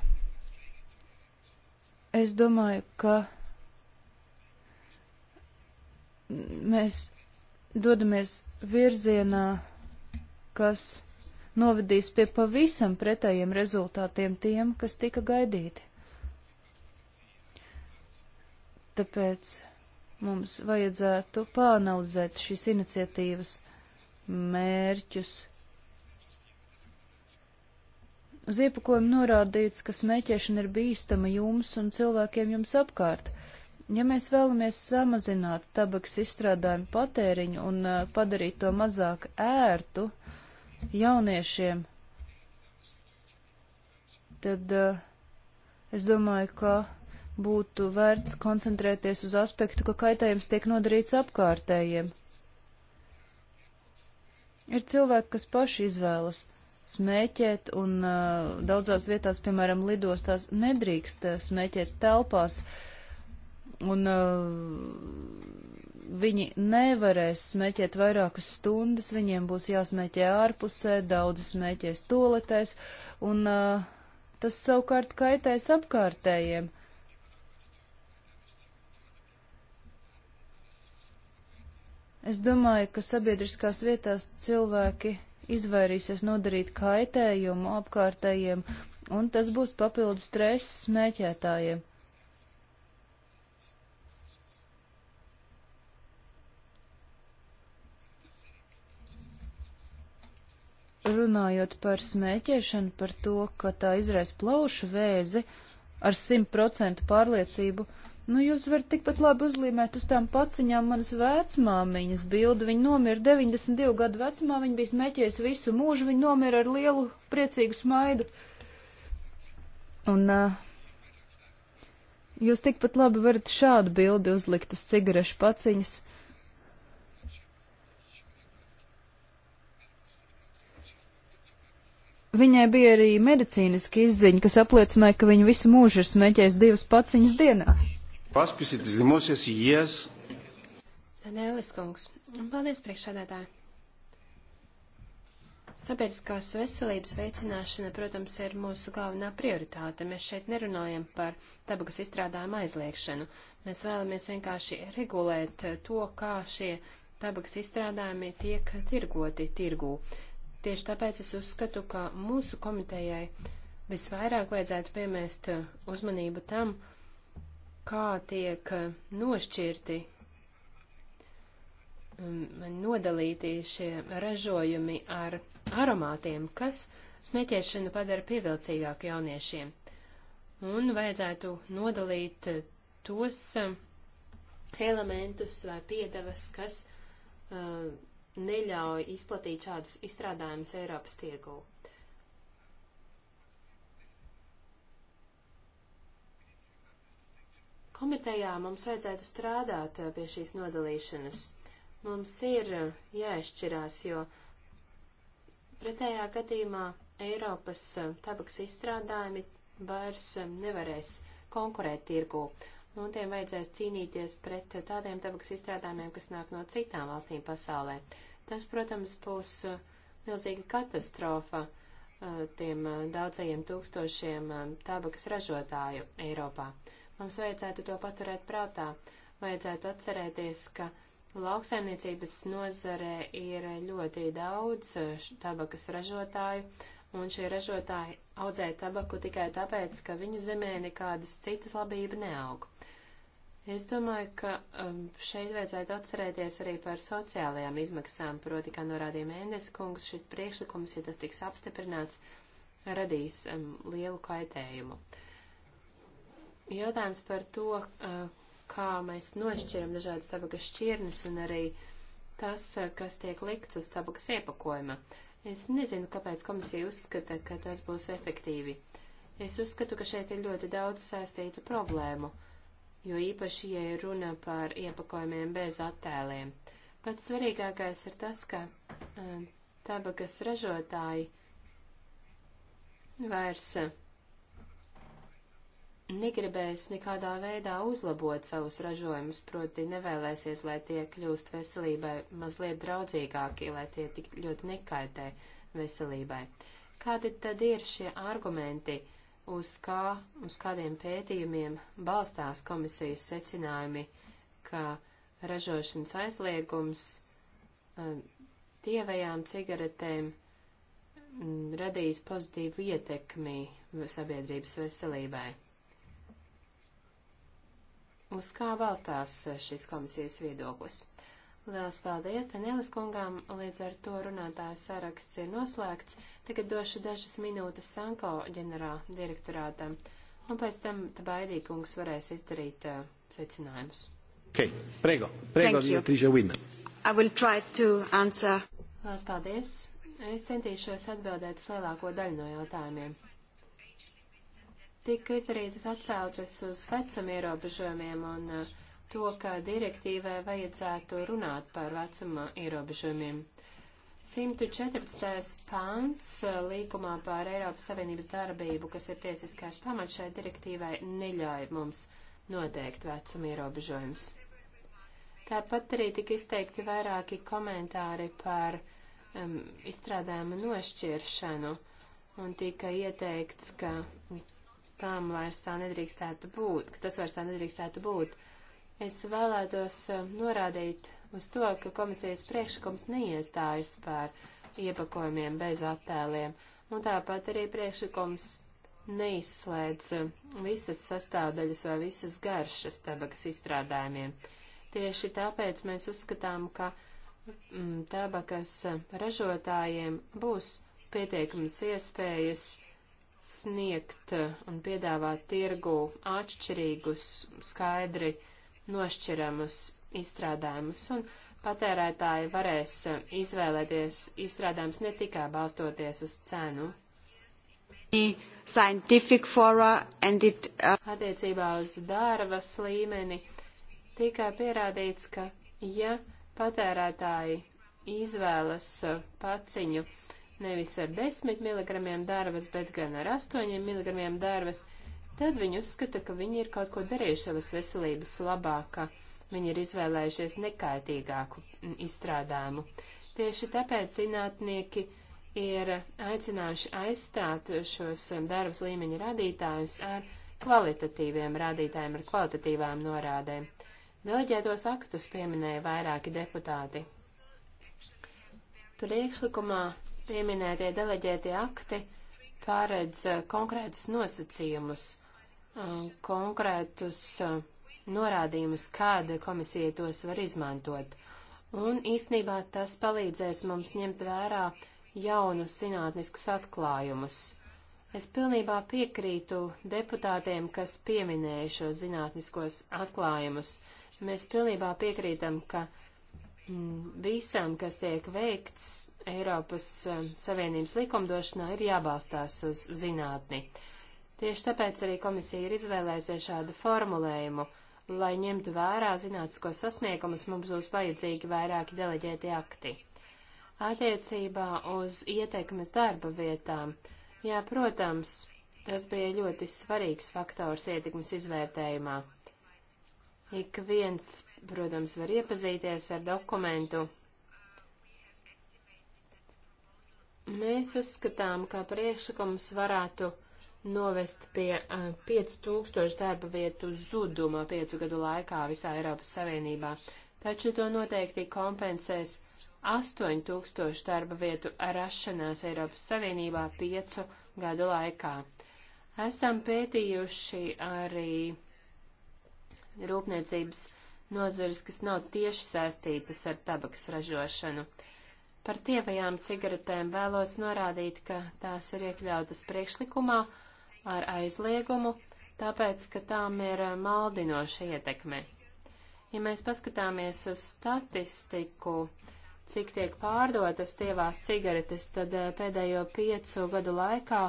es domāju, ka mēs dodamies virzienā, kas novedīs pie pavisam pretējiem rezultātiem tiem, kas tika gaidīti. Tāpēc mums vajadzētu pāanalizēt šīs iniciatīvas mērķus, Uz iepakojuma norādīts, ka smēķēšana ir bīstama jums un cilvēkiem jums apkārt. Ja mēs vēlamies samazināt tabaks izstrādājumu patēriņu un uh, padarīt to mazāk ērtu jauniešiem, tad uh, es domāju, ka būtu vērts koncentrēties uz aspektu, ka kaitējums tiek nodarīts apkārtējiem. Ir cilvēki, kas paši izvēlas smēķēt, un uh, daudzās vietās, piemēram, lidostās nedrīkst uh, smēķēt telpās, un uh, viņi nevarēs smēķēt vairākas stundas, viņiem būs jāsmēķē ārpusē, daudzi smēķēs toaletēs, un uh, tas savukārt kaitēs apkārtējiem. Es domāju, ka sabiedriskās vietās cilvēki izvairīsies nodarīt kaitējumu apkārtējiem, un tas būs papildus stress smēķētājiem. Runājot par smēķēšanu, par to, ka tā izraisa plaušu vēzi, ar simtprocentu pārliecību Nu, jūs varat tikpat labi uzlīmēt uz tām paciņām manas vecmāmiņas bildi. Viņa nomira 92 gadu vecumā, viņa bija smēķējusi visu mūžu, viņa nomira ar lielu priecīgu smaidu. Un uh, jūs tikpat labi varat šādu bildi uzlikt uz cigarešu paciņas. Viņai bija arī medicīniski izziņa, kas apliecināja, ka viņa visu mūžu ir smēķējis divas paciņas dienā. Paspisi tis dimosies ijas. Danēlis kungs, paldies priekšādātāji. Sabiedriskās veselības veicināšana, protams, ir mūsu galvenā prioritāte. Mēs šeit nerunājam par tabakas izstrādājumu aizliekšanu. Mēs vēlamies vienkārši regulēt to, kā šie tabakas izstrādājumi tiek tirgoti tirgū. Tieši tāpēc es uzskatu, ka mūsu komitejai visvairāk vajadzētu piemēst uzmanību tam, uh, kā tiek eh, nošķirti mm, nodalīti šie ražojumi ar aromātiem, kas smēķēšanu padara pievilcīgāku jauniešiem. Un vajadzētu nodalīt eh, tos eh, elementus vai piedevas, kas uh, neļauj izplatīt šādus izstrādājumus Eiropas tirgū. Komitejā mums vajadzētu strādāt eh, pie šīs nodalīšanas. Mums ir eh, jāizšķirās, jo pretējā gadījumā Eiropas eh, tabaks izstrādājumi vairs nevarēs konkurēt tirgu, un tiem vajadzēs cīnīties pret tādiem tabaks izstrādājumiem, kas nāk no citām valstīm pasaulē. Tas, protams, būs milzīga katastrofa tiem daudzajiem tūkstošiem tabakas ražotāju Eiropā. Mums vajadzētu to paturēt prātā. Vajadzētu atcerēties, ka lauksaimniecības nozare ir ļoti daudz tabakas ražotāju, un šie ražotāji audzē tabaku tikai tāpēc, ka viņu zemē nekādas citas labība neaug. Es domāju, ka um, šeit vajadzētu atcerēties arī par sociālajām izmaksām, proti, kā norādīja Mendes kungs, šis priekšlikums, ja tas tiks apstiprināts, radīs um, lielu kaitējumu jautājums par to, kā mēs nošķiram dažādas tabakas šķirnes un arī tas, kas tiek likts uz tabakas iepakojuma. Es nezinu, kāpēc komisija uzskata, ka tas būs efektīvi. Es uzskatu, ka šeit ir ļoti daudz saistītu problēmu, jo īpaši, ja ir runa par iepakojumiem bez attēliem. Pats svarīgākais ir tas, ka tabakas ražotāji vairs negribēs nekādā veidā uzlabot savus ražojumus, proti nevēlēsies, lai tie kļūst veselībai mazliet draudzīgāki, lai tie tik ļoti nekaitē veselībai. Kādi tad ir šie argumenti, uz, kā, uz kādiem pētījumiem balstās komisijas secinājumi, ka ražošanas aizliegums eh, tievajām cigaretēm mm, radīs pozitīvu ietekmi sabiedrības veselībai? uz kā balstās eh, šis komisijas viedoklis. Lielas paldies Danielis kungām, līdz ar to runātāju saraksts ir noslēgts. Tagad došu dažas minūtes Sanko ģenerāla direktorātam, un pēc tam Tabaidī kungs varēs izdarīt uh, secinājumus. Okay. Prego, prego, Dietrīša Wina. I will try to answer. Lielas paldies. Es centīšos atbildēt uz lielāko daļu no jautājumiem tika izdarītas atsauces uz vecuma ierobežojumiem un uh, to, ka direktīvai vajadzētu runāt par vecuma ierobežojumiem. 114. pants uh, līkumā par Eiropas Savienības darbību, kas ir tiesiskais pamats šai direktīvai, neļauj mums noteikt vecuma ierobežojumus. Tāpat arī tika izteikti vairāki komentāri par um, izstrādājumu nošķiršanu un tika ieteikts, ka tam vairs tā nedrīkstētu būt, ka tas vairs tā nedrīkstētu būt. Es vēlētos uh, norādīt uz to, ka komisijas priekšlikums neiestājas par iepakojumiem bez attēliem, un tāpat arī priekšlikums neizslēdz uh, visas sastāvdaļas vai visas garšas tabakas izstrādājumiem. Tieši tāpēc mēs uzskatām, ka mm, tabakas uh, ražotājiem būs pietiekamas iespējas sniegt eh, un piedāvāt tirgu atšķirīgus, skaidri nošķiramus izstrādājumus, un patērētāji varēs eh, izvēlēties izstrādājumus ne tikai balstoties uz cenu. It, uh... Attiecībā uz darbas līmeni tika pierādīts, ka ja patērētāji izvēlas eh, paciņu, uh, nevis ar 10 mg darbas, bet gan ar 8 mg darbas, tad viņi uzskata, ka viņi ir kaut ko darījuši savas veselības labā, ka viņi ir izvēlējušies nekaitīgāku mm, izstrādājumu. Tieši tāpēc zinātnieki ir aicinājuši aizstāt šos mm, darbas līmeņa radītājus ar kvalitatīviem rādītājiem, ar kvalitatīvām norādēm. Deleģētos aktus pieminēja vairāki deputāti. Priekšlikumā pieminētie deleģētie akti pārēdz eh, konkrētus nosacījumus, eh, konkrētus eh, norādījumus, kāda komisija tos var izmantot. Un īstenībā tas palīdzēs mums ņemt vērā jaunus zinātniskus atklājumus. Es pilnībā piekrītu deputātiem, kas pieminēja šos zinātniskos atklājumus. Mēs pilnībā piekrītam, ka mm, visam, kas tiek veikts, Eiropas eh, Savienības likumdošanā ir jābalstās uz zinātni. Tieši tāpēc arī komisija ir izvēlējusies šādu formulējumu. Lai ņemtu vērā zinātnisko sasniegumus, mums būs vajadzīgi vairāki deleģēti akti. Attiecībā uz ietekmes darba vietām, jā, protams, tas bija ļoti svarīgs faktors ietekmes izvērtējumā. Ik viens, protams, var iepazīties ar dokumentu, Mēs uzskatām, ka priekšlikums varētu novest pie uh, 5000 darba vietu zuduma piecu gadu laikā visā Eiropas Savienībā, taču to noteikti kompensēs 8000 darba vietu rašanās Eiropas Savienībā piecu gadu laikā. Esam pētījuši arī rūpniecības nozares, kas nav tieši saistītas ar tabakas ražošanu. Uh, Par tievajām cigaretēm vēlos norādīt, ka tās ir iekļautas priekšlikumā ar aizliegumu, tāpēc, ka tām ir maldinoša ietekme. Ja mēs paskatāmies uz statistiku, cik tiek pārdotas tievās cigaretes, tad eh, pēdējo piecu gadu laikā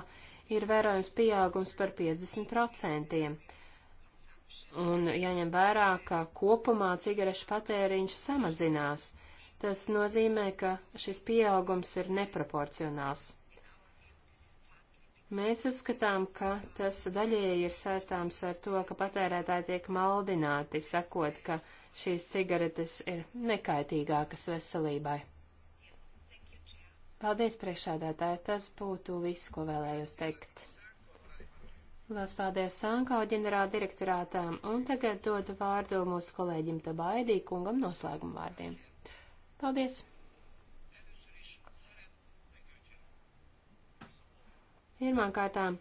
ir vērojams pieaugums par 50%. Un jāņem vērā, ka kopumā cigarešu patēriņš samazinās. Tas nozīmē, ka šis pieaugums ir neproporcionāls. Mēs uzskatām, ka tas daļēji ir saistāms ar to, ka patērētāji tiek maldināti, sakot, ka šīs cigaretes ir nekaitīgākas veselībai. Paldies, priekšādātāji, tas būtu viss, ko vēlējos teikt. Lielas paldies Sankau ģenerāla direktorātām, un tagad dodu vārdu mūsu kolēģim Tabaidī kungam noslēguma vārdiem. Paldies! Pirmām kārtām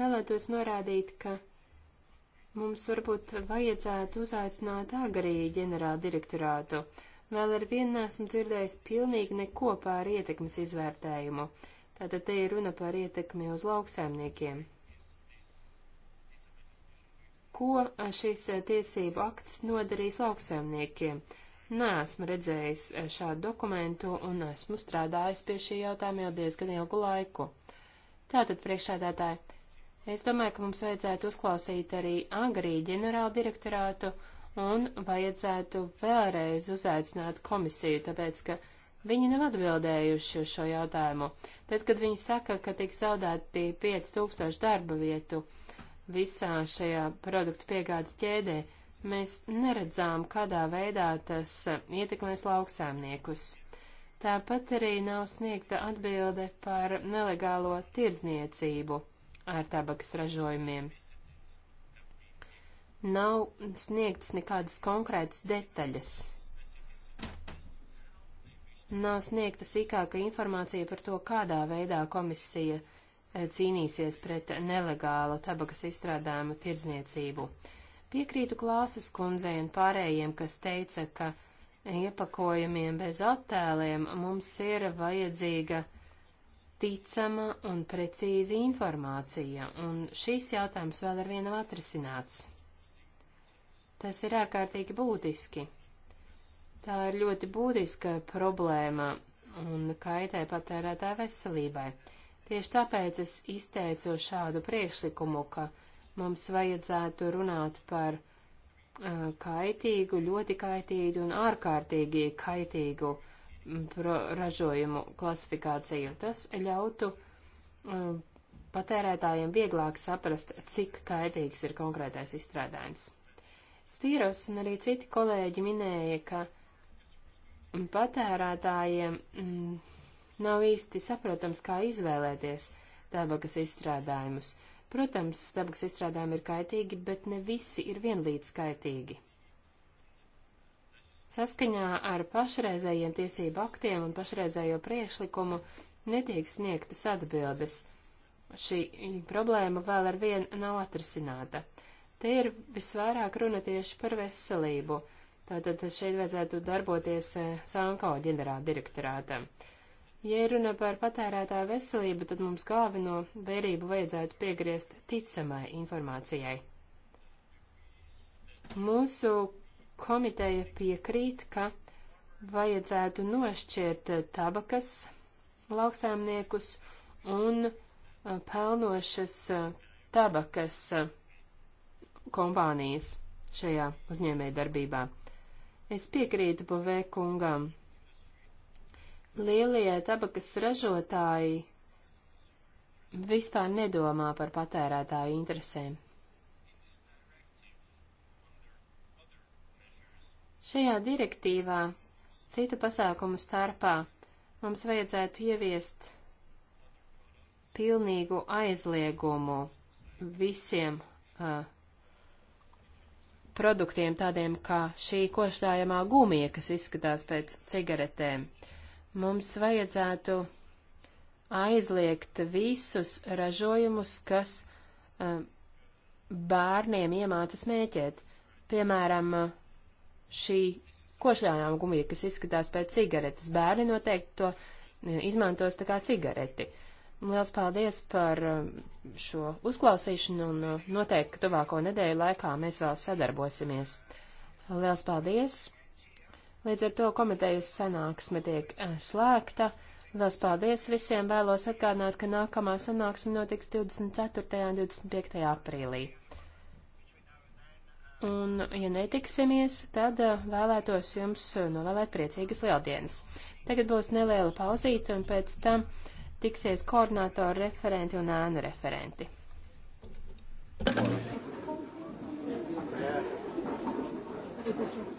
vēlētos norādīt, ka mums varbūt vajadzētu uzaicināt agrīju ģenerāla direktorātu. Vēl ar vienu nesmu dzirdējis pilnīgi neko par ietekmes izvērtējumu. Tātad te ir runa par ietekmi uz lauksēmniekiem ko eh, šis eh, tiesību akts nodarīs lauksaimniekiem. Nēsmu redzējis eh, šādu dokumentu un esmu strādājis pie šī jautājuma jau diezgan ilgu laiku. Tātad, priekšādātāji, es domāju, ka mums vajadzētu uzklausīt arī agrī ģenerāla direktorātu un vajadzētu vēlreiz uzaicināt komisiju, tāpēc, ka viņi nav atbildējuši uz šo jautājumu. Tad, kad viņi saka, ka tik zaudēti 5000 darba vietu, uh, visā šajā produktu piegādes ķēdē, mēs neredzām, kādā veidā tas uh, ietekmēs lauksēmniekus. Tāpat arī nav sniegta atbilde par nelegālo tirdzniecību ar tabakas ražojumiem. Nav sniegtas nekādas konkrētas detaļas. Nav sniegta sīkāka informācija par to, kādā veidā komisija uh, cīnīsies pret nelegālu tabakas izstrādājumu tirdzniecību. Piekrītu klāsas kundzei un pārējiem, kas teica, ka iepakojumiem bez attēliem mums ir vajadzīga ticama un precīza informācija, un šīs jautājums vēl ar vienu atrisināts. Tas ir ārkārtīgi būtiski. Tā ir ļoti būtiska problēma un kaitē patērētāja veselībai. Tieši tāpēc es izteicu šādu priekšlikumu, ka mums vajadzētu runāt par uh, kaitīgu, ļoti kaitīgu un ārkārtīgi kaitīgu ražojumu klasifikāciju. Tas ļautu uh, patērētājiem vieglāk saprast, cik kaitīgs ir konkrētais izstrādājums. Spīros un arī citi kolēģi minēja, ka patērētājiem mm, Nav īsti saprotams, kā izvēlēties tabakas izstrādājumus. Protams, tabakas izstrādājumi ir kaitīgi, bet ne visi ir vienlīdz kaitīgi. Saskaņā ar pašreizējiem tiesību aktiem un pašreizējo priekšlikumu netiek sniegtas atbildes. Šī problēma vēl ar vienu nav atrisināta. Te ir visvairāk runa tieši par veselību, tātad šeit vajadzētu darboties eh, Sanko ģenerāldirektorātam. direktorātam. Ja runa par patērētāju veselību, tad mums galveno vērību vajadzētu piegriezt ticamai informācijai. Mūsu komiteja piekrīt, ka vajadzētu nošķirt tabakas lauksēmniekus un pelnošas tabakas kompānijas šajā uzņēmējdarbībā. Es piekrītu Bovē kungam lielie tabakas ražotāji vispār nedomā par patērētāju interesēm. Šajā direktīvā, citu pasākumu starpā, mums vajadzētu ieviest pilnīgu aizliegumu visiem uh, produktiem tādiem kā šī košļājamā gumija, kas izskatās pēc cigaretēm. Uh, Mums vajadzētu aizliegt visus ražojumus, kas uh, bērniem iemāca smēķēt. Piemēram, eh, šī košļājām gumija, kas izskatās pēc cigaretes. Bērni noteikti to eh, izmantos tā kā cigareti. Liels paldies par šo uzklausīšanu un noteikti tuvāko nedēļu laikā mēs vēl sadarbosimies. Liels paldies! Līdz ar to komitejas sanāksme tiek eh, slēgta. Liels paldies visiem! Vēlos atgādināt, ka nākamā sanāksme notiks 24. un 25. aprīlī. Un, ja netiksimies, tad eh, vēlētos jums eh, novēlēt priecīgas lieldienas. Tagad būs neliela pauzīte, un pēc tam tiksies koordinātori referenti un ēnu referenti. Thank you.